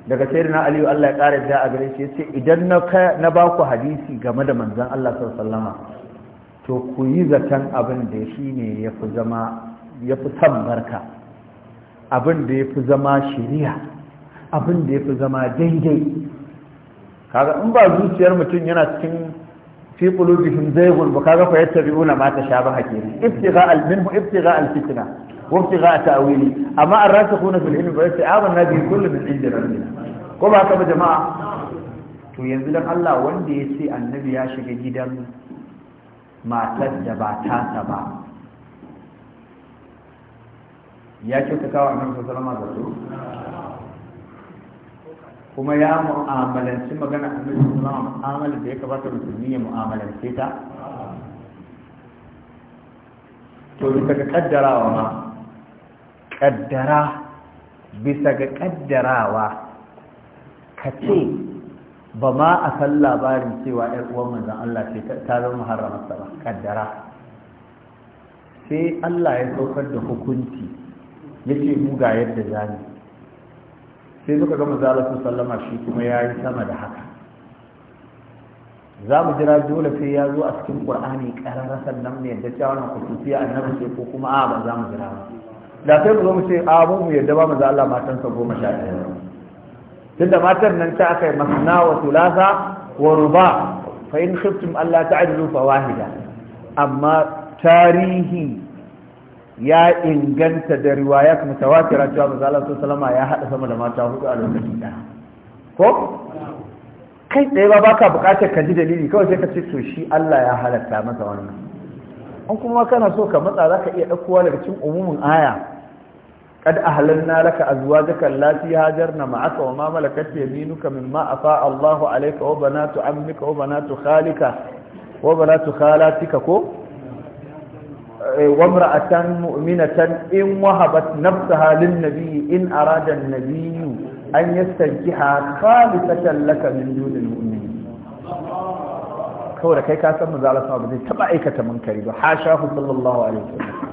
daga na aliyu Allah ya ƙara da a gare shi sai idan na na ba ku hadisi game da manzon Allah sallallahu to ku yi zaton abin da shi ne ya fi zama fi san barka abin da ya fi zama shari'a abin da ya fi zama daidai kaga in ba zuciyar mutum yana cikin fi qulubihim zai ba kaga fa bi'una ma ba hakiri ibtiga al minhu ibtiga al fitna وابتغاء تأويله أما الراسخون في العلم فاستعاذنا به كل من عند ربنا كما هكذا جماعة to yanzu dan Allah wanda ya ce annabi ya shiga gidan matar da ba ta tasa ba ya kyautata wa annabi sallama da su kuma ya mu'amalanci magana annabi sallama mu'amalar da ya kamata musulmi ya mu'amalance ta to bisa ga kaddarawa ma Ƙaddara, bisa ga kaddarawa ka ce ba ma a san labarin cewa ‘yar uwan manzan Allah ce ta zama haramarsa ba ƙaddara sai Allah ya saukar da hukunci ya ce muga yadda za ni, sai suka gama zalatu sallama shi kuma ya yi sama da haka za mu jira dole sai ya zo a cikin ƙwar'ani ƙararra sannan mai yadda cewa na a annabi ce ko kuma a ba za mu jira ba da sai mu zo mu ce a mu mu yadda ba za Allah matansa goma sha ɗaya tunda matan nan ta aka yi masana wa tulasa wa ruba fa in khiftum Allah ta'dilu fa wahida amma tarihi ya inganta da riwayat mutawatira cewa manzo Allah sallallahu ya hada sama da mata hudu a lokaci ɗaya ko kai tsaye ba baka bukatar ka ji dalili kawai sai ka ce to shi Allah ya halatta masa wannan an kuma kana so ka matsa zaka iya ɗaukowa daga cikin umumin aya قد أهلنا لك أزواجك التي هاجرن معك وما ملكت يمينك مما أفاء الله عليك وبنات عمك وبنات خالك وبنات خالاتك وامرأة مؤمنة إن وهبت نفسها للنبي إن أراد النبي أن يستنكحها خالصة لك من دون المؤمنين كورا كي كاسم مزالة صعبة تبعيك تمنكري حاشاه صلى الله عليه وسلم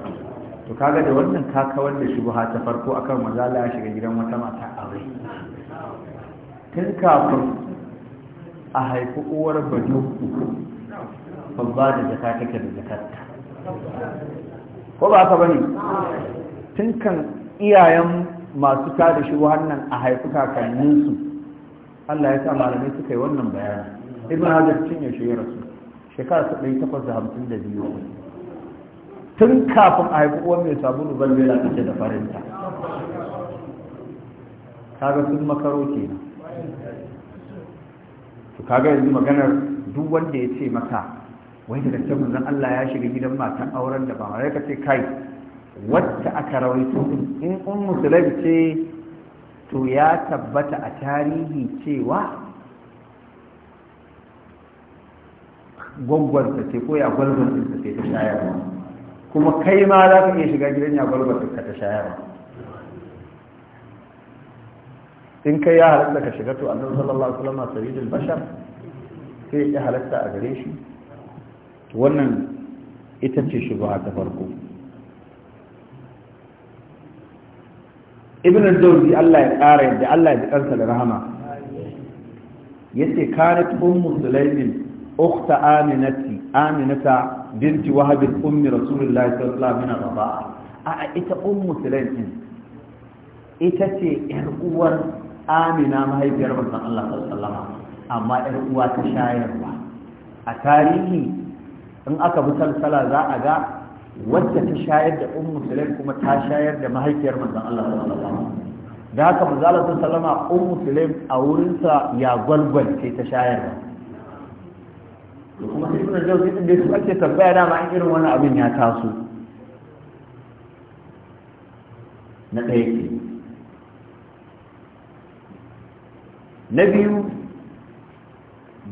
to kaga da wannan ka kawar da shubha ta farko akan manzala ya shiga gidan wata mata aure tun kafin a haifi uwar baduku babba da zaka take da zakarta ko ba haka bane tun kan iyayen masu da shi nan a haifi su Allah ya sa malamai suka yi wannan bayani ibn hajar cin ya shi rasu shekara 1852 takwas da hamsin da biyu tun kafin a haifi uwan mai sabulu da take da farinta kaga sun makaro kenan to kaga yanzu maganar duk wanda ya ce maka wai da ce manzon Allah ya shiga gidan matan auren da ba mai ka ce kai wacce aka rawaito in un musulai ce to ya tabbata a tarihi cewa gwangwarsa ce ko ya gwalgwarsa ce ta shayarwa kuma kai ma za ka iya shiga gidan ya gwalba ka ta shayarwa in kai ya halatta ka shiga to annabi sallallahu alaihi wasallam sayyidul bashar sai ya halatta a gare shi wannan ita ce shubha ta farko ibn al-jawzi Allah ya ƙara yadda Allah ya ji kansa da rahama yace kanat ummu sulaimin ukhta aminati aminata binti wahabin ummi rasulullahi sallallahu alaihi wasallam a ita ummu sulaim din ita ce yar uwar amina mahaifiyar manzon Allah sallallahu alaihi amma yar uwa ta shayarwa a tarihi in aka bi salsala za a ga wacce ta shayar da ummu sulaim kuma ta shayar da mahaifiyar manzon Allah sallallahu alaihi wasallam da haka manzon Allah sallallahu alaihi wasallam ummu sulaim a wurinsa ya gwalgwal ce ta shayarwa da kuma ibn jawzi din da su ake tambaya dama an irin wani abin ya taso na ɗaya ke na biyu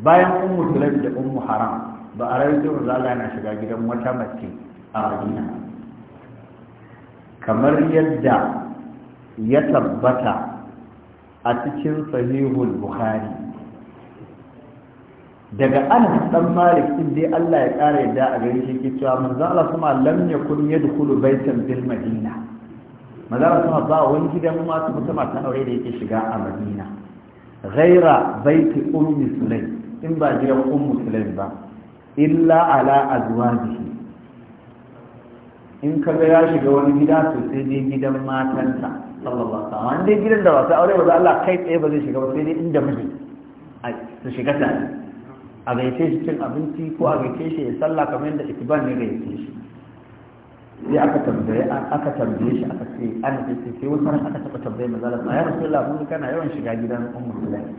bayan ummu tulab da ummu haram ba a rawaito manzo Allah yana shiga gidan wata mace a Madina kamar yadda ya tabbata a cikin sahihul Buhari. daga an dan malik din dai Allah ya kara yadda a gari shi ke cewa manzo Allah kuma lam yakun yadkhulu baitan bil madina manzo Allah kuma ba wani gidan masu musamman ta aure da yake shiga a madina ghaira baiti ummi sulaim in ba gidan ummu sulaim ba illa ala azwajihi in ka ya shiga wani gida to sai dai gidan matanta sallallahu alaihi wasallam dai gidan da ba sai aure ba Allah kai tsaye ba zai shiga ba sai dai inda miji su shiga tare a gaice shi cin abinci ko a gaice shi ya sallah kamar yadda ikiban ne gaice shi sai aka tambaye aka tambaye shi aka ce an da sai sai wasu ran aka taba tambaye manzo Allah ya rasulullah mun kana yawan shiga gidan ummu sulaim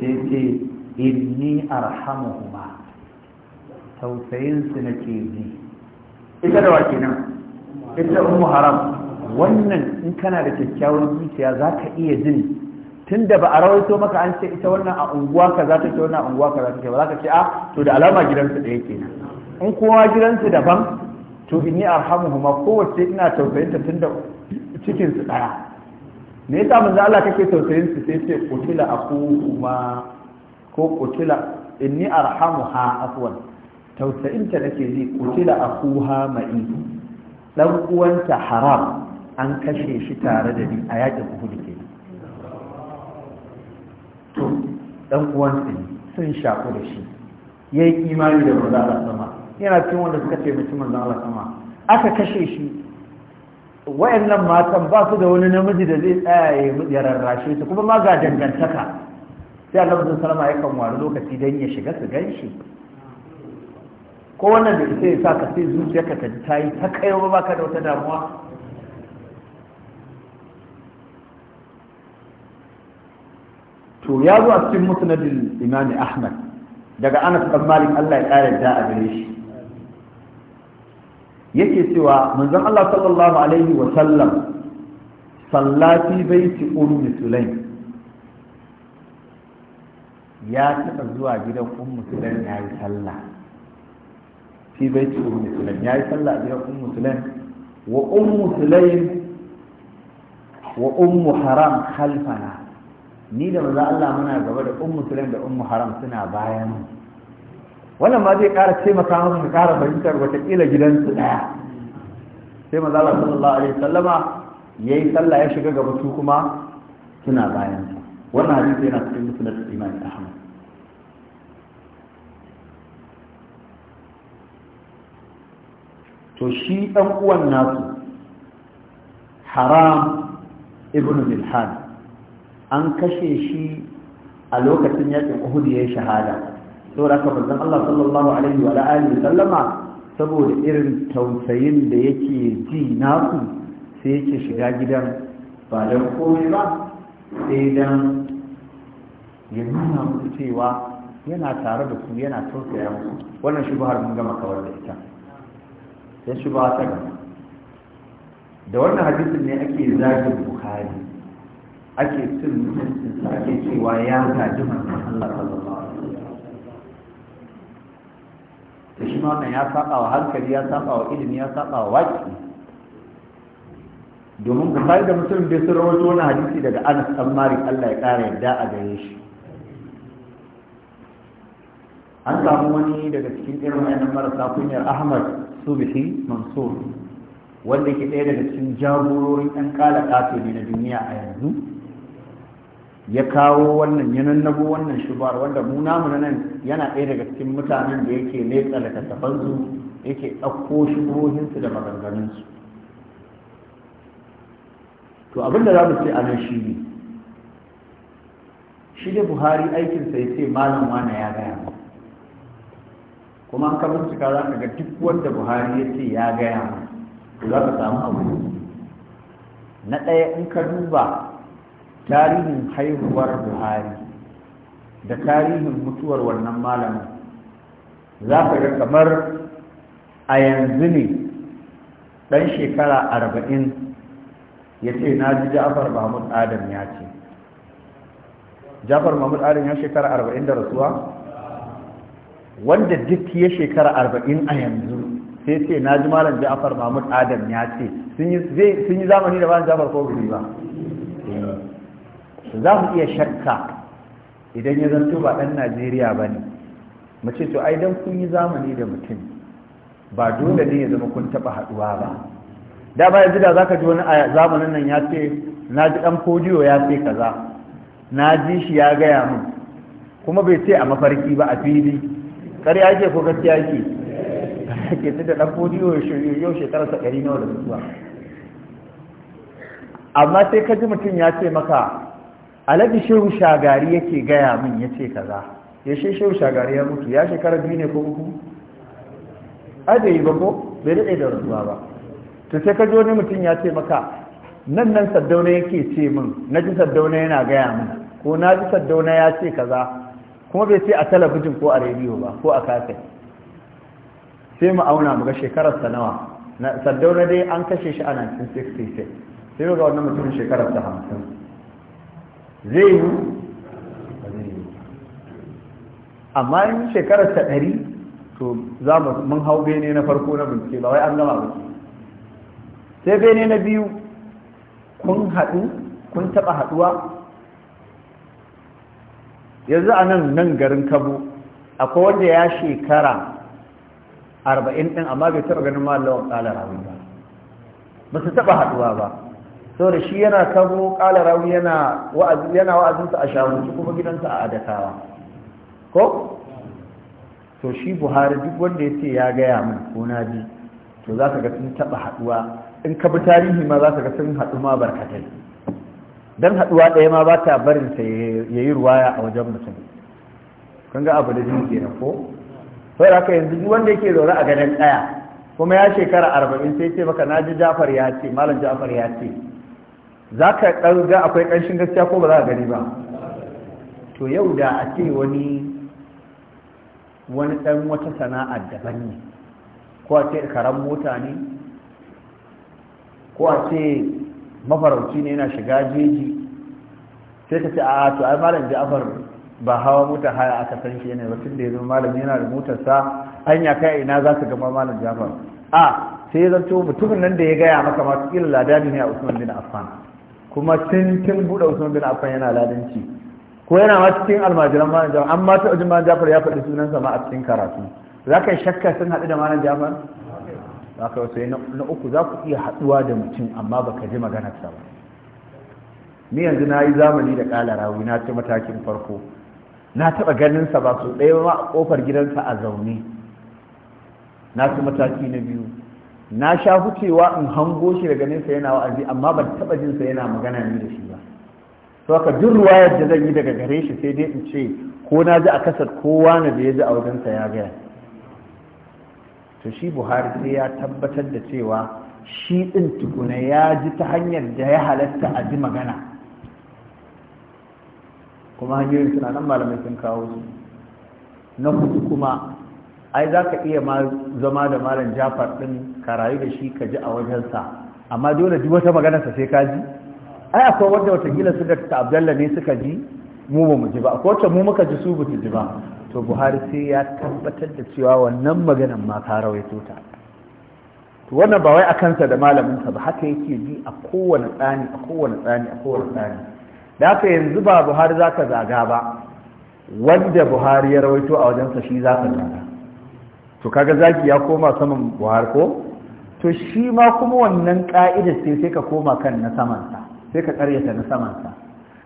sai ce inni arhamuhuma tausayin su nake ji ita da wake nan ita ummu haram wannan in kana da kyakkyawan zuciya za ka iya jin tun da ba a rawaito maka an ce ita wannan a unguwa ta ce wannan a unguwa ta ce ba za ka ce a ah, to da alama gidansu ɗaya ke na. in kowa gidansu daban to inni kuma kowace ina tausayin ta da cikin su ɗaya me yasa mun Allah kake tausayin su sai ce qutila akuhuma ko kutila, inni arhamuha afwan tausayin ta nake ji qutila akuha mai dan uwanta haram an kashe shi tare da ni a kuhu da ke to dan uwan sun shaku da shi yayi imani da manzo Allah sama yana cikin wanda suka ce mutum manzo Allah sama aka kashe shi wayannan matan ba su da wani namiji da zai tsaya ya rarrashe su kuma ma ga dangantaka sai sun salama ya kan wani lokaci don ya shiga su ganshi ko wannan da ita ya ka sai zuciyarka ta ta yi ta kai ba ka da wata damuwa to ya zo a cikin musnadin imami ahmad daga anas bin malik Allah ya ƙara da a gare shi yake cewa manzon Allah sallallahu alaihi wa sallam sallati baiti ummi sulaim ya taɓa zuwa gidan ummu sulaim ya yi sallah fi baiti ummi sulaim ya yi sallah a gidan ummu sulaim wa ummu sulaim wa ummu haram khalfana ni da maza Allah muna gaba da ummu Musulun da ummu haram suna bayan wannan ma zai ƙara taimaka musu su ƙara fahimtar wataƙila gidansu ɗaya sai maza Allah sallallahu alaihi sallama ya yi sallah ya shiga gaba su kuma suna bayan wannan hadisi yana cikin musnad imam ahmad to shi ɗan uwan nasu haram ibn bilhan an kashe shi a lokacin yakin uhud ya shahada saboda raka manzon Allah sallallahu alaihi wa alihi sallama saboda irin tausayin da yake ji naku sai yake shiga gidan ba don komai ba sai dan ya nuna musu cewa yana tare da su yana tausaya musu wannan har mun gama kawar da ita sai ba ta da wannan hadisin ne ake zagin bukhari ake cin sa ake cewa ya gaji manzon Allah sallallahu alaihi wasallam da shi ma wannan ya saba wa hankali ya saba wa ilimi ya saba wa waki domin bukari da musulun bai sun rawaito wani hadisi daga anas dan malik Allah ya kara yadda a gare shi an samu wani daga cikin irin wayannan marasa kunyar ahmad subhi mansur wanda ke ɗaya daga cikin jagororin ɗan kala kafin na duniya a yanzu ya kawo wannan ya nannabo wannan shubar wanda mu namu nan yana ɗaya daga cikin mutanen da yake leƙa da kasafansu yake ɗauko shubuhohinsu da maganganunsu to abin da za mu ce a nan shi ne shi dai buhari aikinsa ya ce malam wane ya gaya mu kuma an ka bincika za ka ga duk wanda buhari ya ce ya gaya mu to za ka samu abu na ɗaya in ka duba tarihin haihuwar buhari da tarihin mutuwar wannan malamin za ka ga kamar a yanzu ne ɗan shekara arba'in ya ce na ji ja'afar mahmud adam ya ce ja'afar mahmud adam ya shekara arba'in da rasuwa wanda duk ya shekara arba'in a yanzu sai ce na ji malam ja'afar mahmud adam ya ce sun yi zamani da malam ja'afar ko ba za mu iya shakka idan ya zanto ba ɗan najeriya ba ne mu ce to ai don kun yi zamani da mutum ba dole ne ya zama kun taɓa haɗuwa ba da ba yanzu da za ka ji wani zamanin nan ya ce na ji ɗan fodiyo ya ce kaza na ji shi ya gaya min kuma bai ce a mafarki ba a fili ƙarya ke ko gaskiya ke ke da ɗan fodiyo yau sa ɗari nawa da mutuwa amma sai ka ji mutum ya ce maka alhaji shehu shagari yake gaya min ya ce kaza ya she shehu shagari ya mutu ya shekara biyu ne ko uku adayi ba ko bai daɗe da rasuwa ba to sai ka ji wani mutum ya ce maka nan nan saddauna yake ce min na ji saddauna yana gaya min ko na ji saddauna ya ce kaza kuma bai ce a talabijin ko a rediyo ba ko a kasai sai mu auna mu ga shekarar sa nawa saddauna dai an kashe shi a 1966 sai ga wannan mutumin shekarar ta hamsin zai yi amma in shekarar ta ɗari to za mu mun hau bene na farko na bincike ba wai an gama ba sai bene na biyu kun haɗu kun taɓa haɗuwa yanzu a nan nan garin kabo akwai wanda ya shekara arba'in ɗin amma bai taɓa ganin malawan ƙalar abin ba ba su taɓa haɗuwa ba saboda shi yana kabo kala rawi yana wa'azinsa a shawarci kuma gidansa a adakawa ko to shi buhari duk wanda ya ce ya gaya mun ko na ji to za ka ga sun taɓa haɗuwa in ka bi tarihi ma za ka ga sun haɗu ma barkatai don haɗuwa ɗaya ma ba ta barinsa ya yi ruwaya a wajen mutum kan ga abu da jin kenan ko sai haka yanzu duk wanda yake zaune a gadon ɗaya kuma ya shekara arba'in sai ce maka na ji jafar ya ce malam jafar ya ce za ka ɗan ga akwai ƙanshin gaskiya ko ba za ka gani ba to yau da a ce wani wani ɗan wata sana'a daban ne ko a ce karan mota ne ko a ce mafarauci ne yana shiga jeji sai ka ce a to ai malam ja'far ba hawa mota haya aka san shi ne ba tun da ya zama malam yana da motarsa hanya kai ina za ka gama malam ja'far a sai ya zanto mutumin nan da ya gaya maka masu ƙila ladani ne a usman bin affan kuma tintin buɗe usman bin affan yana ladanci ko yana ma cikin almajiran malam jafar amma ta ujin malam jafar ya faɗi sunansa ma a cikin karatu za ka yi shakka sun haɗu da malam jafar za ka wasu na uku za ku iya haɗuwa da mutum amma ba ka ji maganarsa ba ni yanzu na yi zamani da ƙala rawi na ci matakin farko na taɓa ganinsa ba su ɗaya ma a ƙofar gidansa a zaune na ci mataki na biyu na sha hucewa in hango shi daga nesa yana wa'azi amma ban taba jin sa yana magana ni da shi ba to haka duk ruwayar da zan yi daga gare shi sai dai in ce ko na ji a kasar kowa na da ya ji a wajen sa ya gaya to shi Buhari sai ya tabbatar da cewa shi din tukuna ya ji ta hanyar da ya halatta a ji magana kuma hanyoyin suna nan malamai sun kawo su na hudu kuma ai za ka iya zama da malam jafar ɗin ka rayu da shi ka ji a wajensa amma dole duk wata magana sa sai ka ji ai akwai wanda watakila su da ta abdalla ne suka ji mu ba mu ji ba akwai wacce mu muka ji su bata ji ba to buhari sai ya tabbatar da cewa wannan maganar ma ka rawaito ta to wannan ba wai a kansa da malaminsa ba haka yake ji a kowane tsani a kowane tsani a kowane tsani da haka yanzu ba buhari zaka zaga ba wanda buhari ya rawaito a wajensa shi za zaga to kaga zaki ya koma saman buhar ko to shi ma kuma wannan ka'ida sai sai ka koma kan na samansa sai ka karyata na samansa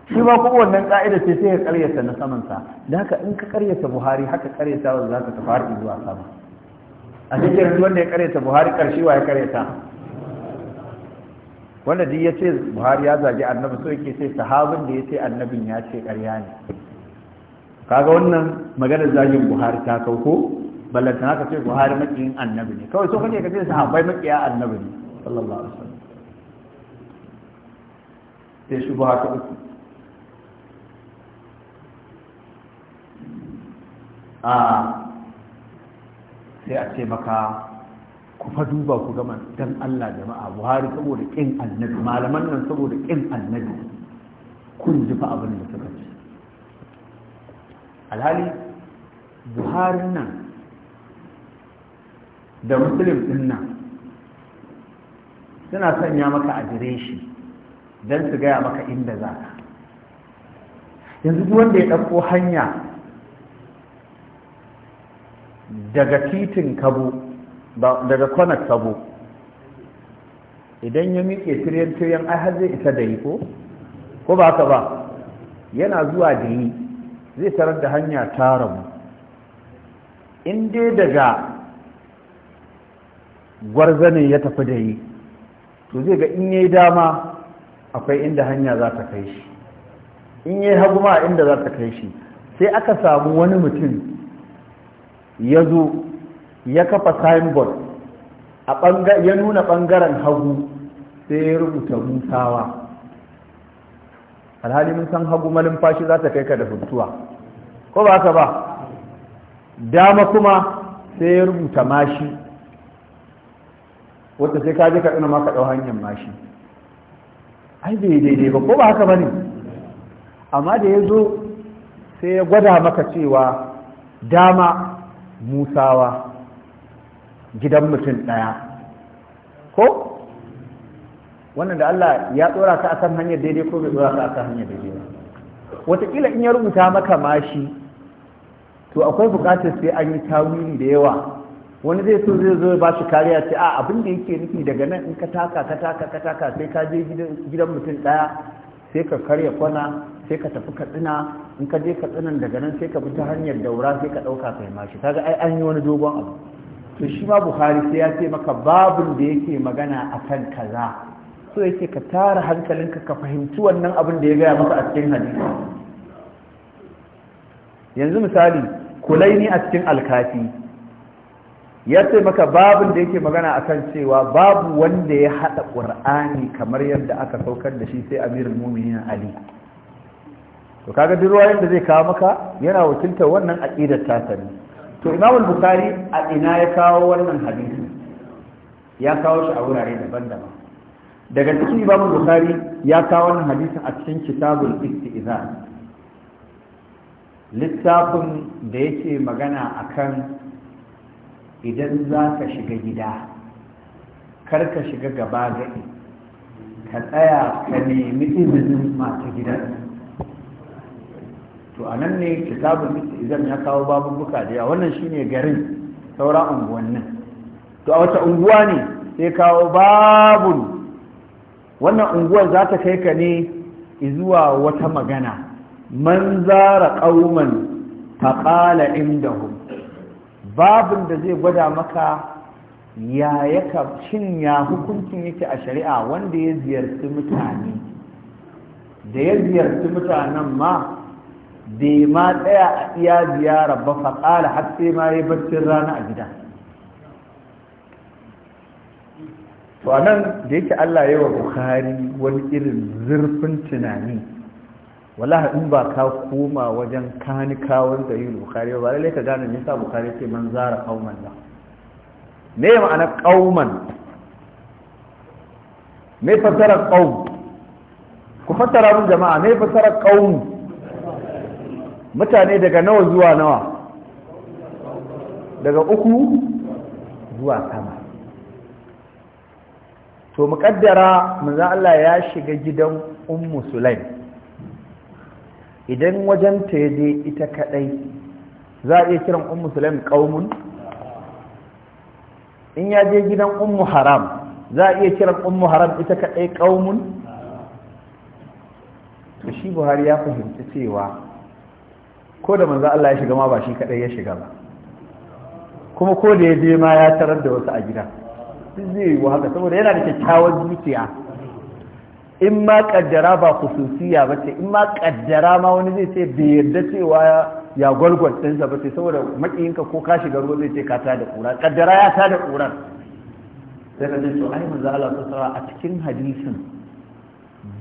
shi ma kuma wannan ka'ida sai sai ka karyata na samansa da haka in ka karyata buhari haka karyata wanda za ka tafi har zuwa sama a cikin wanda ya karyata buhari karshe wa ya karyata wanda duk ya ce buhari ya zagi annabi so yake sai sahabin da ya ce annabin ya ce karya ne kaga wannan maganar zagin buhari ta kauko ballanta haka ce buhari makiyin annabi ne kawai so kake ka ce sahabbai makiya annabi ne sallallahu alaihi wasallam sai shubha ta uku a sai a ce maka ku fa duba ku gama dan Allah jama'a buhari saboda kin annabi malaman nan saboda kin annabi kun ji fa abin da suka ce alhali buhari nan da muslim din nan suna sanya maka adireshi don su gaya maka inda za ka yanzu duk wanda ya ɗauko hanya daga titin kabo daga konak kabo idan ya miƙe tiryan-tiryan ai har zai isa da yi ko ko ba ka ba yana zuwa da yi zai tarar da hanya ta rabu in dai daga Gwarzani ya tafi da yi to zai ga in yi dama akwai inda hanya za ta kai shi in yi hagu ma inda za ta kai shi sai aka samu wani mutum ya zo ya kafa signboard a ya nuna ɓangaren hagu sai ya rubuta musawa alhali mun san hagu malumfashi za ta kai ka da hutuwa ko ba ka ba dama kuma sai ya rubuta mashi wata sai ka je ka tsina maka ɗau hanyar mashi ai bai daidai ba ko ba haka ba ne amma da ya zo sai ya gwada maka cewa dama musawa gidan mutum ɗaya ko wannan da Allah ya tsora ka akan hanyar daidai ko bai tsora ka akan hanyar daidai ba wataƙila in ya rubuta maka mashi to akwai buƙatar sai an yi tawili da yawa wani zai so zai zo ba shi kariya ce a abin da yake nufi daga nan in ka taka ka taka ka taka sai ka je gidan mutum daya sai ka karya kwana sai ka tafi katsina in ka je katsinan daga nan sai ka bi ta hanyar daura sai ka dauka kai mashi kaga ai an yi wani dogon abu to shi ma buhari sai ya ce maka babun da yake magana akan kaza so yake ka tara hankalinka ka fahimci wannan abin da ya gaya maka a cikin hadisi yanzu misali kulaini a cikin alkafi ya ce maka babin da yake magana akan cewa babu wanda ya haɗa ƙur'ani kamar yadda aka saukar da shi sai amirul muminin ali to kaga duk ruwa yadda zai kawo maka yana wakiltar wannan aqidar tasa ne to imam al-bukhari a ina ya kawo wannan hadisi ya kawo shi a wurare daban-daban daga cikin imam al-bukhari ya kawo wannan hadisi a cikin kitabul istizan littafin da yake magana akan idan za ka shiga gida kar ka shiga gaba gaɗi ka tsaya ka nemi izinin masu gidan to a nan ne kitabun izan ya kawo buka da yawa wannan shi ne garin sauran unguwannin to a wata unguwa ne sai kawo babun wannan unguwar za ta kai ka ne zuwa wata magana man zara ƙauman inda indahum babin da zai gwada maka ya yaka cin ya hukuncin yake a shari'a wanda ya ziyarci mutane da ya ziyarci mutanen ma bai ma tsaya a iya ziyara ba faƙala har sai ma ya barcin rana a gida to nan da yake Allah wa Bukhari wani irin zurfin tunani wallahi in ba ka koma wajen kani kawon da yin bukari ba lalle ka gane nisa bukari ce man zara kauman nan me ma'ana kauman me fasara kaum ku fasara mun jama'a me fasara kaum mutane daga nawa zuwa nawa daga uku zuwa sama to muƙaddara manzo Allah ya shiga gidan ummu sulaim idan wajen ta je ita kadai za a iya kiran ummu sulaim qaumun in ya je gidan ummu haram za a iya kiran ummu haram ita kadai qaumun to shi buhari ya fahimci cewa ko da manzo Allah ya shiga ma ba shi kadai ya shiga ba kuma ko da ya je ma ya tarar da wasu a gida duk zai yi haka saboda yana da kyakkyawan zuciya in ma kaddara ba kususiya ba ce in ma kaddara ma wani zai ce bai yarda cewa ya gwalgwal ɗinsa ba ce saboda makiyinka ko ka shiga ruwa zai ce ka ta da ƙura kaddara ya ta da ƙuran sai ka ce to ai manzo za'ala sara a cikin hadisin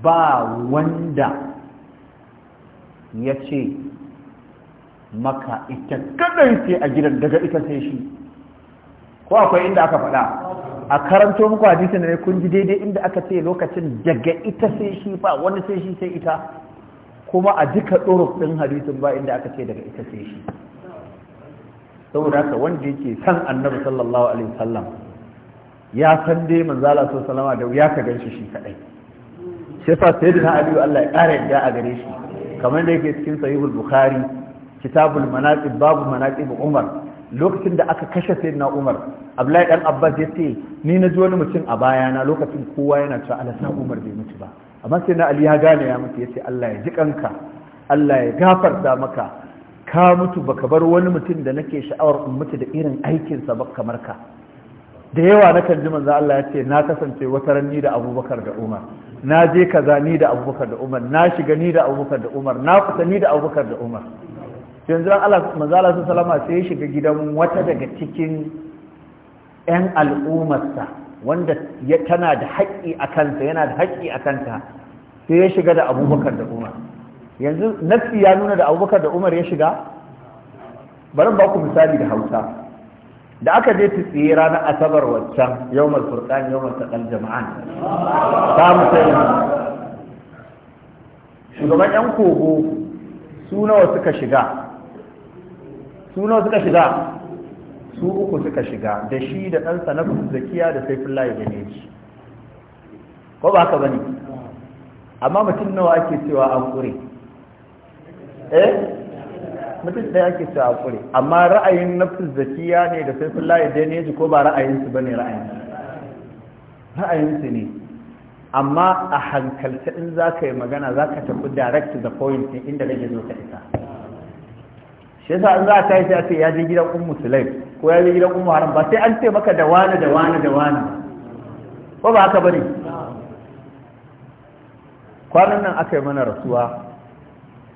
ba wanda ya ce maka ita kadai ce a gidan daga ita sai shi ko akwai inda aka faɗa a karanto muku hadisin ne kun ji daidai inda aka ce lokacin daga ita sai shi ba wani sai shi sai ita kuma a duka ɗoruf ɗin hadisin ba inda aka ce daga ita sai shi saboda haka wanda yake san annabi sallallahu alaihi wasallam ya san dai manzala sallallahu alaihi wasallam da ya ka ganshi shi kadai fa sai da ali Allah ya ƙara yadda a gare shi kamar da yake cikin sahihul bukhari kitabul manaqib babu manaqib umar lokacin da aka kashe sai na Umar Abdullahi dan Abbas ya ce ni na ji wani mutum a baya na lokacin kowa yana cewa Alasa Umar bai mutu ba amma sai na Ali ya gane ya mutu ya ce Allah ya ji kanka Allah ya gafarta maka ka mutu baka bar wani mutum da nake sha'awar in mutu da irin aikinsa ba kamar ka da yawa na kan ji manzo Allah ya ce na kasance wata ranni da Abubakar da Umar na je kaza ni da Abubakar da Umar na shiga ni da Abubakar da Umar na fita ni da Abubakar da Umar yanzu Allah manzala su salama sai ya shiga gidan wata daga cikin 'yan al'ummarsa wanda tana da haƙƙi a kanta, yana da haƙƙi a kanta sai ya shiga da abubakar da umar yanzu nafi ya nuna da abubakar da umar ya shiga Barin ba ku misali da hausa da aka je ta tsaye ranar asabar waccan yawmar yau mai taqal jama'an ta yi shugaban yan kogo su nawa suka shiga suna suka shiga su uku suka shiga da shi da ɗansa na zakiya da saifin layi da neji ko ba haka bane amma mutum nawa ake cewa an ƙure eh mutum ɗaya ake cewa an ƙure amma ra'ayin nafsin zakiya ne da saifin layi da neji ko ba ra'ayinsu ba ne ra'ayinsu ra'ayinsu ne amma a hankalta in za ka yi magana za ka tafi direct the point inda kake zo ka isa shi yasa an za a tashi a ce ya je gidan ummu sulaim ko ya je gidan ummu haram ba sai an ce maka da wani da wani da wani ko ba haka bane kwanan nan aka yi mana rasuwa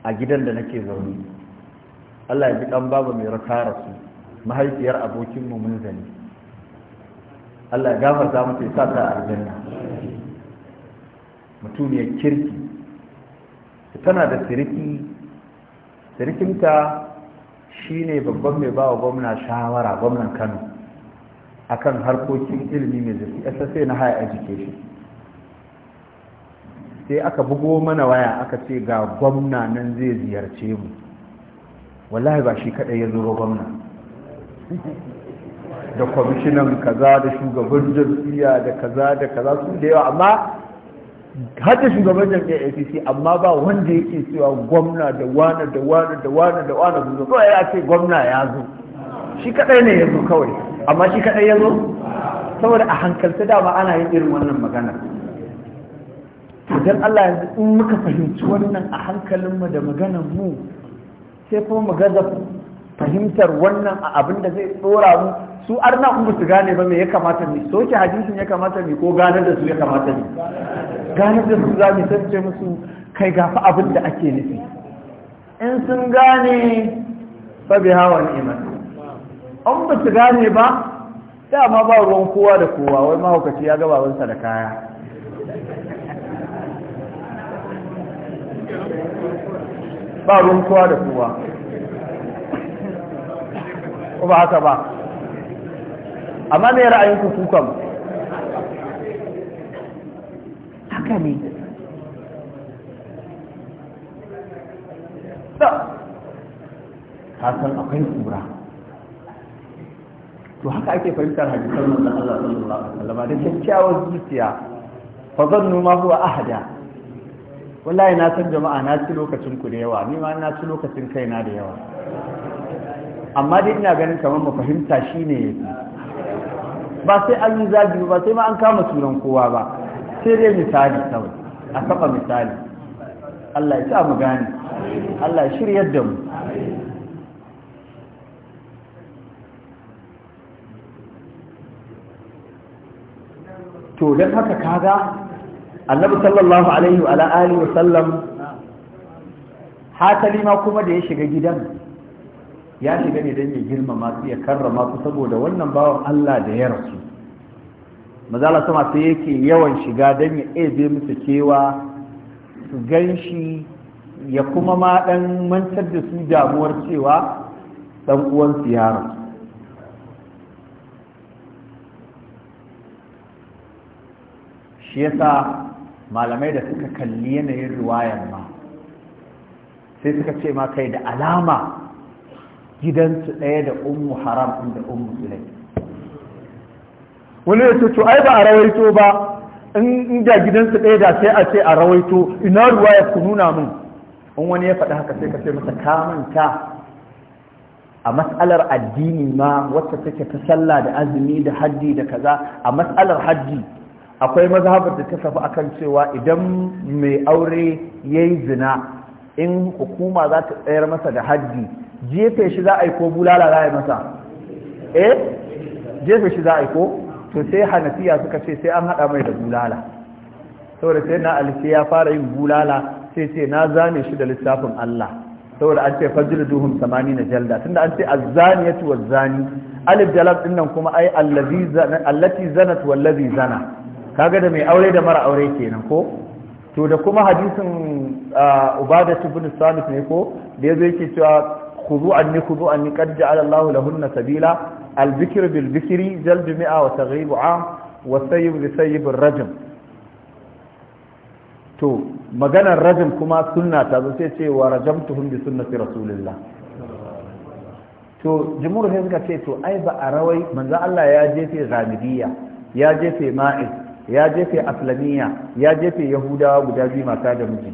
a gidan da nake zaune Allah ya ji dan baba mai raka rasu mahaifiyar abokin mu mun zani Allah ya gafarta mata ya sa ta aljanna mutumiyar kirki tana da siriki sirikinta Shi ne babban mai bawa gwamna shawara gwamnan Kano a kan harkokin ilimi mai zurfi SSA na high education sai aka bugo mana waya aka ce ga gwamna nan zai ziyarce mu wallahi ba shi kaɗai ya zo gwamna da kwamishinan kaza da shugaban jam'iyya da kaza da kaza su da yawa amma har da shugaban jam'iyyar apc amma ba wanda yake cewa gwamna da wane da wane da wane da wane su zo kawai ya ce gwamna ya zo shi kadai ne ya zo kawai amma shi kadai ya zo saboda a hankalta dama ana yin irin wannan magana idan allah yanzu in muka fahimci wannan a hankalinmu da maganar mu sai kuma mu gaza fahimtar wannan a abin da zai tsora mu su arna in su gane ba me ya kamata mu soke hadisin ya kamata mu ko gane da su ya kamata mu gane da su za mu sace musu kai gafi abin da ake nufi in sun gane fa bi hawa iman an ba su gane ba dama ba ruwan kowa da kowa wai mahaukaci ya gaba wansa da kaya ba ruwan kowa da kowa ko ba haka ba amma me ra'ayin ku kukan haka ne ka san akwai kura to haka ake fahimtar hadisan manzon Allah sallallahu alaihi wasallam da kyakkyawar zuciya fa zannu ma huwa ahada wallahi na san jama'a na ci lokacin ku da yawa ni ma na ci lokacin kaina da yawa amma dai ina ganin kamar mu fahimta shine ba sai an yi zagi ba sai ma an kama sunan kowa ba sai dai misali kawai a kafa misali Allah ya sa mu gane Allah ya shirya da mu to dan haka kaga annabi sallallahu alaihi wa alihi wa sallam hatali ma kuma da ya shiga gidan ya shiga ne don ya girmama su ya karrama su saboda wannan bawan Allah da ya rasu mazala sama sai yake yawan shiga don ya ebe musu kewa su gan shi ya kuma ma dan mantar da su damuwar cewa dan uwansu ya rasu shi yasa malamai da suka kalli yanayin riwayar ma sai suka ce ma kai da alama gidansu ɗaya da ummu haram inda ummu sulai wani ya to ai ba a rawaito ba in da gidansu ɗaya da sai a ce a rawaito ina ruwa ya ku nuna min in wani ya faɗi haka sai ka ce masa kamanta a matsalar addini ma wacce take ta sallah da azumi da haddi da kaza a matsalar haddi akwai mazhabar da ta tafi akan cewa idan mai aure yayi zina in hukuma za ta tsayar masa da haddi jefe shi za a yi ko bulala za a yi masa eh jefe shi za a yi ko to sai hanafiya suka ce sai an haɗa mai da bulala saboda sai na alfi ya fara yin bulala sai ce na zane shi da lissafin Allah saboda an ce fajr duhum samani na jalda tunda an ce azzaniyatu wazzani alif jalal din nan kuma ai allazi zana allati zanat wallazi zana kaga da mai aure da mara aure kenan ko to da kuma hadisin ubada bin salif ne ko da zai ke cewa khudhu anni an anni qad ja'ala Allahu lahunna sabila al-bikr bil bikri jalb mi'a wa taghrib a wa sayyib bi sayyib to maganar rajin kuma sunna ta zo sai ce wa tuhun bi sunnati rasulillah to jumhur sai ce to ai ba a rawai manzo Allah ya jefe ghamidiyya ya jefe ma'is ya jefe aslamiya ya jefe yahudawa guda biyu mata da miji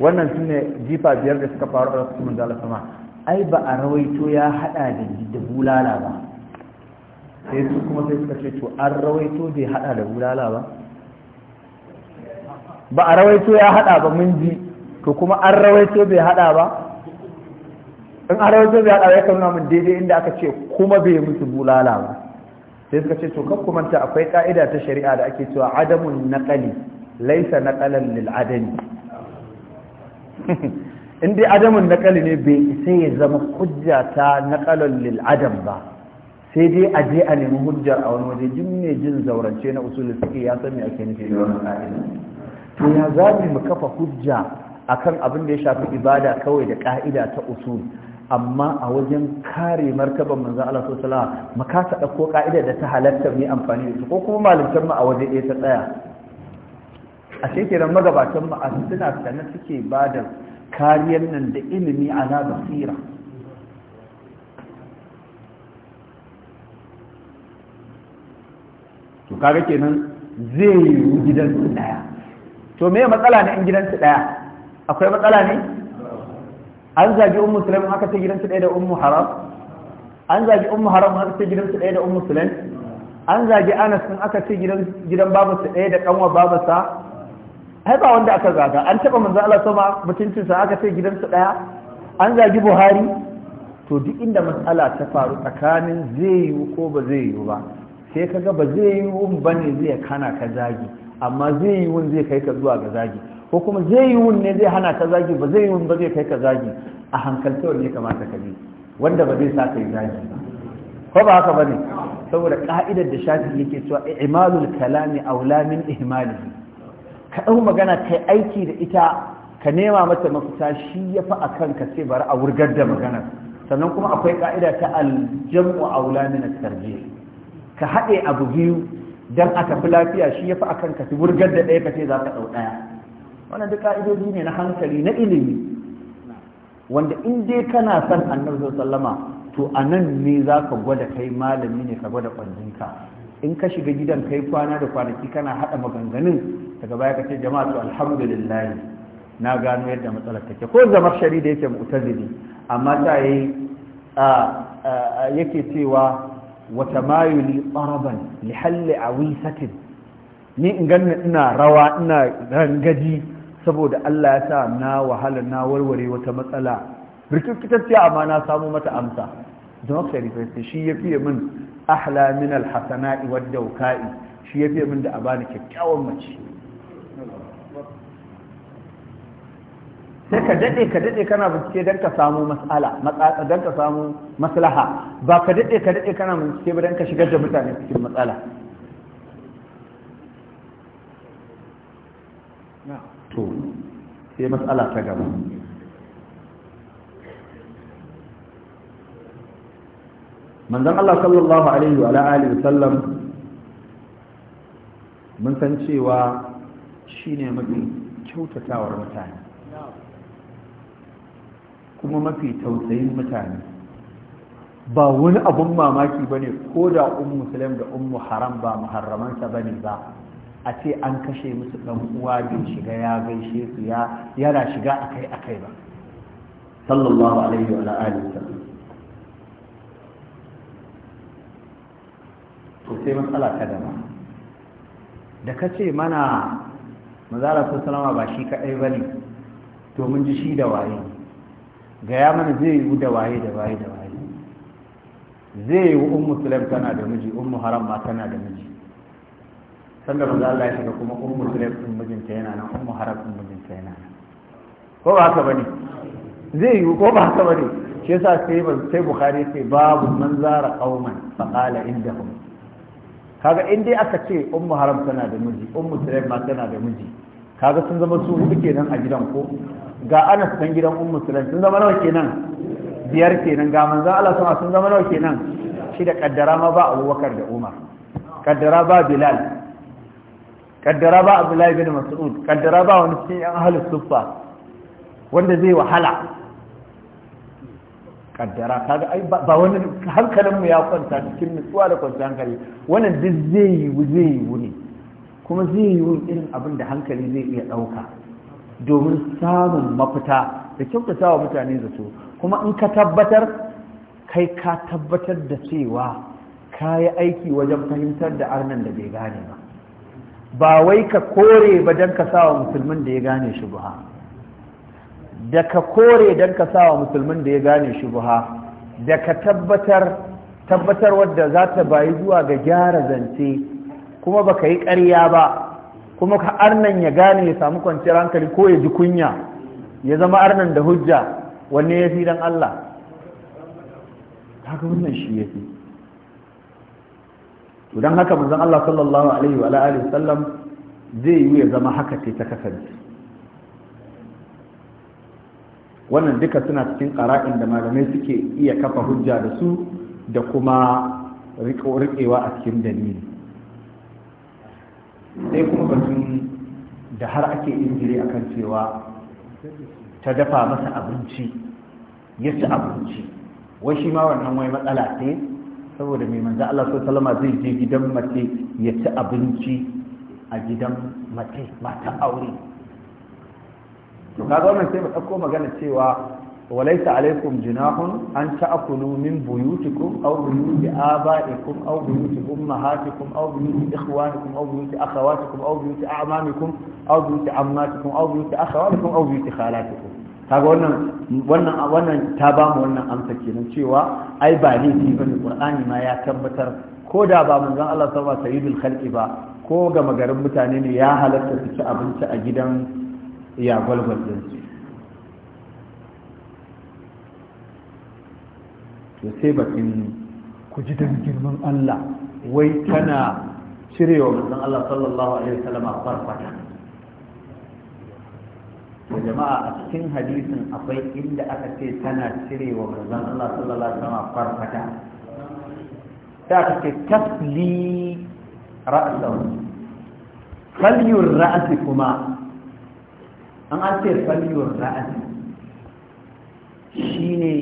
wannan su ne jifa biyar da suka faru a rasulun da sama ai ba a rawaito ya hada da da bulala ba sai su kuma sai suka ce to an rawaito bai hada da bulala ba ba a rawaito ya hada ba mun ji to kuma an rawaito bai hada ba in an rawaito bai hada ya kan nuna mun daidai inda aka ce kuma bai musu bulala ba sai suka ce to kan manta akwai ka'ida ta shari'a da ake cewa adamun naqali laysa naqalan lil adami in dai adamun naqali ne bai isa ya zama hujja ta naqalan lil adam ba sai dai a je a nemi hujjar a wani waje jin ne jin zaurance na usul fiqh ya san me ake nufi da wannan ka'ida to ya zabi mu kafa hujja akan abin da ya shafi ibada kawai da ka'ida ta usul amma a wajen kare martaban manzan Allah su sala makasa ko ka'ida da ta halatta mai amfani da su ko kuma malintar mu a waje ɗaya ta tsaya a shekiran magabatan mu a suna sanar suke ba da kariyar nan da ilimi a na basira to kaga kenan zai yiwu gidansu ɗaya to me matsala ne in gidansu ɗaya akwai matsala ne an zagi ummu sulaim haka ta gidansu ɗaya da ummu haram an zagi ummu haram haka ta gidansu ɗaya da ummu sulaim an zagi anas sun aka ce gidan gidan babarsa ɗaya da kanwa babarsa ai ba wanda aka zaga an taba manzo Allah sama mutuncin sa aka ce gidansu ɗaya an zagi buhari to duk inda matsala ta faru tsakanin zai yiwu ko ba zai yiwu ba sai kaga ba zai yiwu bane zai kana ka zagi amma zai yiwu zai kai ka zuwa ga zagi ko kuma zai yi wun ne zai hana ka zagi ba zai yi wun ba zai kai ka zagi a hankalta wanne kamata ka bi wanda ba zai sa ka yi zagi ba ko ba haka bane saboda ka'idar da shafi yake cewa i'malul kalami aula min ihmalihi ka ɗau magana kai aiki da ita ka nema mata mafita shi ya a akan ka ce bari a wurgar da maganar sannan kuma akwai ka'ida ta aljam'u aula min at ka haɗe abu biyu dan a fi lafiya shi ya a akan ka ci wurgar da ɗaya ka ce za ka ɗau ɗaya wannan duk ka'idoji ne na hankali na ilimi wanda in dai kana son annabi sallama to anan ne za ka gwada kai malami ne ka gwada kwanjinka in ka shiga gidan kai kwana da kwanaki kana haɗa maganganun daga baya ka ce jama'a to alhamdulillah na gano yadda matsalar take ko zamar shari da yake mu'tazili amma ta yi yake cewa wata mayuli tsaraban li halli awisatin ni in ganna ina rawa ina gangaji saboda Allah ya sa na wahala na warware wata matsala rikikitacciya amma na samu mata amsa don sharifai sai shi ya fiye min ahla min alhasana'i wad dauka'i shi ya fiye min da a bani kyakkyawan mace sai ka daɗe ka daɗe kana bincike don ka samu mas'ala don ka samu maslaha ba ka daɗe ka daɗe kana bincike ba don ka shigar da mutane cikin matsala sai matsala ta gaba manzan Allah sallallahu alaihi wa alihi sallam mun san cewa shine mafi kyautatawar mutane kuma mafi tausayin mutane ba wani abun mamaki ne, ko da ummu da ummu haram ba muharramansa ne ba a ce an kashe musu ɗan uwa bai shiga ya gaishe su ya yana shiga akai akai ba sallallahu alaihi wa alihi sallam to sai matsala ta dama. da ka ce mana mazara sun salama ba shi kaɗai ba ne to mun ji shi da waye gaya mana zai yi da waye da waye da waye zai yi un sulaim tana da miji un haram ma tana da miji sanda ba za Allah ya shiga kuma ummu sulaim din mijinta yana nan ummu harab din mijinta yana nan ko ba haka bane zai yi ko ba haka bane shi yasa sai sai bukhari sai babu man zara qauman fa qala indahum kaga in dai aka ce ummu haram tana da miji ummu sulaim ma tana da miji kaga sun zama su hudu kenan a gidan ko ga anas dan gidan ummu sulaim sun zama nawa kenan biyar kenan ga manzon Allah sama sun zama nawa kenan shi da kaddara ma ba Abubakar da Umar kaddara ba Bilal kaddara ba abdullahi bin mas'ud kaddara ba wani cikin yan ahlus suffa wanda zai wahala kaddara kaga ai ba wani hankalin mu ya kwanta cikin nutsuwa da kwanciyar hankali wannan duk zai yi zai yi ne kuma zai yi irin abin da hankali zai iya ɗauka domin samun mafita da kyautata wa mutane su. kuma in ka tabbatar kai ka tabbatar da cewa ka yi aiki wajen fahimtar da arnan da bai gane ba ba wai ka kore ba don ka sawa musulmin da ya gane shubuha da ka kore don ka sawa musulmin da ya gane shubuha da ka tabbatar tabbatar wadda za ta bayi zuwa ga gyara zance kuma ba ka yi ƙarya ba kuma ka arnan ya gane ya samu kwanciyar hankali ko ya ji kunya ya zama arnan da hujja wanne ya fi don Allah haka wannan shi ya fi to don haka manzon Allah sallallahu alaihi wa alihi sallam zai yi ya zama haka ce ta kasance wannan duka suna cikin ƙara'in da malamai suke iya kafa hujja da su da kuma riƙewa a cikin dalili sai kuma batun da har ake injiri akan cewa ta dafa masa abinci ya ci abinci wai shi ma wannan wai matsala ce saboda mai manzo Allah sallallahu alaihi zai je gidan mace ya ci abinci a gidan mace mata aure to kaga wannan sai mu dauko magana cewa walaysa alaikum junahun an ta'kulu min buyutikum aw buyuti abaikum aw buyuti ummahatikum aw buyuti ikhwanikum aw buyuti akhawatikum aw buyuti a'mamikum aw buyuti ammatikum aw buyuti akhawatikum aw buyuti khalatikum kaga wannan wannan wannan ta ba mu wannan amsa kenan cewa ai ba ne fi bane qur'ani ma ya tabbatar ko da ba manzon Allah sama sayyidul khalqi ba ko ga magarin mutane ne ya halatta su ci abinci a gidan ya gwalgwal din su to sai kin ku ji dan girman Allah wai tana cirewa manzon Allah sallallahu alaihi wasallam farfata da jama'a a cikin hadisin akwai inda aka ce tana cire wa manzon Allah sallallahu alaihi wasallam farfata ta aka ce tafli ra'sahu falyur ra'si kuma an an ce falyur ra'si shine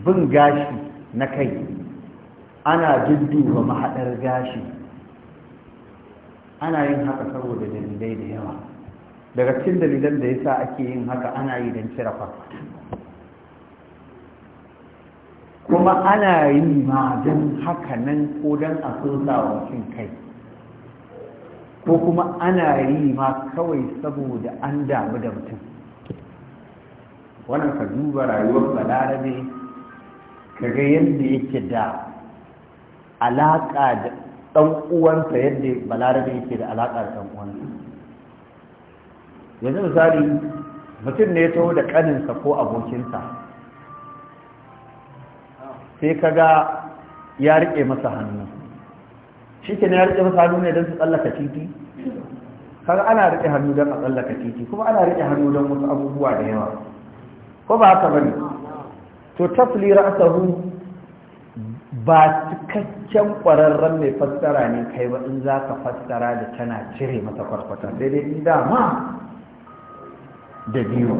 bin gashi na kai ana dudduba mahaɗar gashi ana yin haka saboda dalilai da yawa daga cikin dalilan da yasa ake yin haka ana yi don cire kuma ana yi ma don haka nan ko don a sosa mutum kai ko kuma ana yi ma kawai saboda an damu da mutum wannan ka duba rayuwar balarabe kaga yadda yake da alaƙa da ɗan uwansa yadda balarabe yake da alaƙa da ɗan uwansa yanzu misali mutum ne taho da kaninsa ko abokinsa sai ka ga ya riƙe masa hannu shi ke ya riƙe masa hannu ne don su tsallaka titi kaga ana riƙe hannu don a tsallaka titi kuma ana riƙe hannu don wasu abubuwa da yawa ko ba haka bane to tafli ra'sahu ba cikakken ƙwararren mai fassara ne kai ba in za ka fassara da tana cire masa kwarkwata daidai dama da biyu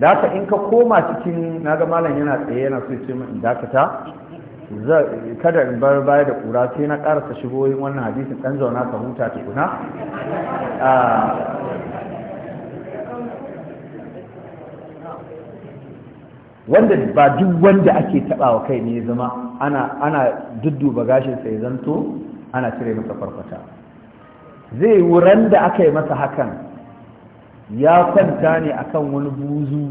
da in ka koma cikin na ga malam yana tsaye yana so ce min dakata kada in bar baya da kura sai na karasa shigo yin wannan hadisin dan zauna ka huta tukuna ah. wanda ba duk wanda ake taba wa kai ne zama ana ana dudduba gashin sai zanto ana cire masa farfata zai wuran da aka yi masa hakan ya kwanta ne akan wani buzu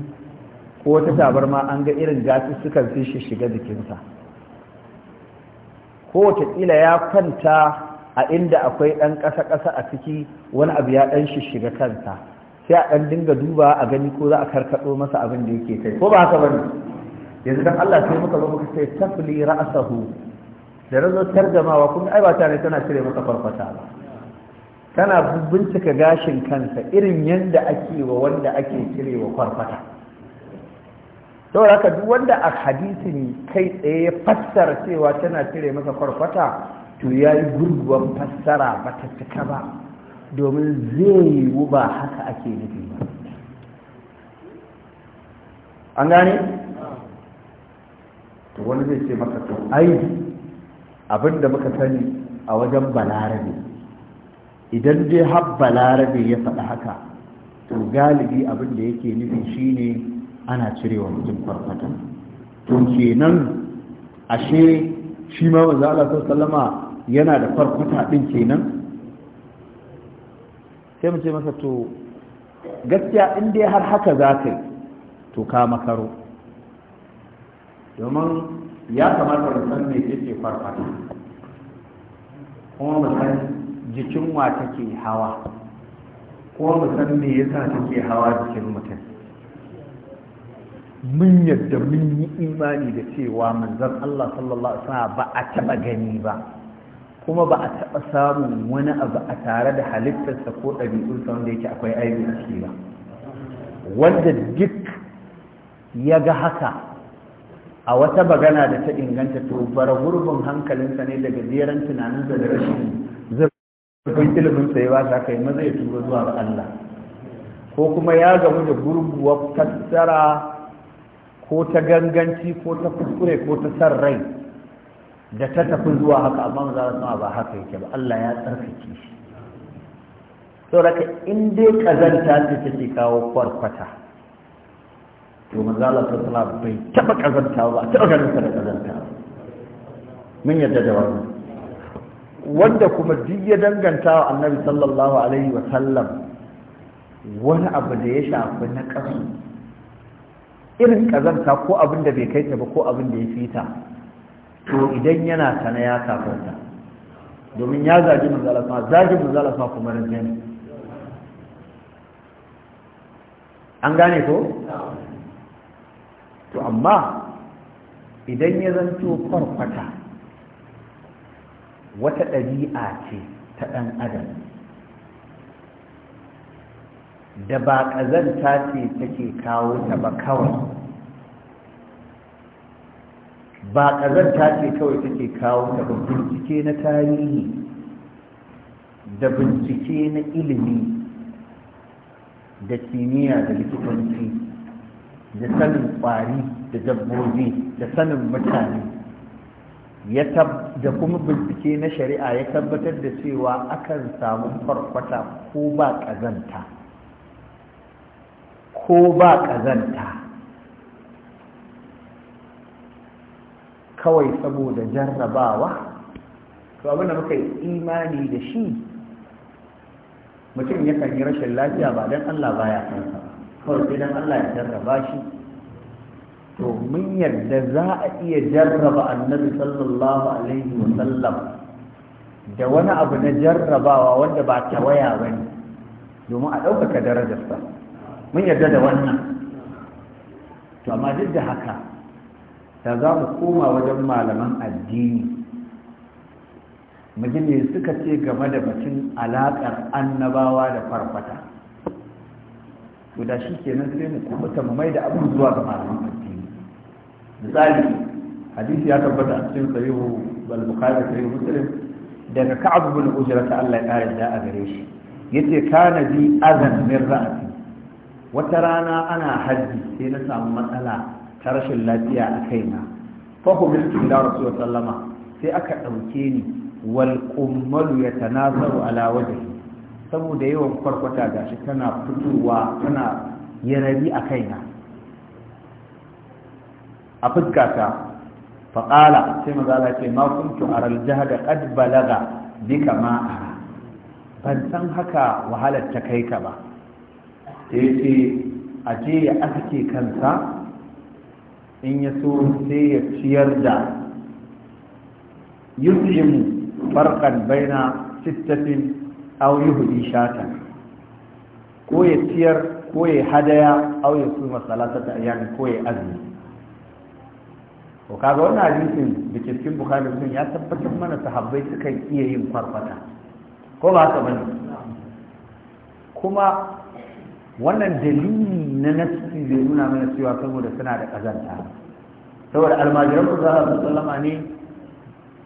ko wata tabarma an ga irin sukan fi shi shiga jikinsa ko watakila ya kwanta a inda akwai ɗan ƙasa-ƙasa a ciki wani abu ya ɗan shi shiga kansa sai a ɗan dinga duba a gani ko za a karkaɗo masa abin da yake kai ko ba haka bane yanzu dan Allah sai muka zo muka sai tafli ra'sahu da razo tarjamawa kuma ai ba tare tana cire maka farfata ba kana bincika gashin kansa irin yadda ake wa wanda ake cire wa kwarfata saboda haka duk wanda a hadisin kai tsaye ya fassara cewa tana cire masa kwarfata to ya yi gurguwan fassara ba ta cika ba domin zai yiwu ba haka ake nufi ba an gane? to wani zai ce maka to ai abinda muka sani a wajen balarabe idan dai habba larabe ya faɗi haka to galibi abin da yake nufi shine ana cirewa mutum farfata to kenan ashe shi ma manzo Allah sallama yana da farfata din kenan sai mu masa to gaskiya in dai har haka za ka yi to ka makaro domin ya kamata mu san me yake farfata kuma mu jikin wa take hawa ko mu san me yasa take hawa jikin mutum mun yadda mun yi imani da cewa manzon Allah sallallahu alaihi wasallam ba a taba gani ba kuma ba a taba samun wani abu a tare da halittarsa ko ɗabi'unsa wanda yake akwai aibi a ciki ba wanda duk ya ga haka a wata magana da ta inganta to bara gurbin hankalinsa ne daga ziyarar tunanin da rashin in ilimin sa ya ba sa kai maza ya tura zuwa ga Allah ko kuma ya gamu da gurguwar fassara ko ta ganganci ko ta kuskure ko ta san rai da ta tafi zuwa haka amma maza za ba haka yake ba Allah ya tsarkake shi da in dai kazanta ce take kawo kwarkwata to maza Allah sallallahu bai taɓa kazanta ba taba ganin sa da kazanta mun yadda da wannan wanda kuma duk ya danganta wa annabi sallallahu alaihi wa sallam wani abu da ya shafi na ƙasa, irin ƙazanta ko abin da bai kai ta ba ko abin da ya fi ta, to idan yana sana ya kafarta domin ya zagi manzala sama zagi mu zalafa kuma rinjiya ne an gane ko? to amma idan ya zanto kwarkwata wata ɗabi'a ce ta ɗan adam da ba ƙazanta ce take kawo ta ba kawai ba ƙazanta ce kawai take kawo ta ba bincike na tarihi da bincike na ilimi da kimiyya da likitanci da sanin ƙwari da dabbobi da sanin mutane ya da kuma bincike na shari'a ya tabbatar da cewa akan samu farfata ko ba ƙazanta ko ba ƙazanta kawai saboda jarrabawa to abinda muka yi imani da shi mutum yakan yi rashin lafiya ba don allah baya kansa kawai sai don allah ya jarraba shi to mun yarda za a iya jarraba annabi sallallahu alaihi wasallam da wani abu na jarrabawa wanda ba ta waya ba ne domin a ɗaukaka darajarsa mun yarda da wannan to amma duk da haka da za mu koma wajen malaman addini mujini suka ce game da batun alaƙar annabawa da farfata to da shi kenan sai mu kuma mai da abin zuwa ga malaman addini misali hadisi ya tabbata a cikin sahihu al-bukhari da muslim daga ka'ab bin ujra ta Allah ya kare da a gare shi yace kana bi azan min ra'si wata rana ana haji sai na samu matsala ta rashin lafiya a kaina fa hubiltu ila rasul sallama sai aka dauke ni wal qummalu yatanazaru ala wajhi saboda yawan kwarkwata gashi tana fitowa tana yarabi a kaina a fuskata faƙala sai maza Allah ce ma kuntu aral jahada qad balaga bika ma ban san haka wahalar ta kai ka ba sai ce a je ya aske kansa in ya so sai ya ciyar da yuslimu farkan baina sittatin aw yuhdi shatan ko ya ciyar ko ya hadaya aw ya suma ta ayyam ko ya azumi to kaga wannan hadisin da ke cikin bukhari sun ya tabbatar mana sahabbai suka iya yin kwarkwata ko ba haka bane kuma wannan dalili na nasi zai nuna mana cewa saboda suna da kazanta saboda almajiran ku su sallama ne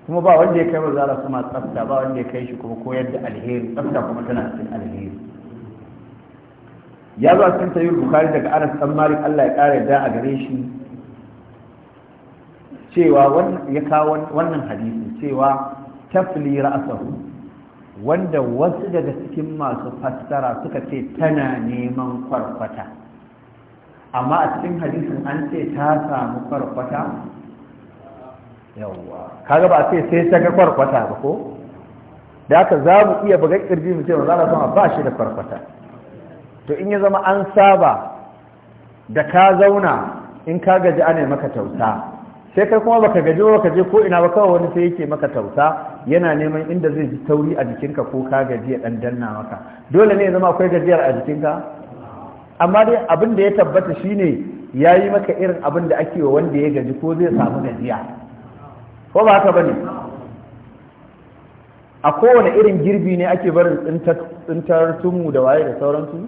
kuma ba wanda ya kai wa zara su ma tsafta ba wanda ya kai shi kuma koyar da alheri tsafta kuma tana cikin alheri ya zo cikin sayyid bukhari daga anas dan malik Allah ya kare da a gare shi cewa ya kawo wannan hadisi cewa tafli ra'asahu wanda wasu daga cikin masu fassara suka ce tana neman kwarkwata amma a cikin hadisin an ce ta samu kwarkwata yawwa kaga ba sai sai ta ga kwarkwata ba ko da haka za mu iya buga kirji mu ce ba za sama ba shi da kwarkwata to in ya zama an saba da ka zauna in ka gaji ana maka tausa sai kai kuma baka gaji baka je ko ina ba kawai wani sai yake maka tausa yana neman inda zai ji tauri a jikinka ko ka gaji ya dan danna maka dole ne ya zama akwai gajiyar a jikinka amma dai abin da ya tabbata shine ya yi maka irin abin da ake wa wanda ya gaji ko zai samu gajiya ko ba haka bane a kowane irin girbi ne ake barin tsintar tumu da waye da sauransu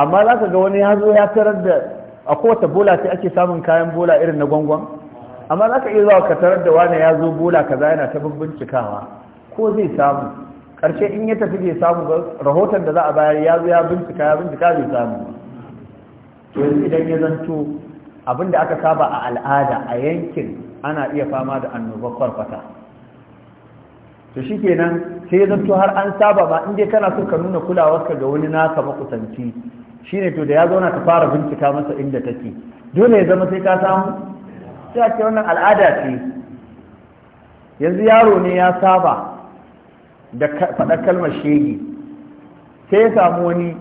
amma za ka ga wani ya zo ya tarar da a kowace bola sai ake samun kayan bola irin na gwangwan amma za ka iya zuwa ka tarar da wani ya zo bola kaza yana ta bincikawa ko zai samu ƙarshe in ya tafi bai samu ba rahoton da za a bayar ya zo ya bincika ya bincika bai samu to yanzu idan ya zanto abin da aka saba a al'ada a yankin ana iya fama da annobar kwarkwata to shi kenan sai ya zanto har an saba ba in dai kana so ka nuna kulawarka ga wani naka makusanci shine to da ya zauna ka fara bincika masa inda take dole ya zama sai ka samu sai ake wannan al'ada ce yanzu yaro ne ya saba da faɗa kalmar shege sai ya samu wani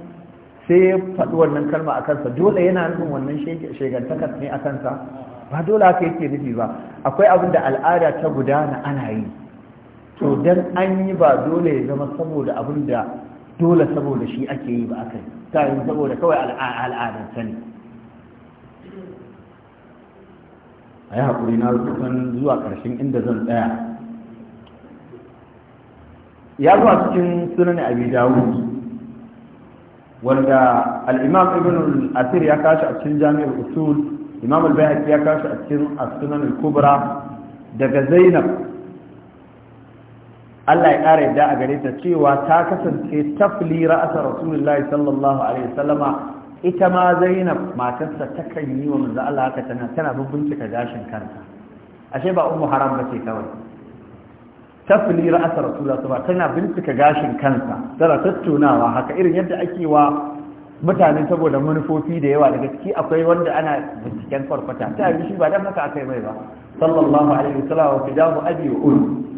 sai ya faɗi wannan kalma a kansa dole yana nufin wannan shegantakar ne a kansa ba dole haka yake nufi ba akwai abin da al'ada ta gudana ana yi to don an yi ba dole ya zama saboda abin da dole saboda shi ake yi ba aka yi ta yi saboda kawai al'adar ta ne a yi haƙuri na kusan zuwa ƙarshen inda zan tsaya ya zuwa cikin sunan abi dawud wanda al'imam ibn al-asir ya kashi a cikin jami'ar usul imam al-bayhaqi ya kashi a cikin as-sunan al-kubra daga zainab Allah ya ƙara yadda a gare ta cewa ta kasance tafli ra'asa rasulullahi sallallahu alaihi wasallama ita ma zainab matarsa takan yi wa manzo Allah haka tana tana bincika gashin kanta ashe ba ummu haram ke kawai tafli ra'asa rasulullah ba tana bincika gashin kansa tana tattaunawa haka irin yadda ake wa mutane saboda manufofi da yawa daga ciki akwai wanda ana binciken farfata ta yi shi ba dan haka akai mai ba sallallahu alaihi wasallam wa fidahu abi wa ummi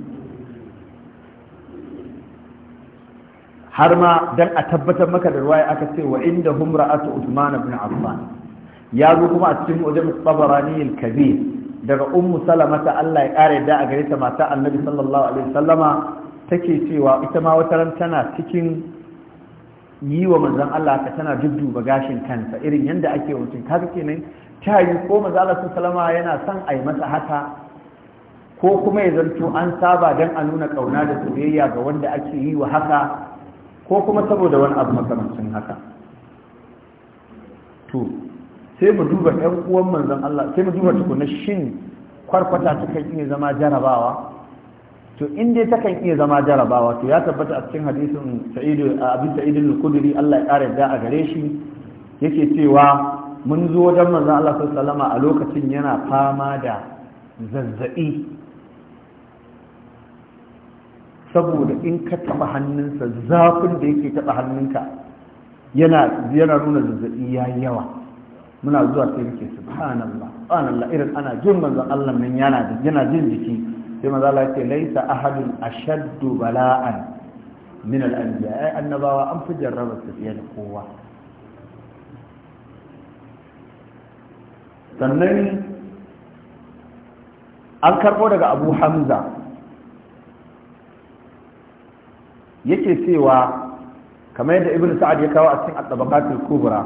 har ma dan a tabbatar maka da ruwaya aka ce wa inda hum ra'atu Uthman ibn Affan ya zo kuma a cikin wajen Tabarani al-Kabir daga Ummu Salama ta Allah ya kare da a gare ta mata Annabi sallallahu alaihi wasallama take cewa ita ma wata ran tana cikin yi wa manzon Allah ka tana dudduba gashin kanta irin yanda ake wucin kaga kenan ta yi ko manzon Allah sallallahu alaihi yana son a yi masa haka ko kuma ya zanto an saba dan a nuna kauna da soyayya ga wanda ake yi wa haka ko kuma saboda wani abu makamancin haka to sai mu duba ɗan uwan manzon Allah sai mu duba tukuna shin kwarkwata ta kan iya zama jarabawa to in dai ta kan iya zama jarabawa to ya tabbata a cikin hadisin sa'idu abin sa'idul kudri Allah ya ƙara yadda a gare shi yake cewa mun zo wajen manzon Allah sallallahu alaihi wasallama a lokacin yana fama da zazzabi saboda in ka taɓa hannunsa zafin da yake taɓa hannunka yana yana nuna zazzaɓi ya yawa muna zuwa sai muke subhanallah subhanallah irin ana jin manzon Allah nan yana yana jin jiki sai manzon Allah yake laisa ahadun ashaddu bala'an min al-anbiya ai annabawa an fi jarraba su fiye da kowa sannan an karɓo daga abu hamza yake cewa kamar yadda ibn sa'ad ya kawo a cikin at-tabaqatul kubra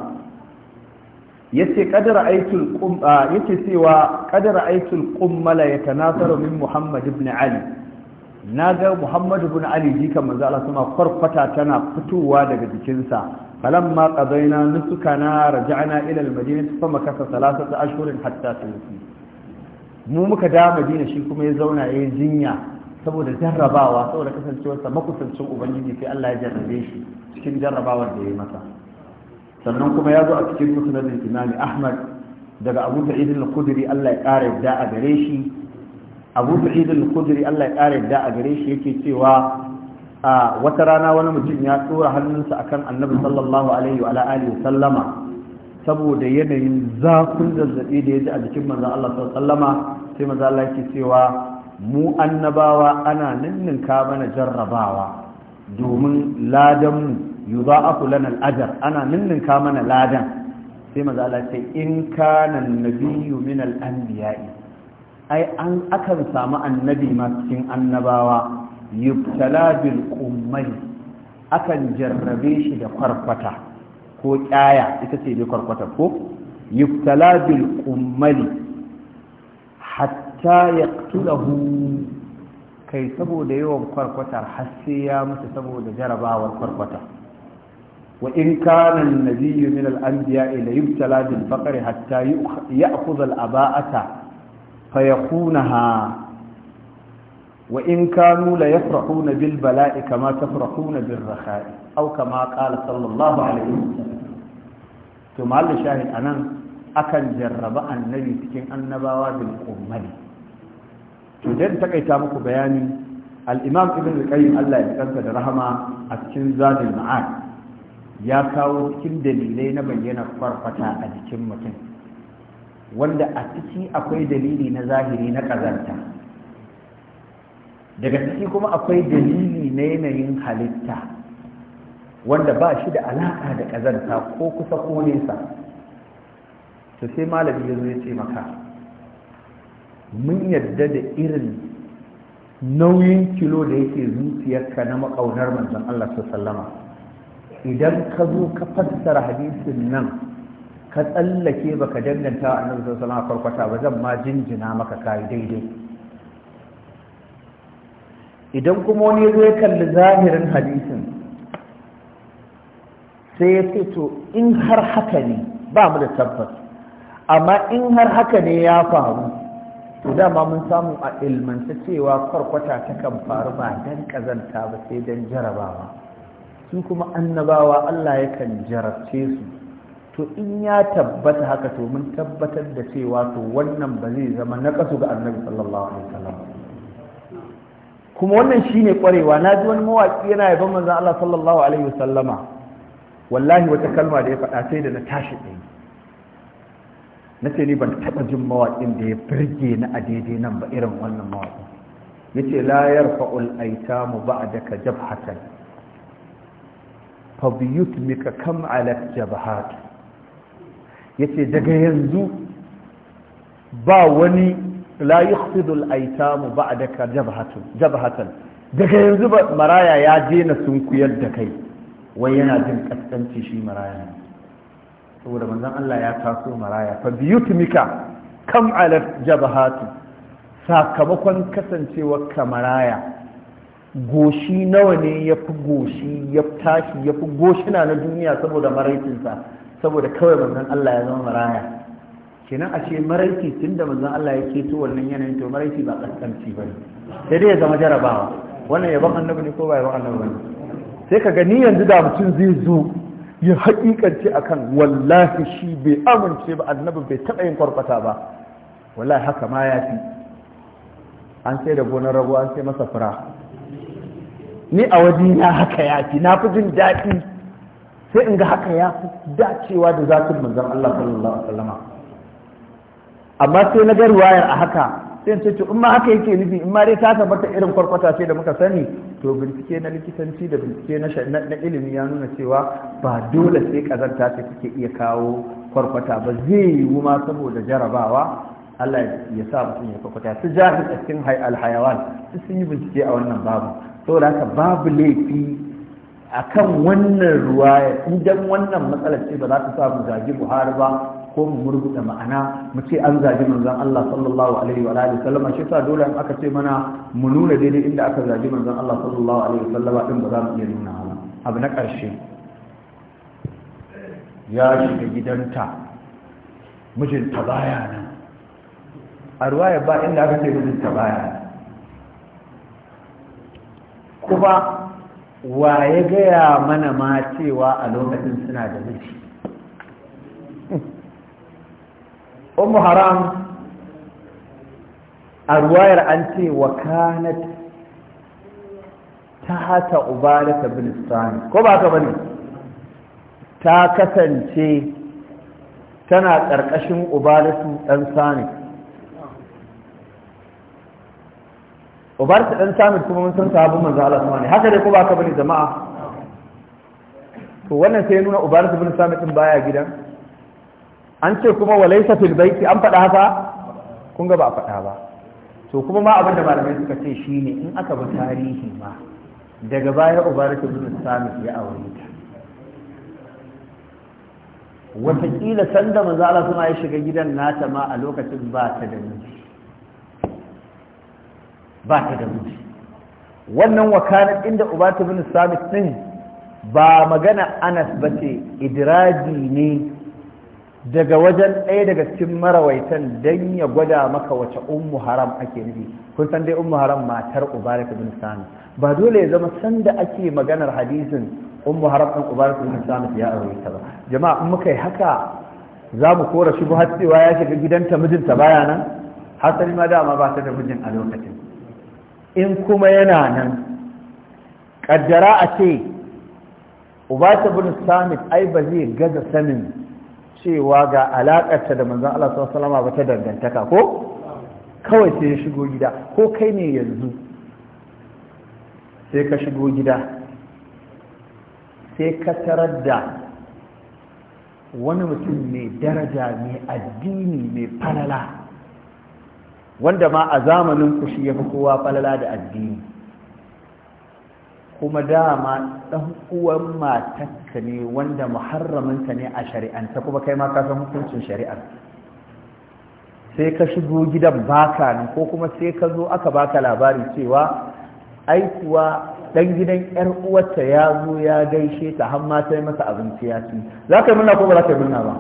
yace qadara aitul qum yace cewa qadara aitul qummala yatanasaru min muhammad ibn ali naga muhammad ibn ali jika manzo Allah sama kwarkwata tana fitowa daga jikinsa falamma qadaina nusukana raja'na ila al-madinah fa makasa thalathata ashhurin hatta tuwfi mu muka da madina shi kuma ya zauna yayin jinya saboda jarrabawa saboda kasancewarsa makusancin ubangiji sai Allah ya jarrabe shi cikin jarrabawar da ya yi masa sannan kuma ya zo a cikin musnadin imami ahmad daga abu sa'id al-khudri Allah ya kare da a gare shi abu sa'id al-khudri Allah ya kare da a gare shi yake cewa a wata rana wani mutum ya tsora hannunsa akan annabi sallallahu alaihi wa alihi wa sallama saboda yanayin zafin zazzabi da ya ji a jikin manzon Allah sallallahu alaihi wa sallama sai manzon Allah yake cewa mu annabawa ana ninninka mana jarrabawa domin ladanmu yu za a kula al'ajar ana ninninka mana ladan sai maza ce in kana nabiyu min al'anbiya'i ai an akan samu annabi ma cikin annabawa yubtala bil akan jarrabe shi da kwarkwata ko kyaya ita ce dai kwarkwata ko yubtala bil hatta hatta yaqtulahu kai saboda yawan kwarkwata har sai ya mutu saboda jarabawar kwarkwata wa in kana an-nabiyyu min al-anbiya'i la yubtala bil faqri hatta ya'khudha al-aba'ata fayakunaha wa in kanu la yafrahuna bil bala'i kama tafrahuna bir rakha'i aw kama qala sallallahu alaihi wasallam to mahallin shahid anan akan jarraba annabi cikin annabawa bil ummati to da takaita muku bayani al-imam ibn al-qayyim Allah ya tsanta da rahama a cikin zadin ma'an ya kawo cikin dalilai na bayyana farfata a jikin mutum wanda a ciki akwai dalili na zahiri na kazanta daga ciki kuma akwai dalili na yanayin halitta wanda ba shi da alaka da kazanta ko kusa ko nesa to sai malami ya zo ya ce maka mun yadda da irin nauyin kilo da yake zuciyarka na makaunar manzon Allah sallama idan ka zo ka fassara hadisin nan ka tsallake baka danganta wa annabi sallallahu alaihi wasallam farkwata ba zan ma jinjina maka kai daidai idan kuma wani ya kalli zahirin hadisin sai ya ce to in har haka ne ba mu da tabbas amma in har haka ne ya faru to dama mun samu a ilmanta cewa kwarkwata takan faru ba dan kazanta ba sai dan jarabawa su kuma annabawa Allah yakan jarabce su to in ya tabbata haka to mun tabbatar da cewa to wannan ba zai zama na kasu ga annabi sallallahu alaihi wasallam kuma wannan shine kwarewa na ji wani mawaki yana yaban manzon Allah sallallahu alaihi wasallama wallahi wata kalma da ya faɗa sai da na tashi ɗaya na ce ni ban taɓa jin mawaƙin da ya firge na a daidai nan ba irin wannan mawaƙin ya ce layar fa'ul aita mu ba a daga jabhatan fabiyut mika kam alak jabhatu ya ce daga yanzu ba wani layi fidul aita mu ba a daga jabhatan daga yanzu ba maraya ya je na sunkuyar da kai wai yana jin ƙasƙanci shi maraya ne saboda manzon Allah ya taso maraya fa biyutmika kam ala jabahati sakamakon kasancewa kamaraya goshi nawa ne ya fi goshi ya tashi ya fi goshina na duniya saboda maraicinsa saboda kawai manzon Allah ya zama maraya kenan a ce maraici tun da manzon Allah ya keto wannan yanayin to maraici ba kaskanci ba ne sai dai ya zama jarabawa wannan yaban annabi ne ko ba yaban annabi ba ne sai ka gani yanzu da mutum zai zo ya haƙiƙance kan wallahi shi bai amince ba annabi bai taɓa yin kwarkwata ba wallahi haka ma ya fi an sai da gonar rago an sai masa fura ni a waje na haka ya fi na fi jin daɗi sai in ga haka ya fi dacewa da zafin manzan Allah sallallahu alaihi wasallama amma sai na ga riwayar a haka sai ce to in ma haka yake nufi in ma dai ta tabbata irin kwarkwata ce da muka sani to bincike na likitanci da bincike na na ilimi ya nuna cewa ba dole sai kazanta ta take iya kawo kwarkwata ba zai yiwu ma saboda jarabawa Allah ya sa mutum ya kwarkwata su jahil a cikin alhayawan sun yi bincike a wannan babu saboda haka babu laifi akan wannan ruwa, idan wannan matsalar ce ba za ta samu zagi Buhari ba ko mu murguda ma'ana mu ce an zagi manzon Allah sallallahu alaihi wa alihi sallama shi sa dole in aka ce mana mu nuna daidai inda aka zagi manzon Allah sallallahu alaihi wa sallama din ba za mu iya nuna ba abu na ƙarshe ya shiga gidanta mijinta baya nan a ruwaya ba inda aka ce mijinta baya nan kuma wa ya gaya mana ma cewa a lokacin suna da miji ummu haram a ruwayar an ce wa kanat ta hata ubalata bin sani ko ba ka bane ta kasance tana ƙarƙashin su ɗan sani ubalatu ɗan sani kuma mun san sabon manzo Allah kuma ne haka dai ko ba ka bane jama'a to wannan sai nuna ubalatu bin sani din baya gidan an ce kuma walaisa fil baiti an faɗa haka kun ga ba a faɗa ba to kuma ma abin da malamai suka ce shine in aka bi tarihi ma daga baya ubaratu bin samit ya aure ta wataƙila sanda manzo Allah suna ya shiga gidan nata ma a lokacin ba ta da miji ba ta da miji wannan wakanar inda ubatu bin samit din ba magana Anas bace idraji ne daga wajen ɗaya daga cikin marawaitan dan ya gwada maka wace ummu haram ake nufi kun san dai ummu haram matar ubarak ibn sami ba dole ya zama sanda ake maganar hadisin ummu haram ɗin ubarak ibn sami ya aure ta ba jama'a in muka yi haka za mu kora shi har cewa ya shiga gidanta mijinta baya nan hasali ma dama ba ta da mijin a lokacin in kuma yana nan kaddara a ce ubata bin sami ai ba zai gaza sanin cewa ga alakarta da manzon Allah sallallahu alaihi wasallam ba ta dangantaka ko kawai sai ya shigo gida ko kai ne yanzu sai ka shigo gida sai ka tarar da wani mutum mai daraja mai addini mai falala wanda ma a zamanin ku shi ya fi kowa falala da addini kuma dama ɗan uwan matarka ne wanda muharraminta ne a shari'anta kuma kai ma kasan hukuncin shari'ar sai ka shigo gidan baka ne ko kuma sai ka zo aka baka labari cewa aikuwa ɗan gidan yar uwarta ya zo ya gaishe ta har ma sai masa abinci ya ci za ka yi murna ko ba za ka yi murna ba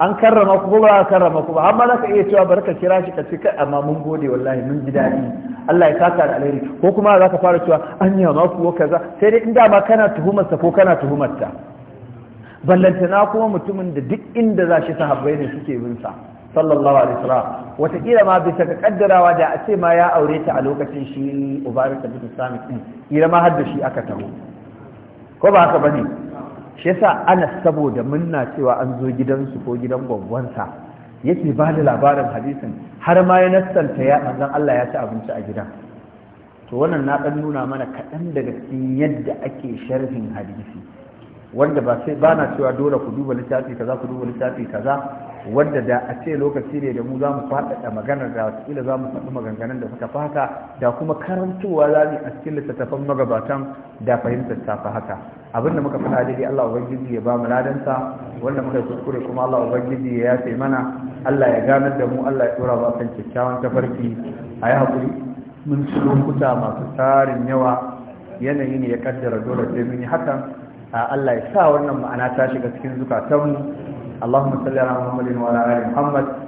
an karrama ku ba karrama ku ba amma za ka iya cewa bari ka kira shi ka ce kai amma mun gode wallahi mun ji daɗi Allah ya saka da alheri ko kuma za ka fara cewa an yi ma ku kaza sai dai in dama kana tuhumarsa ko kana tuhumarta na kuma mutumin da duk inda za shi sahabbai ne suke bin sa sallallahu alaihi wasallam wataƙila ma bisa ga kaddarawa da a ce ma ya aure ta a lokacin shi ubarik bin samit din kila ma har da shi aka taho ko ba haka bane shi yasa anas saboda munna cewa an zo gidansu ko gidan gwaggonsa yake ba da labarin hadisin har ma ya nassanta ya manzon Allah ya ci abinci a gida? to wannan na dan nuna mana kaɗan daga cikin yadda ake sharhin hadisi wanda ba sai bana cewa dole ku duba littafi kaza ku duba littafi kaza wanda da a ce lokaci ne da mu za mu faɗaɗa maganar da wataƙila za mu faɗi maganganun da suka haka, da kuma karantowa za mu a cikin littattafan magabatan da fahimtar ta haka abin da muka faɗa daidai Allah ubangiji ya ba mu ladansa wanda muka kuskure kuma Allah ubangiji ya yafe mana Allah ya ganar da mu Allah ya dora mu kan kyakkyawan tafarki a yi hakuri mun ci lokuta masu tarin yawa yanayi ne ya kaddara dole sai mun yi hakan Allah ya sa wannan ma'ana ta shiga cikin zukatanmu اللهم صل على محمد وعلى ال muhammad.